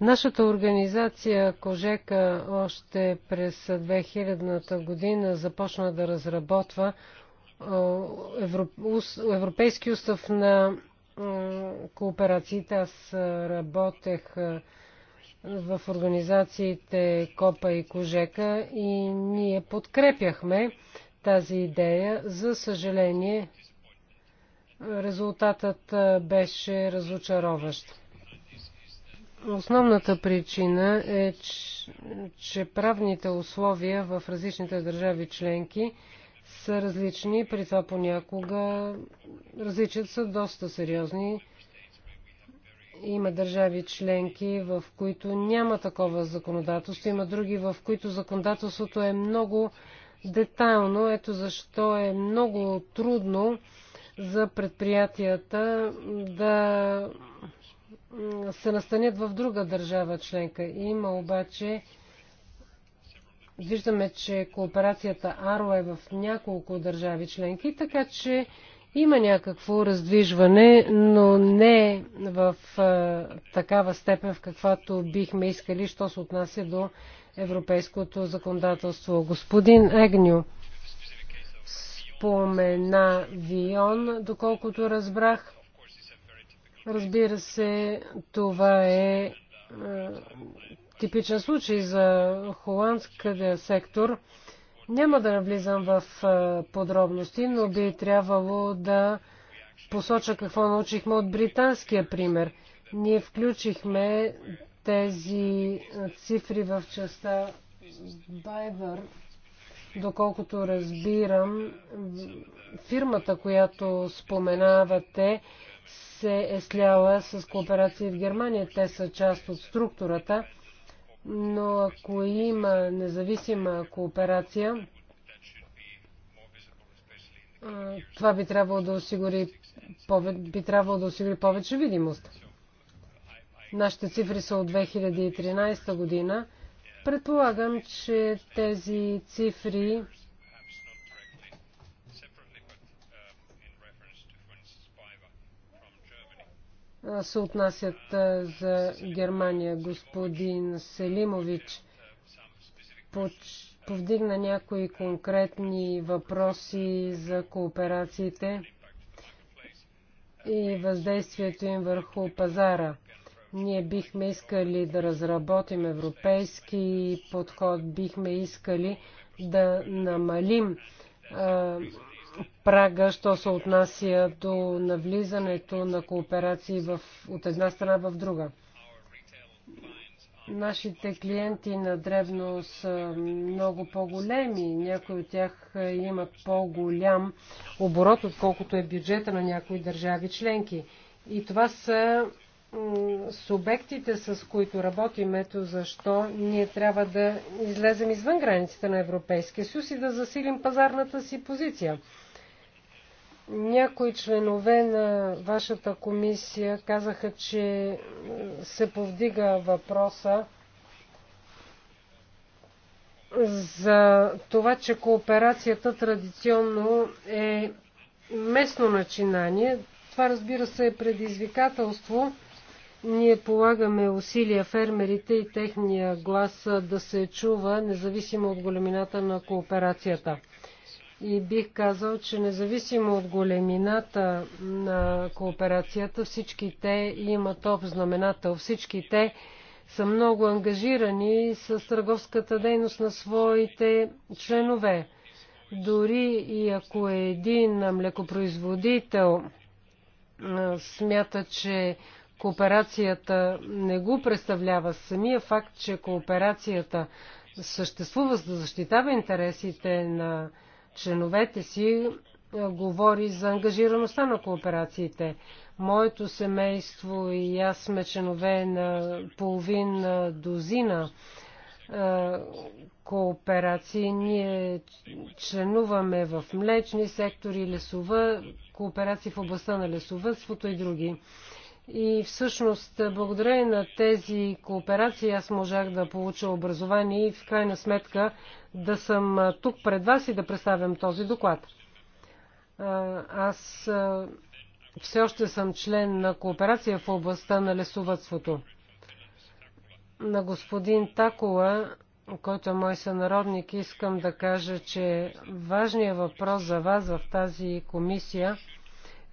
Нашата организация Кожека още през 2000-та година започна да разработва Европейски устав на кооперациите. Аз работех в организациите Копа и Кожека и ние подкрепяхме тази идея. За съжаление, резултатът беше разочароващ. Основната причина е, че правните условия в различните държави членки са различни, при това понякога различат са доста сериозни. Има държави членки, в които няма такова законодателство, има други, в които законодателството е много детайлно. Ето защо е много трудно за предприятията да се настанят в друга държава членка. Има обаче Виждаме, че кооперацията АРО е в няколко държави членки, така че има някакво раздвижване, но не в а, такава степен, в каквато бихме искали, що се отнася до европейското законодателство. Господин Егню спомена Вион, доколкото разбрах. Разбира се, това е, е, типичен случай за холандския сектор. Няма да навлизам в е, подробности, но би трябвало да посоча какво научихме от британския пример. Ние включихме тези цифри в частта Байвър, доколкото разбирам, фирмата, която споменавате, се е сляла с кооперации в Германия. Те са част от структурата, но ако има независима кооперация, това би трябвало да осигури, би трябвало да осигури повече видимост. Нашите цифри са от 2013 година. Предполагам, че тези цифри се отнасят за Германия. Господин Селимович повдигна някои конкретни въпроси за кооперациите и въздействието им върху пазара. Ние бихме искали да разработим европейски подход, бихме искали да намалим а, прага, що се отнася до навлизането на кооперации в, от една страна в друга. Нашите клиенти на древно са много по-големи. Някои от тях имат по-голям оборот, отколкото е бюджета на някои държави членки. И това са субектите, с които работим, ето защо ние трябва да излезем извън границите на Европейския съюз и да засилим пазарната си позиция. Някои членове на вашата комисия казаха, че се повдига въпроса за това, че кооперацията традиционно е местно начинание. Това разбира се е предизвикателство ние полагаме усилия фермерите и техния глас да се чува, независимо от големината на кооперацията. И бих казал, че независимо от големината на кооперацията, всички те имат общ знаменател. Всички те са много ангажирани с търговската дейност на своите членове. Дори и ако един млекопроизводител смята, че Кооперацията не го представлява самия факт, че кооперацията съществува за да защитава интересите на членовете си, е, говори за ангажираността на кооперациите. Моето семейство и аз сме членове на половин е, дозина е, кооперации. Ние членуваме в млечни сектори, лесова, кооперации в областта на лесовътството и други. И всъщност, благодарение на тези кооперации, аз можах да получа образование и в крайна сметка да съм тук пред вас и да представям този доклад. Аз все още съм член на кооперация в областта на лесовътството. На господин Такола, който е мой сънародник, искам да кажа, че важният въпрос за вас в тази комисия –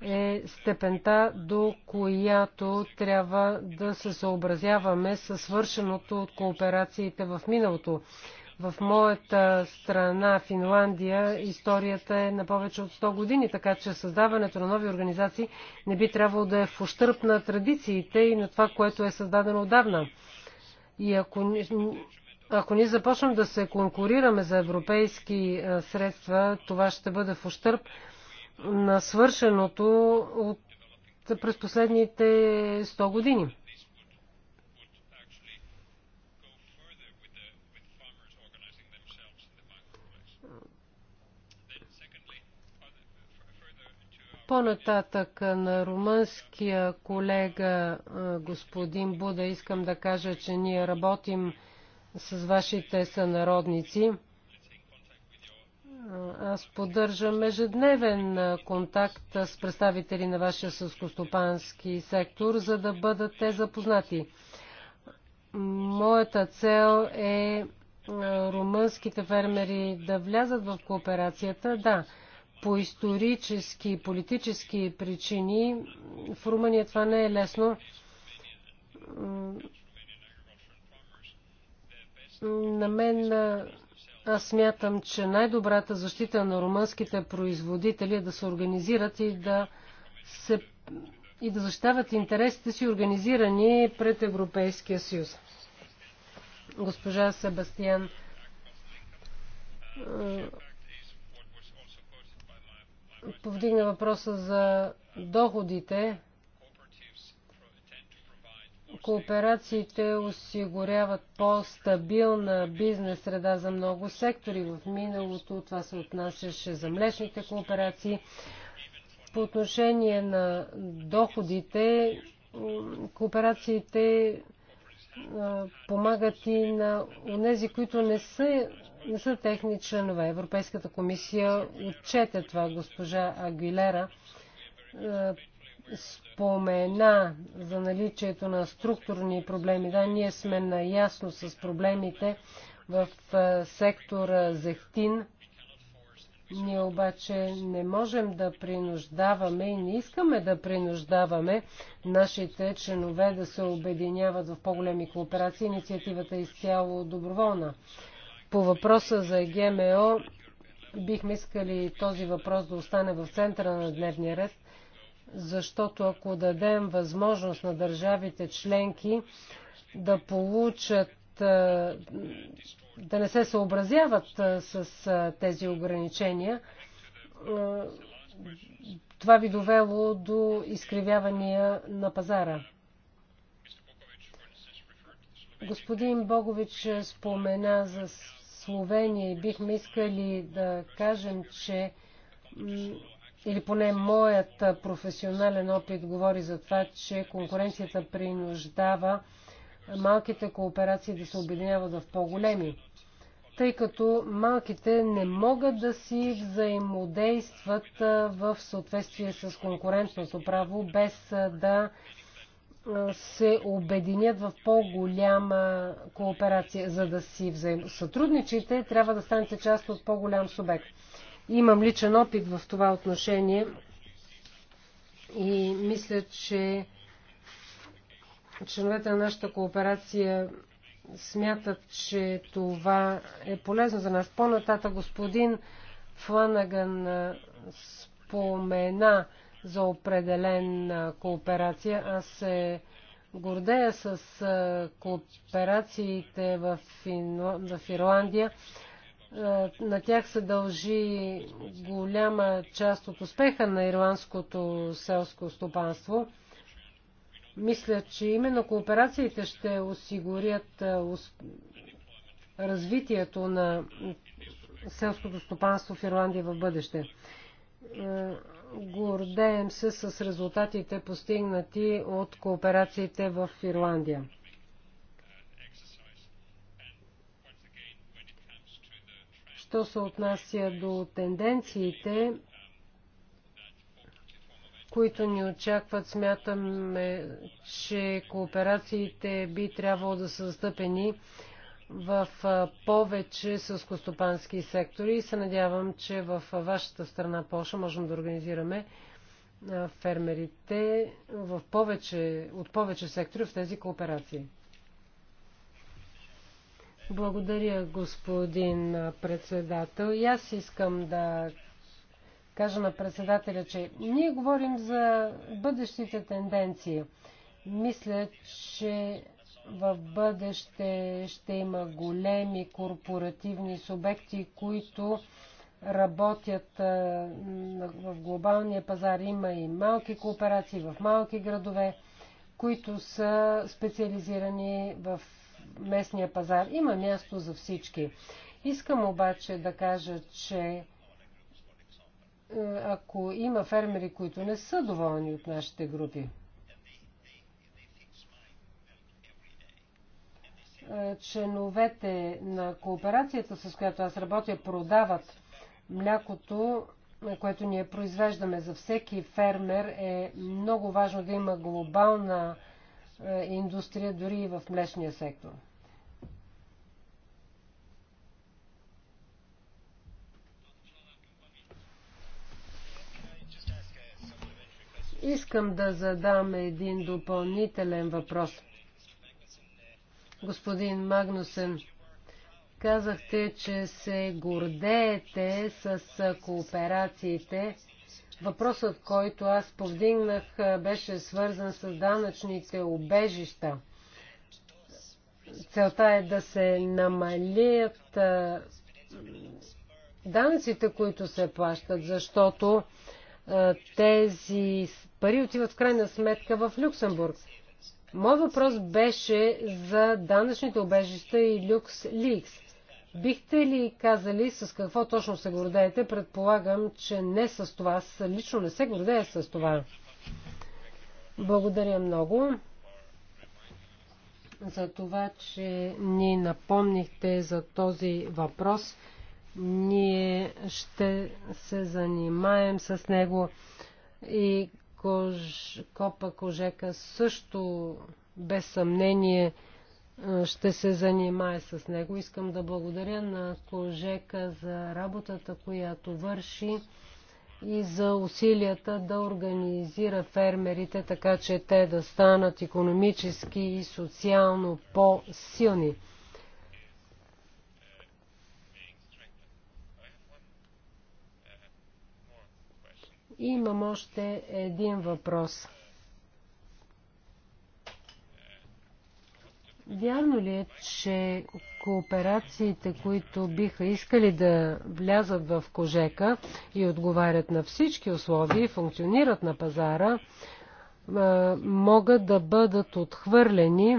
е степента, до която трябва да се съобразяваме с свършеното от кооперациите в миналото. В моята страна, Финландия, историята е на повече от 100 години, така че създаването на нови организации не би трябвало да е в ущърп на традициите и на това, което е създадено отдавна. И ако, ако ние започнем да се конкурираме за европейски средства, това ще бъде в ущърп на свършеното от през последните 100 години. По-нататък на румънския колега господин Буда искам да кажа, че ние работим с вашите сънародници. Аз поддържам ежедневен контакт с представители на вашия съскостопански сектор, за да бъдат те запознати. Моята цел е румънските фермери да влязат в кооперацията. Да, по исторически и политически причини в Румъния това не е лесно. На мен аз смятам, че най-добрата защита на румънските производители е да се организират и да се и да защитават интересите си организирани пред Европейския съюз. Госпожа Себастиан повдигна въпроса за доходите Кооперациите осигуряват по-стабилна бизнес среда за много сектори. В миналото това се отнасяше за млечните кооперации. По отношение на доходите, кооперациите помагат и на тези, които не са, не са техни членове. Европейската комисия отчете това. Госпожа Агилера спомена за наличието на структурни проблеми. Да, ние сме наясно с проблемите в сектора зехтин. Ние обаче не можем да принуждаваме и не искаме да принуждаваме нашите членове да се обединяват в по-големи кооперации. Инициативата е изцяло доброволна. По въпроса за ГМО бихме искали този въпрос да остане в центъра на дневния ред защото ако дадем възможност на държавите членки да получат, да не се съобразяват с тези ограничения, това би довело до изкривявания на пазара. Господин Богович спомена за Словения и бихме искали да кажем, че или поне моят професионален опит говори за това, че конкуренцията принуждава малките кооперации да се объединяват в по-големи. Тъй като малките не могат да си взаимодействат в съответствие с конкурентното право, без да се обединят в по-голяма кооперация. За да си взаимосътрудничите, трябва да станете част от по-голям субект. Имам личен опит в това отношение и мисля, че членовете на нашата кооперация смятат, че това е полезно за нас. По-нататък господин Фланаган спомена за определен кооперация. Аз се гордея с кооперациите в, Ирландия на тях се дължи голяма част от успеха на ирландското селско стопанство. Мисля, че именно кооперациите ще осигурят развитието на селското стопанство в Ирландия в бъдеще. Гордеем се с резултатите постигнати от кооперациите в Ирландия. Що се отнася до тенденциите, които ни очакват, смятаме, че кооперациите би трябвало да са застъпени в повече съскостопански сектори и се надявам, че в вашата страна Польша можем да организираме фермерите в повече, от повече сектори в тези кооперации. Благодаря, господин председател. И аз искам да кажа на председателя, че ние говорим за бъдещите тенденции. Мисля, че в бъдеще ще има големи корпоративни субекти, които работят в глобалния пазар. Има и малки кооперации в малки градове, които са специализирани в местния пазар. Има място за всички. Искам обаче да кажа, че е, ако има фермери, които не са доволни от нашите групи, е, членовете на кооперацията, с която аз работя, продават млякото, което ние произвеждаме. За всеки фермер е много важно да има глобална е, индустрия, дори и в млечния сектор. Искам да задам един допълнителен въпрос. Господин Магнусен, казахте, че се гордеете с кооперациите Въпросът, който аз повдигнах, беше свързан с данъчните обежища. Целта е да се намалият данъците, които се плащат, защото тези пари отиват в крайна сметка в Люксембург. Мой въпрос беше за данъчните обежища и Люкс Ликс. Бихте ли казали с какво точно се гордеете? Предполагам, че не с това. Аз лично не се гордея с това. Благодаря много за това, че ни напомнихте за този въпрос. Ние ще се занимаем с него и Кож... Копа Кожека също без съмнение ще се занимае с него. Искам да благодаря на Кожека за работата, която върши и за усилията да организира фермерите, така че те да станат економически и социално по-силни. Имам още един въпрос. Вярно ли е, че кооперациите, които биха искали да влязат в кожека и отговарят на всички условия и функционират на пазара, могат да бъдат отхвърлени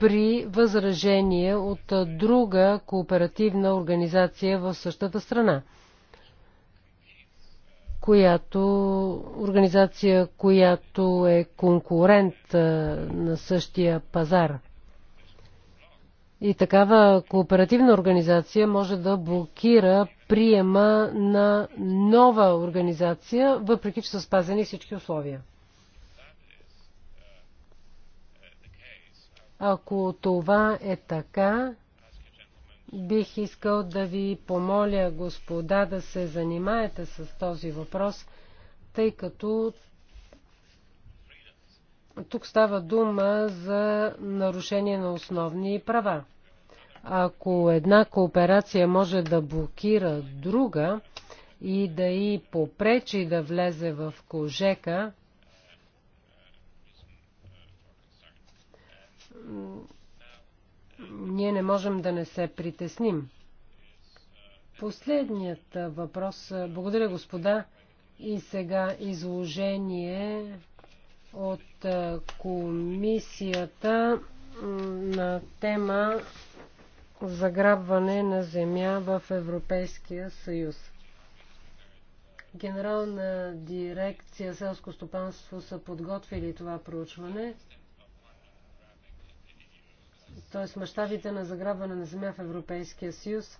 при възражение от друга кооперативна организация в същата страна? която организация, която е конкурент на същия пазар. И такава кооперативна организация може да блокира приема на нова организация, въпреки че са спазени всички условия. Ако това е така, Бих искал да ви помоля, господа, да се занимаете с този въпрос, тъй като тук става дума за нарушение на основни права. Ако една кооперация може да блокира друга и да й попречи да влезе в кожека, ние не можем да не се притесним. Последният въпрос. Благодаря, господа. И сега изложение от комисията на тема заграбване на земя в Европейския съюз. Генерална дирекция селско стопанство са подготвили това проучване т.е. мащабите на заграбване на земя в Европейския съюз.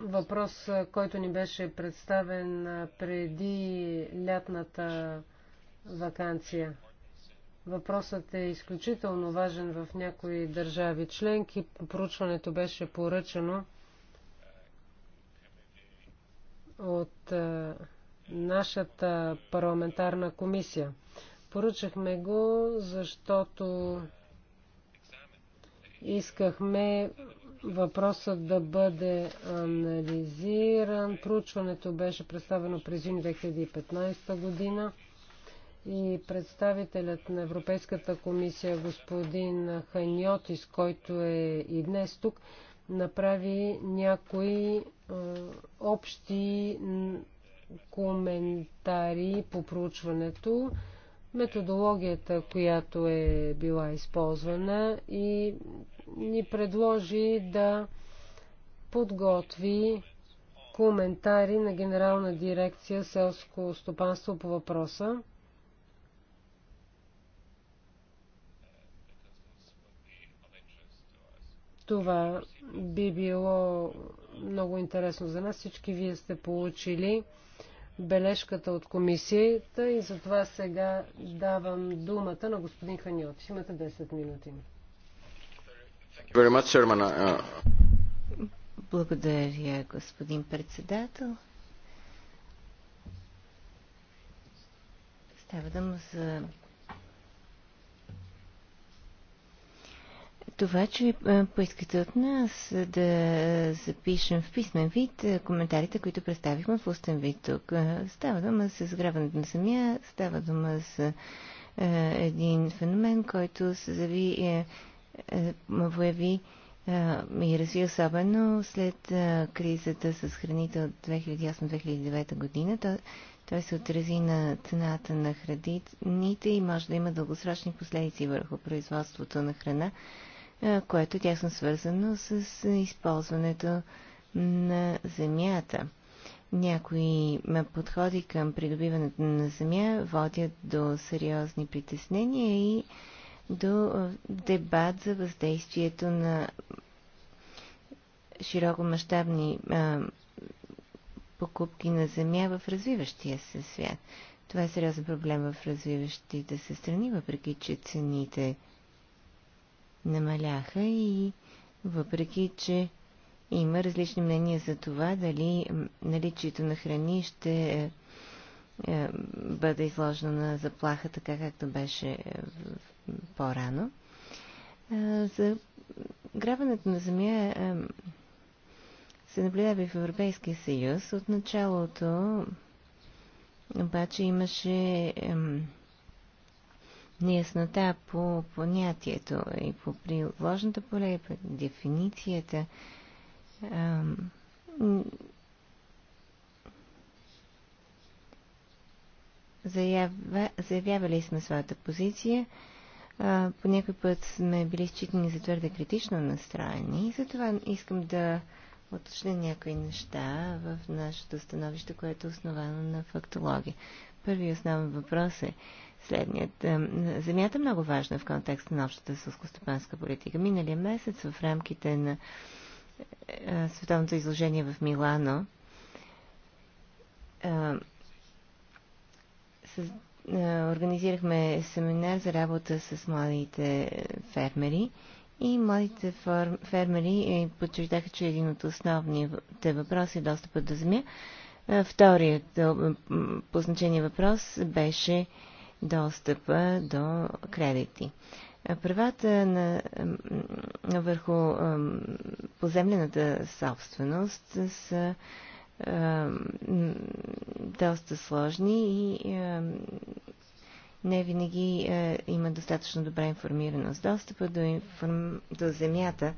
Въпрос, който ни беше представен преди лятната вакансия. Въпросът е изключително важен в някои държави членки. Поручването беше поръчано от нашата парламентарна комисия. Поръчахме го, защото искахме въпросът да бъде анализиран. Проучването беше представено през юни 2015 година и представителят на Европейската комисия господин Ханьотис, който е и днес тук, направи някои общи коментари по проучването методологията, която е била използвана и ни предложи да подготви коментари на Генерална дирекция селско стопанство по въпроса. Това би било много интересно за нас. Всички вие сте получили бележката от комисията и затова сега давам думата на господин Ханиот. Имате 10 минути. Uh, Благодаря, господин председател. Става дума за това, че поискате от нас да запишем в писмен вид коментарите, които представихме в устен вид тук. Става дума с сграбването на самия, става дума с един феномен, който се зави, появи е, е, и разви особено след кризата с храните от 2008-2009 година. Той, той се отрази на цената на храните и може да има дългосрочни последици върху производството на храна което е тясно свързано с използването на земята. Някои подходи към придобиването на земя водят до сериозни притеснения и до дебат за въздействието на широкомащабни покупки на земя в развиващия се свят. Това е сериозен проблем в развиващите се страни, въпреки че цените намаляха и въпреки, че има различни мнения за това дали наличието на храни ще е, е, бъде изложено на заплаха, така както беше е, по-рано. за грабването на земя се наблюдава и в Европейския съюз. От началото обаче имаше неяснота по понятието и по приложната поле, и по дефиницията. Ам, заява, заявявали сме своята позиция. А, по някой път сме били считани за твърде критично настроени и затова искам да уточня някои неща в нашето становище, което е основано на фактология. Първият основен въпрос е следният. Земята е много важна в контекста на общата сълскостопанска политика. Миналия месец в рамките на е, е, световното изложение в Милано е, организирахме семинар за работа с младите фермери и младите фермери е, подчертаха, че един от основните въпроси е достъпът до земя. Е, вторият е, по значение въпрос беше достъпа до кредити. Правата на, върху поземлената собственост са доста сложни и не винаги е, има достатъчно добра информираност. Достъпа до, информ... до земята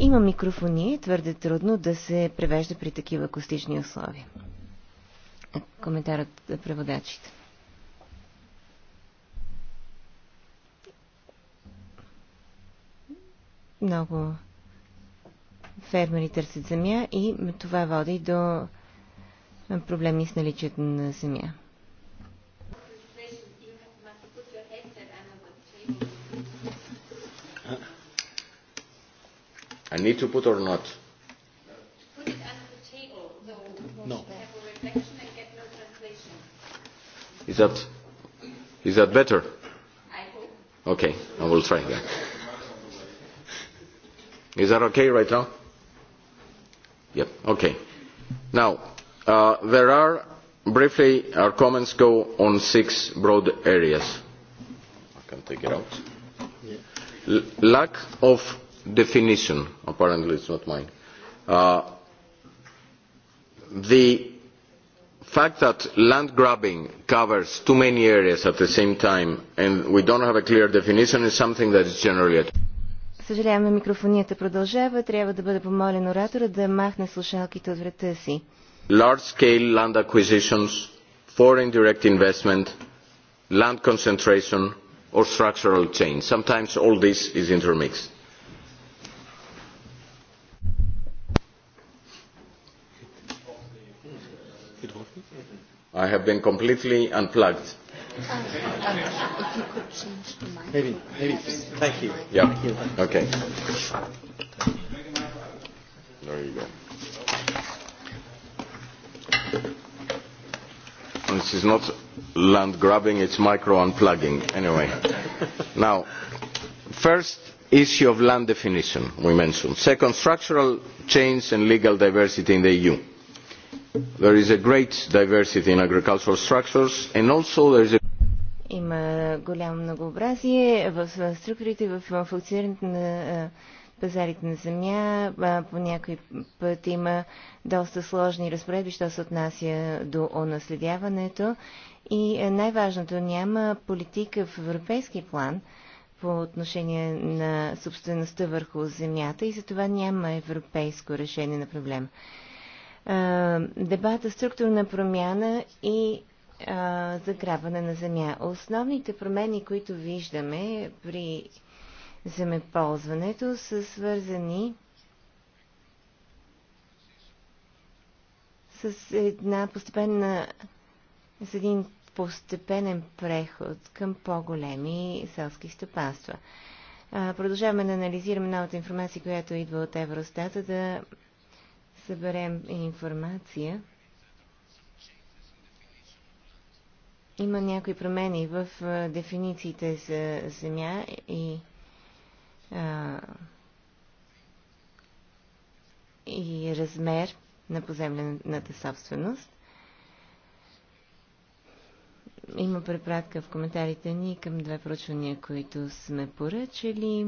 Има микрофони, твърде трудно да се превежда при такива акустични условия. Коментарът на преводачите. Много фермери търсят земя и това води до проблеми с наличието на земя. I need to put or not? To Put it under the table. No. Have a reflection and get no translation. Is that is that better? I hope. Okay, I will try that. Is that okay right now? Okay. Now, uh, there are briefly our comments go on six broad areas. I can take it out. L- lack of definition. Apparently, it's not mine. Uh, the fact that land grabbing covers too many areas at the same time and we do not have a clear definition is something that is generally Съжаляваме, микрофонията продължава. Трябва да бъде помолен оратора да махне слушалките от врата си. Large-scale land acquisitions, foreign direct investment, land concentration or structural change. Sometimes all this is intermixed. I have been completely unplugged. Maybe, maybe. Thank you. Yeah. Thank you. Okay. There you go. This is not land grabbing, it's micro unplugging. Anyway. now, first issue of land definition we mentioned. Second, structural change and legal diversity in the EU there is a great diversity in agricultural structures and also there is a има голямо многообразие в структурите, в функционирането на пазарите на земя. По някой път има доста сложни разпоредби, що се отнася до онаследяването. И най-важното, няма политика в европейски план по отношение на собствеността върху земята и затова няма европейско решение на проблема. Дебата структурна промяна и а, заграбване на земя. Основните промени, които виждаме при земеползването, са свързани с една постепенна, с един постепенен преход към по-големи селски стопанства. Продължаваме да анализираме новата информация, която идва от Евростата, да съберем информация. има някои промени в дефинициите за земя и, а, и размер на поземлената собственост. Има препратка в коментарите ни към две проучвания, които сме поръчали,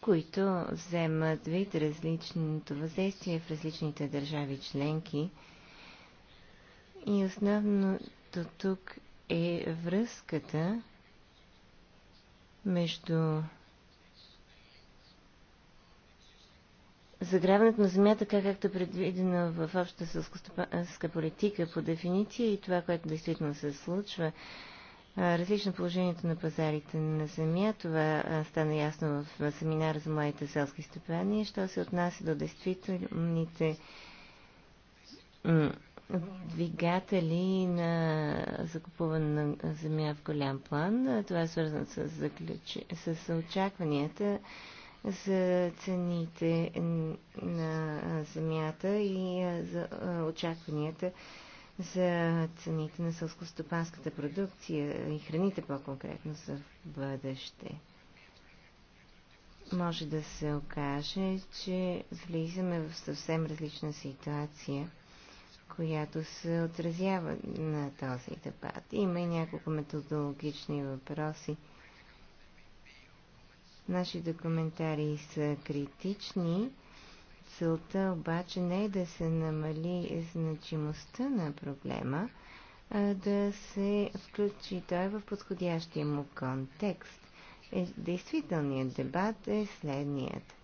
които вземат вид различното въздействие в различните държави членки – и основното тук е връзката между загряването на земята, така както е предвидено в общата селскостопанска политика по дефиниция и това, което действително се случва. Различно положението на пазарите на земя, това стана ясно в семинара за моите селски стопани, що се отнася до действителните двигатели на закупуване на земя в голям план. Това е свързано с, заключ... с очакванията за цените на земята и за очакванията за цените на сълскостопанската продукция и храните по-конкретно за бъдеще. Може да се окаже, че влизаме в съвсем различна ситуация – която се отразява на този дебат. Има и няколко методологични въпроси. Нашите коментари са критични. Целта обаче не е да се намали значимостта на проблема, а да се включи той в подходящия му контекст. Е, действителният дебат е следният –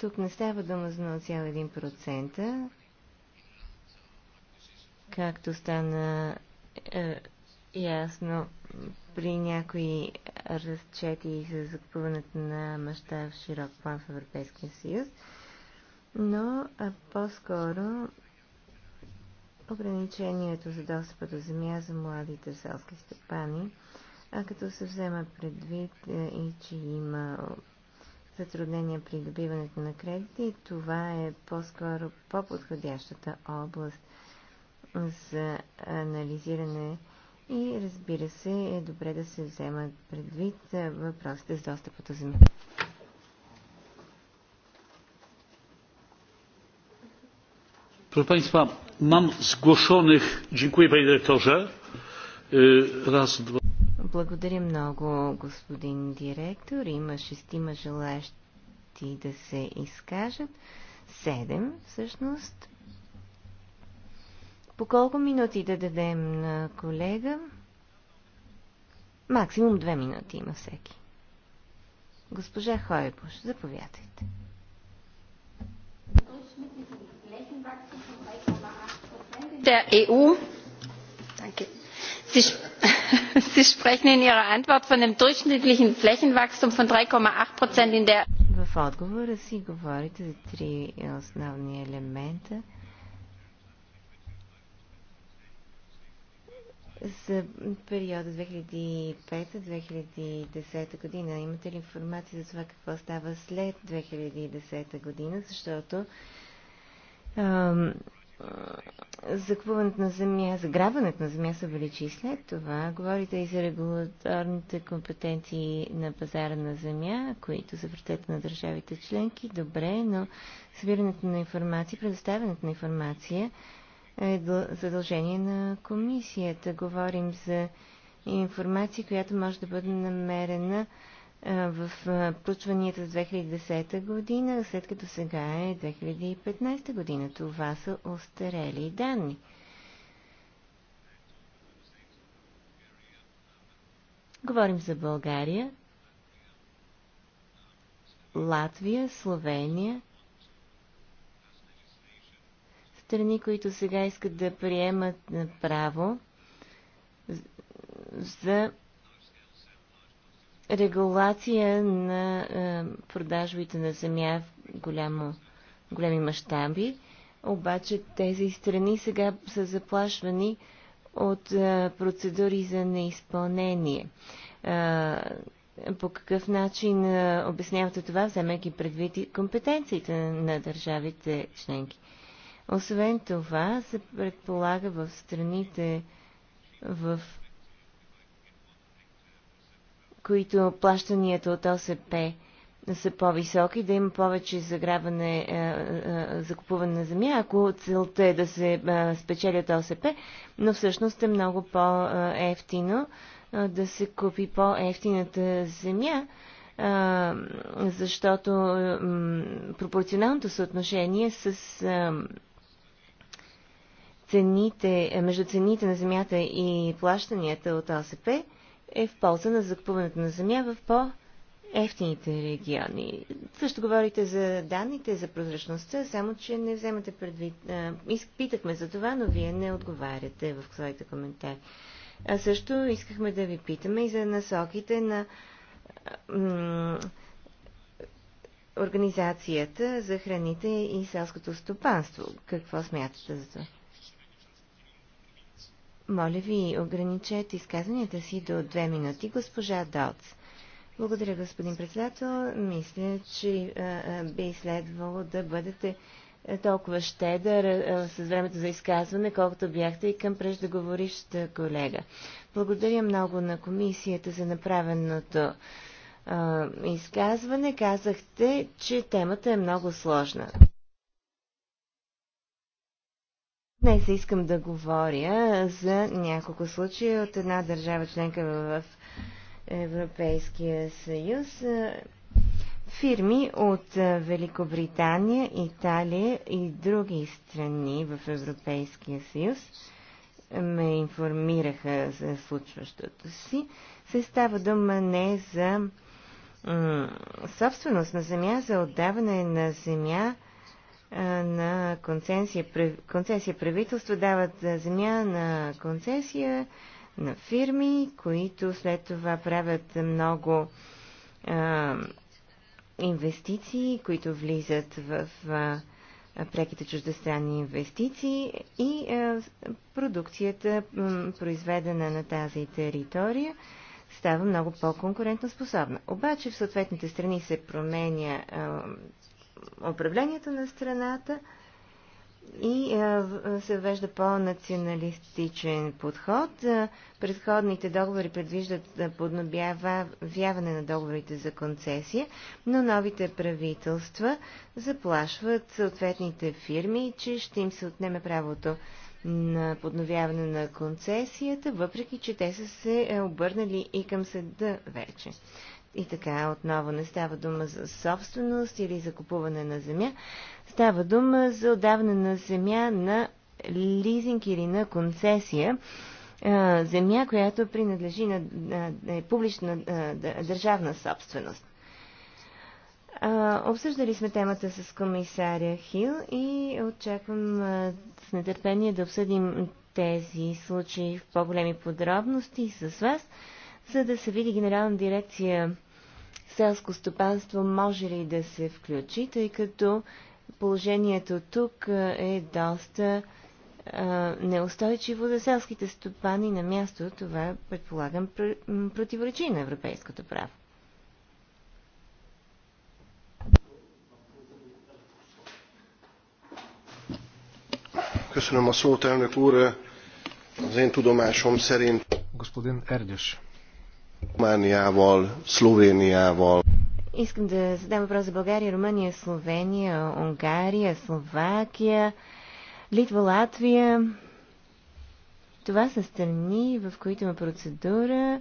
Тук не става дума за 0,1%, както стана е, ясно при някои разчети за закупуването на в широк план в Европейския съюз, но по-скоро ограничението за достъпа до земя за младите селски степани, а като се взема предвид е, и че има затруднения при добиването на кредити, това е по-скоро по-подходящата област за анализиране и разбира се е добре да се вземат предвид въпросите с достъпа до земя. Proszę Państwa, mam zgłoszonych, dziękuję Panie Dyrektorze, raz, dwa, благодаря много, господин директор. Има шестима желащи да се изкажат. Седем, всъщност. По колко минути да дадем на колега? Максимум две минути има всеки. Госпожа Хойбуш, заповядайте. Der EU, danke, *laughs* Sie sprechen in Ihrer Antwort von einem durchschnittlichen Flächenwachstum von 3,8 Prozent in der. В отговора си говорите за три основни елемента. За периода 2005-2010 година имате ли информация за това какво става след 2010 година, защото закупването на земя, заграбването на земя се увеличи и след това. Говорите и за регулаторните компетенции на пазара на земя, които са въртете на държавите членки. Добре, но събирането на информация, предоставянето на информация е задължение на комисията. Говорим за информация, която може да бъде намерена в проучванията с 2010 година, след като сега е 2015 година. Това са остарели данни. Говорим за България, Латвия, Словения, страни, които сега искат да приемат право за регулация на е, продажбите на земя в голямо, големи мащаби, обаче тези страни сега са заплашвани от е, процедури за неизпълнение. Е, по какъв начин обяснявате това, вземайки предвид и компетенциите на държавите членки? Освен това, се предполага в страните в които плащанията от ОСП са по-високи, да има повече заграване, е, е, е, закупуване на земя, ако целта е да се спечелят ОСП, но всъщност е много по-ефтино да се купи по-ефтината земя, защото пропорционалното съотношение с цените, между цените на земята и плащанията от ОСП е в полза на закупуването на земя в по-ефтините региони. Също говорите за данните, за прозрачността, само че не вземате предвид. Питахме за това, но вие не отговаряте в своите коментари. А също искахме да ви питаме и за насоките на Организацията за храните и селското стопанство. Какво смятате за това? Моля ви, ограничете изказванията си до две минути. Госпожа Доц. Благодаря, господин председател. Мисля, че а, е, е, би следвало да бъдете е, толкова щедър а, с времето за изказване, колкото бяхте и към преждеговорища колега. Благодаря много на комисията за направеното изказване. Казахте, че темата е много сложна. Днес искам да говоря за няколко случая от една държава членка в Европейския съюз. Фирми от Великобритания, Италия и други страни в Европейския съюз ме информираха за случващото си. Се става дума не за собственост на земя, за отдаване на земя на концесия, концесия правителства дават земя на концесия на фирми, които след това правят много а, инвестиции, които влизат в а, преките чуждестранни инвестиции и а, продукцията, произведена на тази територия, става много по-конкурентно способна. Обаче в съответните страни се променя а, управлението на страната и се ввежда по-националистичен подход. Предходните договори предвиждат поднобяване на договорите за концесия, но новите правителства заплашват съответните фирми, че ще им се отнеме правото на подновяване на концесията, въпреки че те са се е, обърнали и към съда вече. И така отново не става дума за собственост или за купуване на земя. Става дума за отдаване на земя на лизинг или на концесия. Е, земя, която принадлежи на е публична е, държавна собственост. Обсъждали сме темата с комисаря Хил и очаквам с нетърпение да обсъдим тези случаи в по-големи подробности с вас, за да се види генерална дирекция селско стопанство може ли да се включи, тъй като положението тук е доста а, неустойчиво за селските стопани на място. Това, предполагам, противоречи на европейското право. Köszönöm a szót, elnök úr. Az én tudomásom szerint Господин Искам да задам въпрос за България, Румъния, Словения, Унгария, Словакия, Литва, Латвия. Това са страни, в които има процедура,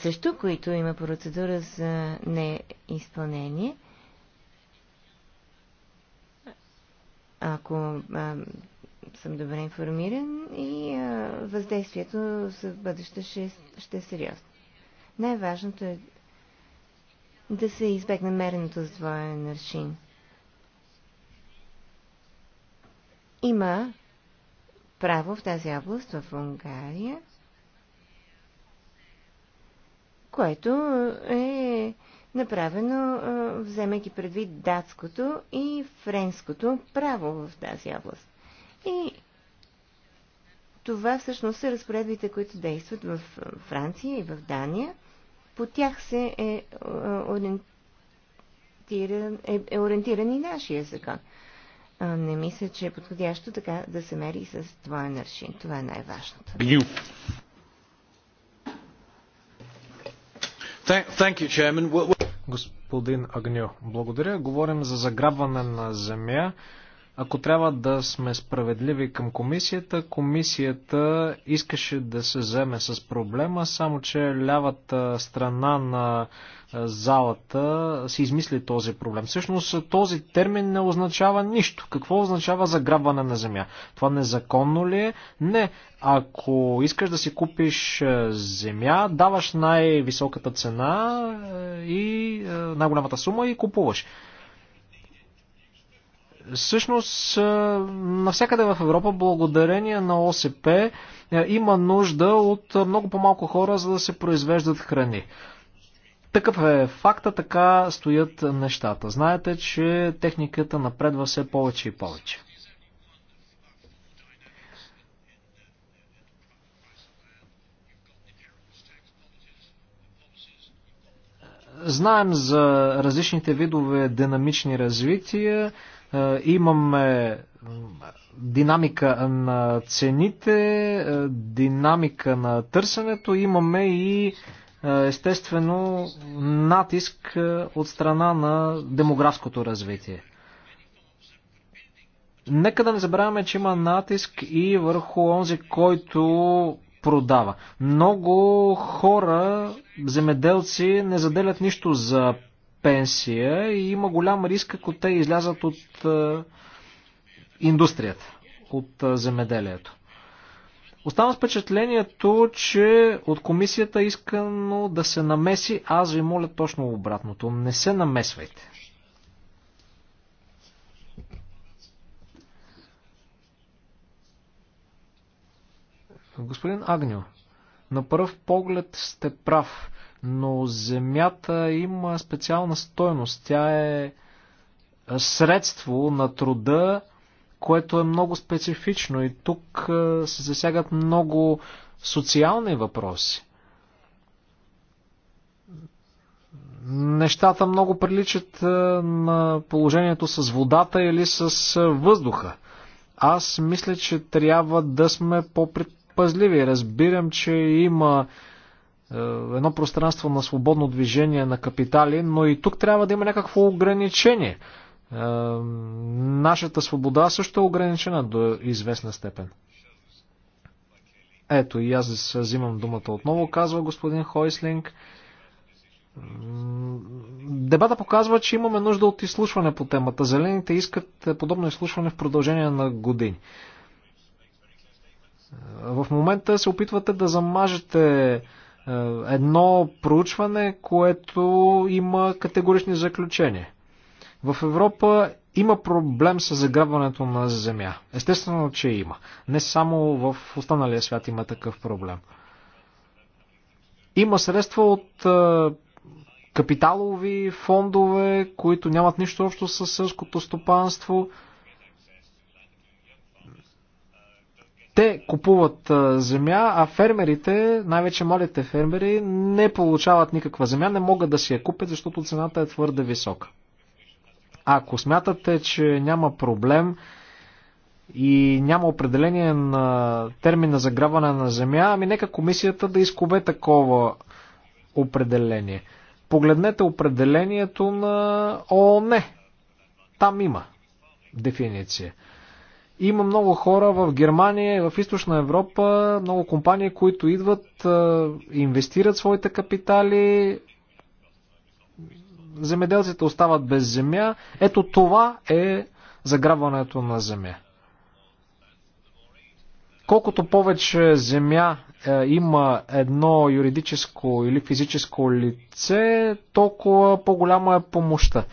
също които има процедура за неизпълнение. Ако съм добре информиран и а, въздействието за бъдеще ще, ще е сериозно. Най-важното е да се избегне мереното с двоен аршин. Има право в тази област в Унгария, което е направено, вземайки предвид датското и френското право в тази област. И това всъщност са разпоредбите, които действат в Франция и в Дания. По тях се е, е ориентиран, е, е ориентиран и нашия закон. Не мисля, че е подходящо така да се мери с това наршин. Това е най-важното. Господин Агньо, благодаря. Говорим за заграбване на земя. Ако трябва да сме справедливи към комисията, комисията искаше да се вземе с проблема, само че лявата страна на залата си измисли този проблем. Всъщност този термин не означава нищо. Какво означава заграбване на земя? Това незаконно ли е? Не. Ако искаш да си купиш земя, даваш най-високата цена и най-голямата сума и купуваш. Всъщност, навсякъде в Европа, благодарение на ОСП, има нужда от много по-малко хора, за да се произвеждат храни. Такъв е факта, така стоят нещата. Знаете, че техниката напредва все повече и повече. Знаем за различните видове динамични развития. Е, имаме динамика на цените, е, динамика на търсенето, имаме и е, естествено натиск от страна на демографското развитие. Нека да не забравяме, че има натиск и върху онзи, който продава. Много хора, земеделци, не заделят нищо за пенсия и има голям риск, ако те излязат от е, индустрията, от е, земеделието. Оставам с впечатлението, че от комисията искано да се намеси, аз ви моля точно обратното. Не се намесвайте. Господин Агнио, на пръв поглед сте прав но земята има специална стойност. Тя е средство на труда, което е много специфично и тук се засягат много социални въпроси. Нещата много приличат на положението с водата или с въздуха. Аз мисля, че трябва да сме по-предпазливи. Разбирам, че има е, едно пространство на свободно движение на капитали, но и тук трябва да има някакво ограничение. Е, нашата свобода също е ограничена до известна степен. Ето, и аз взимам думата отново, казва господин Хойслинг. Дебата показва, че имаме нужда от изслушване по темата. Зелените искат подобно изслушване в продължение на години. Е, в момента се опитвате да замажете е, едно проучване, което има категорични заключения. В Европа има проблем с заграбването на земя. Естествено, че има. Не само в останалия свят има такъв проблем. Има средства от е, капиталови фондове, които нямат нищо общо с сълското стопанство. те купуват земя, а фермерите, най-вече малите фермери, не получават никаква земя, не могат да си я купят, защото цената е твърде висока. Ако смятате, че няма проблем и няма определение на термина заграване на земя, ами нека комисията да изкубе такова определение. Погледнете определението на ООН. Там има дефиниция. Има много хора в Германия, в Източна Европа, много компании, които идват, инвестират своите капитали, земеделците остават без земя. Ето това е заграбването на земя. Колкото повече земя е, има едно юридическо или физическо лице, толкова по-голяма е помощта.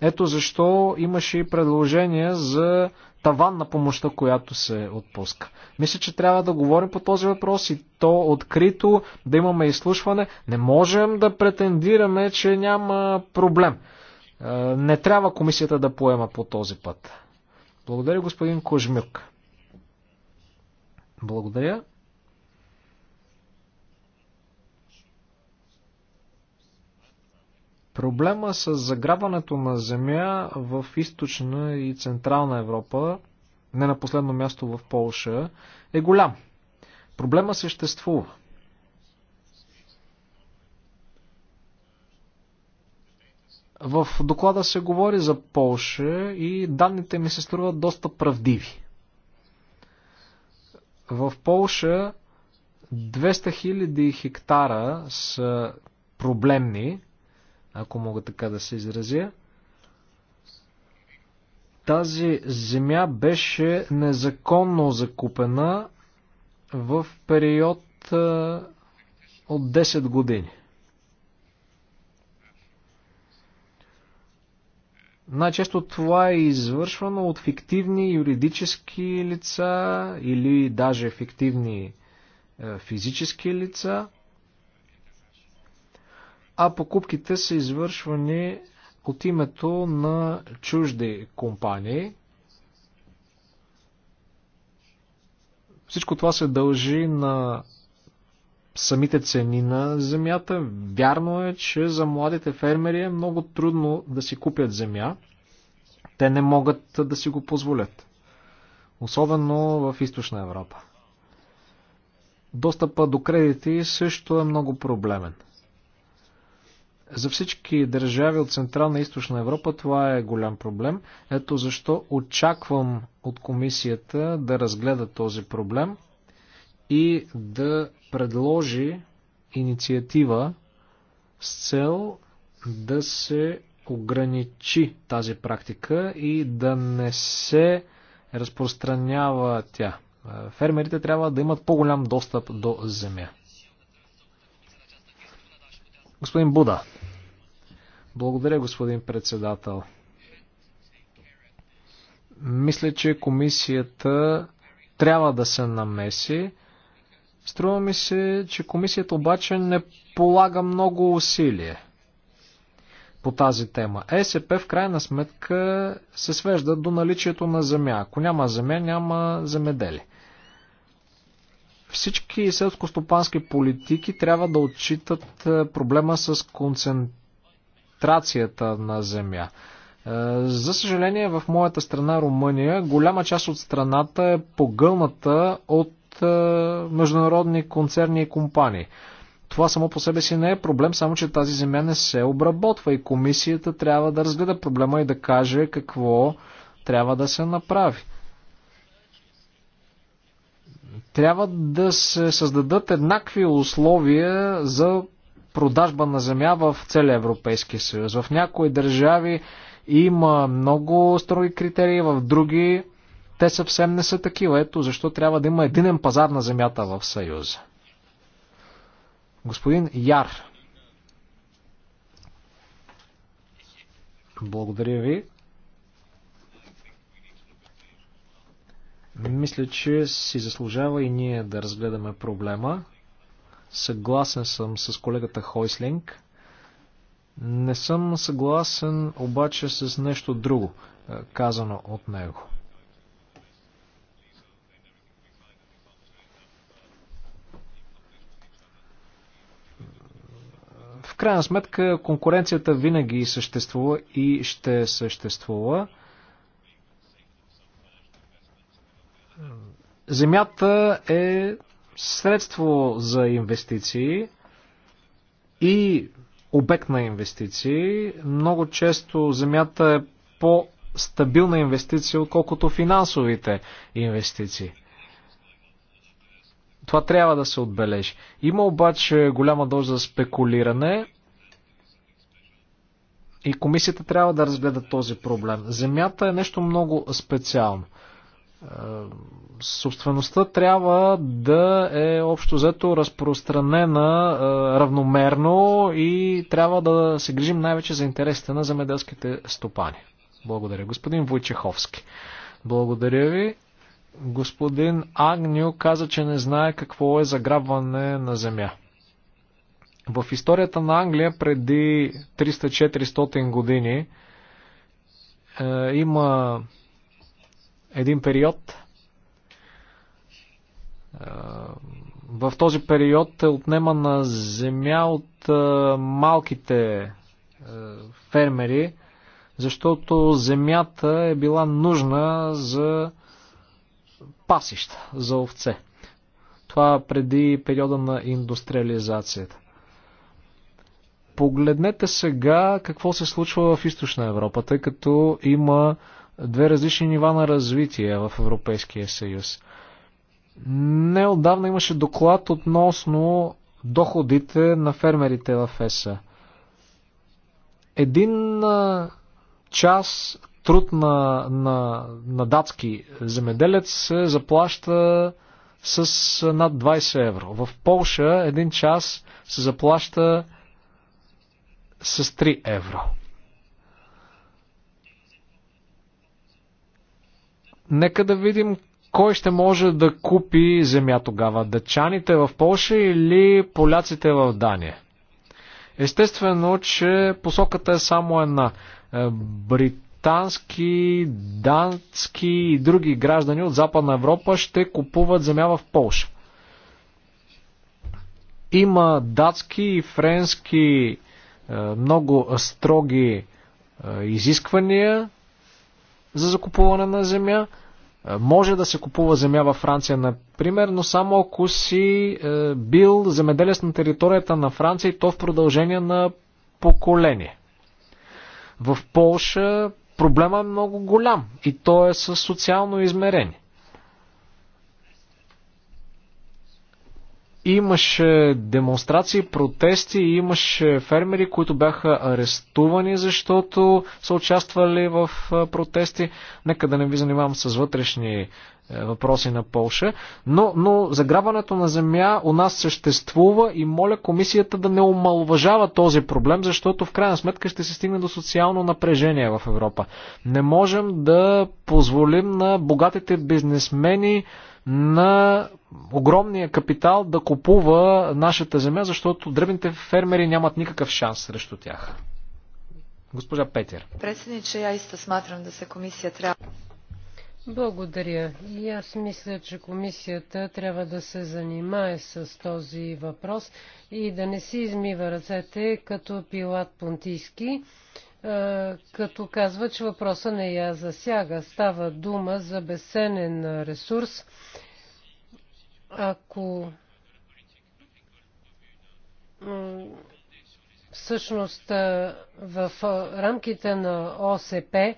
Ето защо имаше и предложение за таван на помощта, която се отпуска. Мисля, че трябва да говорим по този въпрос и то открито, да имаме изслушване. Не можем да претендираме, че няма проблем. Е, не трябва комисията да поема по този път. Благодаря, господин Кожмюк. Благодаря. Проблема с заграбването на земя в източна и централна Европа, не на последно място в Полша, е голям. Проблема съществува. В доклада се говори за Полша и данните ми се струват доста правдиви. В Полша 200 000 хектара са проблемни, ако мога така да се изразя. Тази земя беше незаконно закупена в период от 10 години. Най-често това е извършвано от фиктивни юридически лица или даже фиктивни физически лица – а покупките са извършвани от името на чужди компании. Всичко това се дължи на самите цени на земята. Вярно е, че за младите фермери е много трудно да си купят земя. Те не могат да си го позволят. Особено в източна Европа. Достъпа до кредити също е много проблемен – за всички държави от Централна и Източна Европа това е голям проблем. Ето защо очаквам от комисията да разгледа този проблем и да предложи инициатива с цел да се ограничи тази практика и да не се разпространява тя. Е, фермерите трябва да имат по-голям достъп до земя. Господин Буда, благодаря, господин председател. Мисля, че комисията трябва да се намеси. Струва ми се, че комисията обаче не полага много усилие по тази тема. ЕСП в крайна сметка се свежда до наличието на земя. Ако няма земя, няма земедели. Всички селскостопански политики трябва да отчитат е, проблема с концентрацията администрацията на земя. Е, за съжаление, в моята страна Румъния, голяма част от страната е погълната от е, международни концерни и компании. Това само по себе си не е проблем, само че тази земя не се обработва и комисията трябва да разгледа проблема и да каже какво трябва да се направи. Трябва да се създадат еднакви условия за продажба на земя в целия Европейски съюз. В някои държави има много строги критерии, в други те съвсем не са такива. Ето защо трябва да има единен пазар на земята в Съюз. Господин Яр. Благодаря ви. Мисля, че си заслужава и ние да разгледаме проблема. Съгласен съм с колегата Хойслинг. Не съм съгласен обаче с нещо друго, е, казано от него. В крайна сметка конкуренцията винаги съществува и ще съществува. Земята е средство за инвестиции и обект на инвестиции. Много често земята е по-стабилна инвестиция, отколкото финансовите инвестиции. Това трябва да се отбележи. Има обаче голяма доза спекулиране и комисията трябва да разгледа този проблем. Земята е нещо много специално. Е, собствеността трябва да е общо взето разпространена е, равномерно и трябва да се грижим най-вече за интересите на земеделските стопани. Благодаря. Господин Войчеховски. Благодаря ви. Господин Агню каза, че не знае какво е заграбване на земя. В историята на Англия преди 300-400 години е, има един период. В този период е отнемана земя от малките фермери, защото земята е била нужна за пасища, за овце. Това преди периода на индустриализацията. Погледнете сега какво се случва в източна Европа, тъй като има две различни нива на развитие в Европейския съюз. Неодавна имаше доклад относно доходите на фермерите в ЕСА. Един час труд на, на, на датски земеделец се заплаща с над 20 евро. В Полша един час се заплаща с 3 евро. Нека да видим кой ще може да купи земя тогава? Дъчаните в Польша или поляците в Дания? Естествено, че посоката е само една. Е, британски, дански и други граждани от Западна Европа ще купуват земя в Польша. Има датски и френски е, много строги е, изисквания за закупуване на земя. Е, може да се купува земя във Франция, например, но само ако си е, бил земеделец на територията на Франция и то в продължение на поколение. В Полша проблема е много голям и то е със социално измерение. Имаше демонстрации, протести, имаше фермери, които бяха арестувани, защото са участвали в протести. Нека да не ви занимавам с вътрешни е, въпроси на Полша. Но, но заграбването на земя у нас съществува и моля комисията да не омалважава този проблем, защото в крайна сметка ще се стигне до социално напрежение в Европа. Не можем да позволим на богатите бизнесмени на огромния капитал да купува нашата земя, защото дребните фермери нямат никакъв шанс срещу тях. Госпожа Петер. Председниче, я исто сматрам да се комисия трябва... Благодаря. И аз мисля, че комисията трябва да се занимае с този въпрос и да не си измива ръцете като Пилат Понтийски е, като казва, че въпроса не я засяга. Става дума за безценен ресурс. Ако всъщност е, в рамките на ОСП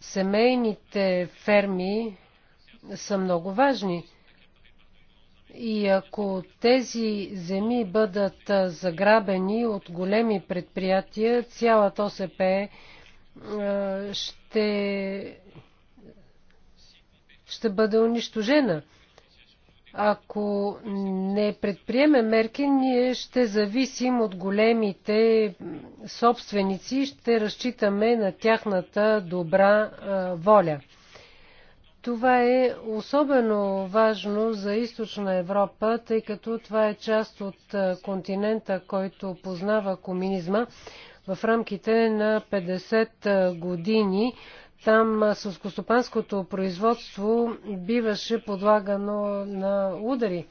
семейните ферми са много важни – и ако тези земи бъдат заграбени от големи предприятия, цялата ОСП ще, ще бъде унищожена. Ако не предприеме мерки, ние ще зависим от големите собственици и ще разчитаме на тяхната добра воля. Това е особено важно за източна Европа, тъй като това е част от континента, който познава комунизма в рамките на 50 години. Там сълскостопанското производство биваше подлагано на удари.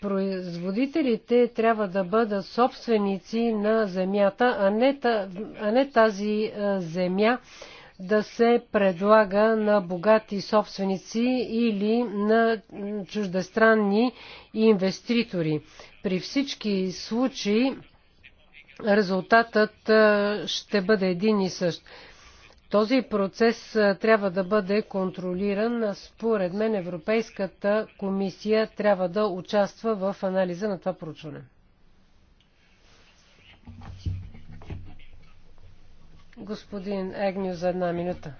Производителите трябва да бъдат собственици на земята, а не, а не тази земя да се предлага на богати собственици или на чуждестранни инвеститори. При всички случаи резултатът ще бъде един и същ. Този процес трябва да бъде контролиран. Според мен Европейската комисия трябва да участва в анализа на това проучване. Господин Егню за една минута.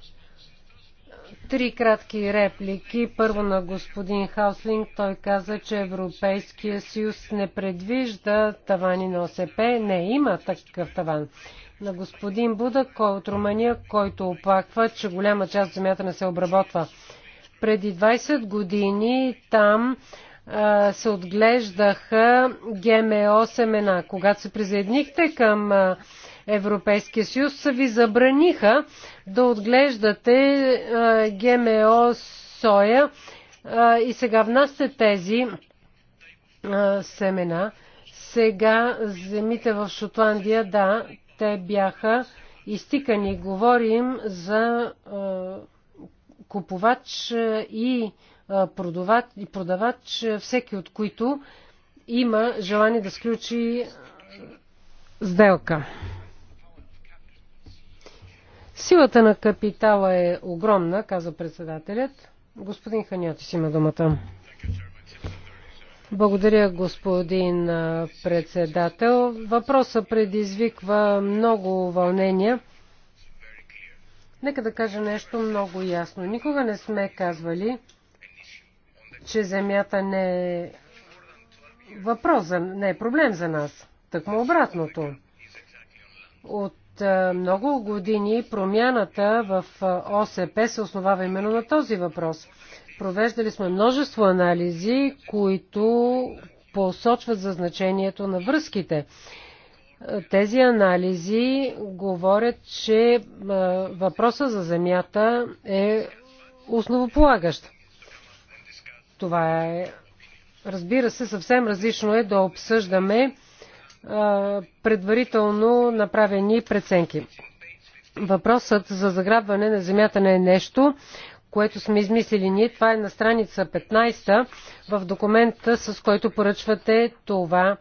Три кратки реплики. Първо на господин Хауслинг. Той каза, че Европейския съюз не предвижда тавани на ОСП. Не, има такъв таван. На господин Буда, кой от Румъния, който оплаква, че голяма част от земята не се обработва. Преди 20 години там а, се отглеждаха ГМО семена. Когато се присъединихте към а, Европейския съюз ви забраниха да отглеждате ГМО соя и сега внасяте тези семена. Сега земите в Шотландия, да, те бяха изтикани. Говорим за купувач и продавач, и продавач, всеки от които има желание да сключи сделка. Силата на капитала е огромна, каза председателят. Господин Ханятис има думата. Благодаря, господин председател. Въпросът предизвиква много вълнения. Нека да кажа нещо много ясно. Никога не сме казвали, че земята не е въпрос, за, не е проблем за нас. Такмо обратното. От много години промяната в ОСП се основава именно на този въпрос. Провеждали сме множество анализи, които посочват за значението на връзките. Тези анализи говорят, че въпроса за земята е основополагащ. Това е, разбира се, съвсем различно е да обсъждаме предварително направени преценки. Въпросът за заграбване на земята не е нещо, което сме измислили ние. Това е на страница 15 в документа, с който поръчвате това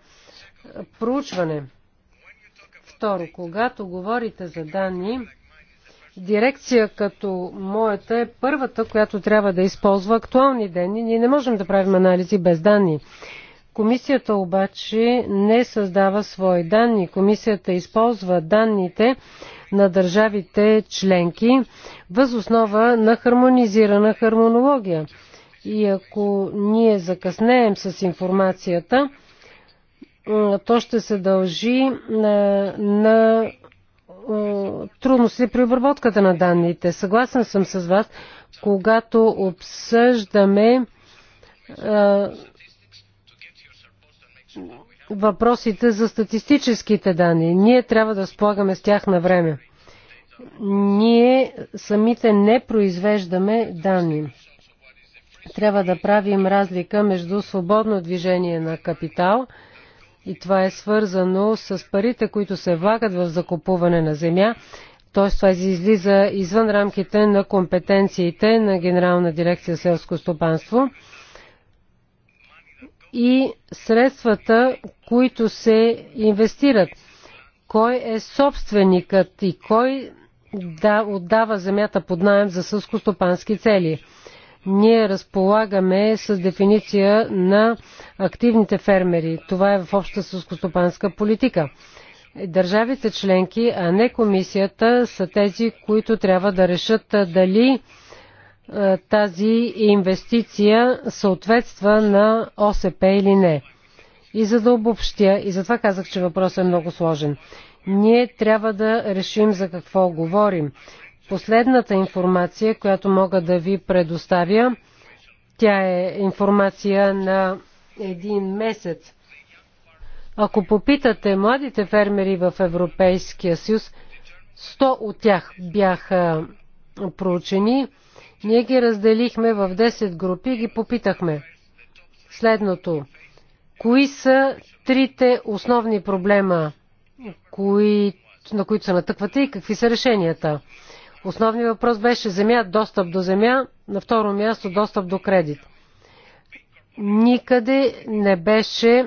проучване. Второ, когато говорите за данни, дирекция като моята е първата, която трябва да използва актуални данни. Ние не можем да правим анализи без данни. Комисията обаче не създава свои данни. Комисията използва данните на държавите членки въз основа на хармонизирана хармонология. И ако ние закъснеем с информацията, то ще се дължи на, на трудности при обработката на данните. Съгласен съм с вас, когато обсъждаме въпросите за статистическите данни. Ние трябва да сполагаме с тях на време. Ние самите не произвеждаме данни. Трябва да правим разлика между свободно движение на капитал и това е свързано с парите, които се влагат в закупуване на земя. Т.е. това излиза извън рамките на компетенциите на Генерална дирекция селско стопанство и средствата, които се инвестират. Кой е собственикът и кой да отдава земята под найем за сълскостопански цели? Ние разполагаме с дефиниция на активните фермери. Това е в обща сълскостопанска политика. Държавите членки, а не комисията, са тези, които трябва да решат дали е, тази инвестиция съответства на ОСП или не. И за да обобщя, и затова казах, че въпросът е много сложен, ние трябва да решим за какво говорим. Последната информация, която мога да ви предоставя, тя е информация на един месец. Ако попитате младите фермери в Европейския съюз, 100 от тях бяха проучени ние ги разделихме в 10 групи и ги попитахме следното. Кои са трите основни проблема, кои, на които се натъквате и какви са решенията? Основният въпрос беше земя, достъп до земя, на второ място достъп до кредит. Никъде не беше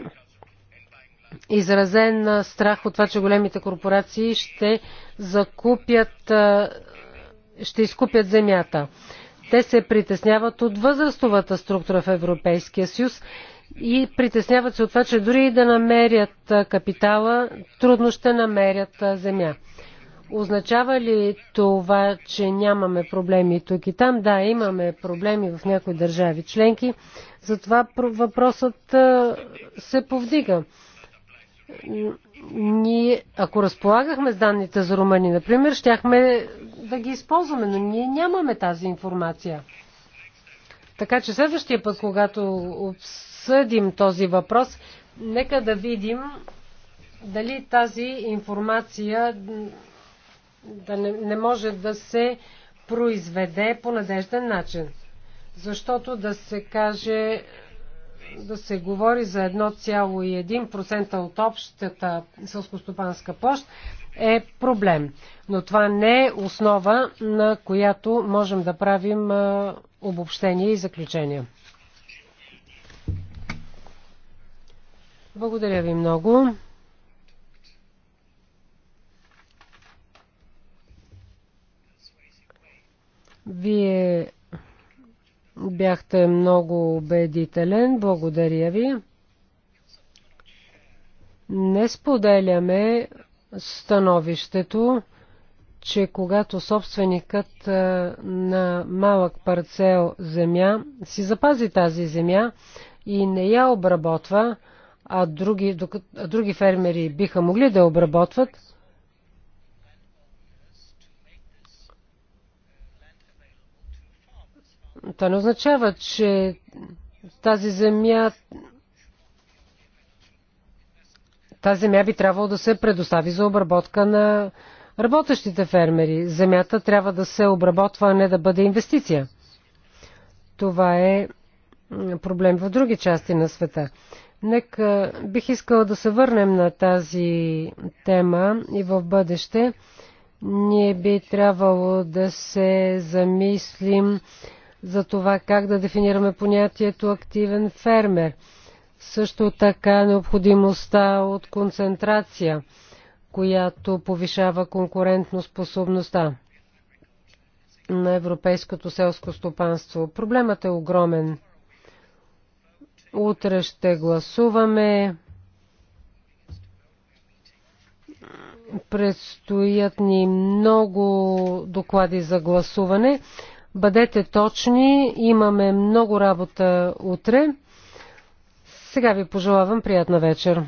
изразен страх от това, че големите корпорации ще закупят, ще изкупят земята. Те се притесняват от възрастовата структура в Европейския съюз и притесняват се от това, че дори и да намерят капитала, трудно ще намерят земя. Означава ли това, че нямаме проблеми тук и там? Да, имаме проблеми в някои държави членки, затова въпросът се повдига ние, ако разполагахме с данните за Румъния, например, щяхме да ги използваме, но ние нямаме тази информация. Така че следващия път, когато обсъдим този въпрос, нека да видим дали тази информация да не, не може да се произведе по надежден начин. Защото да се каже да се говори за 1,1% от общата сълскостопанска площ е проблем. Но това не е основа, на която можем да правим обобщения и заключения. Благодаря ви много. Вие Бяхте много убедителен. Благодаря ви. Не споделяме становището, че когато собственикът на малък парцел земя си запази тази земя и не я обработва, а други, а други фермери биха могли да обработват, Това не означава, че тази земя тази земя би трябвало да се предостави за обработка на работещите фермери. Земята трябва да се обработва, а не да бъде инвестиция. Това е проблем в други части на света. Нека бих искала да се върнем на тази тема и в бъдеще. Ние би трябвало да се замислим за това как да дефинираме понятието активен фермер. Също така необходимостта от концентрация, която повишава конкурентноспособността на европейското селско стопанство. Проблемът е огромен. Утре ще гласуваме. Предстоят ни много доклади за гласуване. Бъдете точни, имаме много работа утре. Сега ви пожелавам приятна вечер.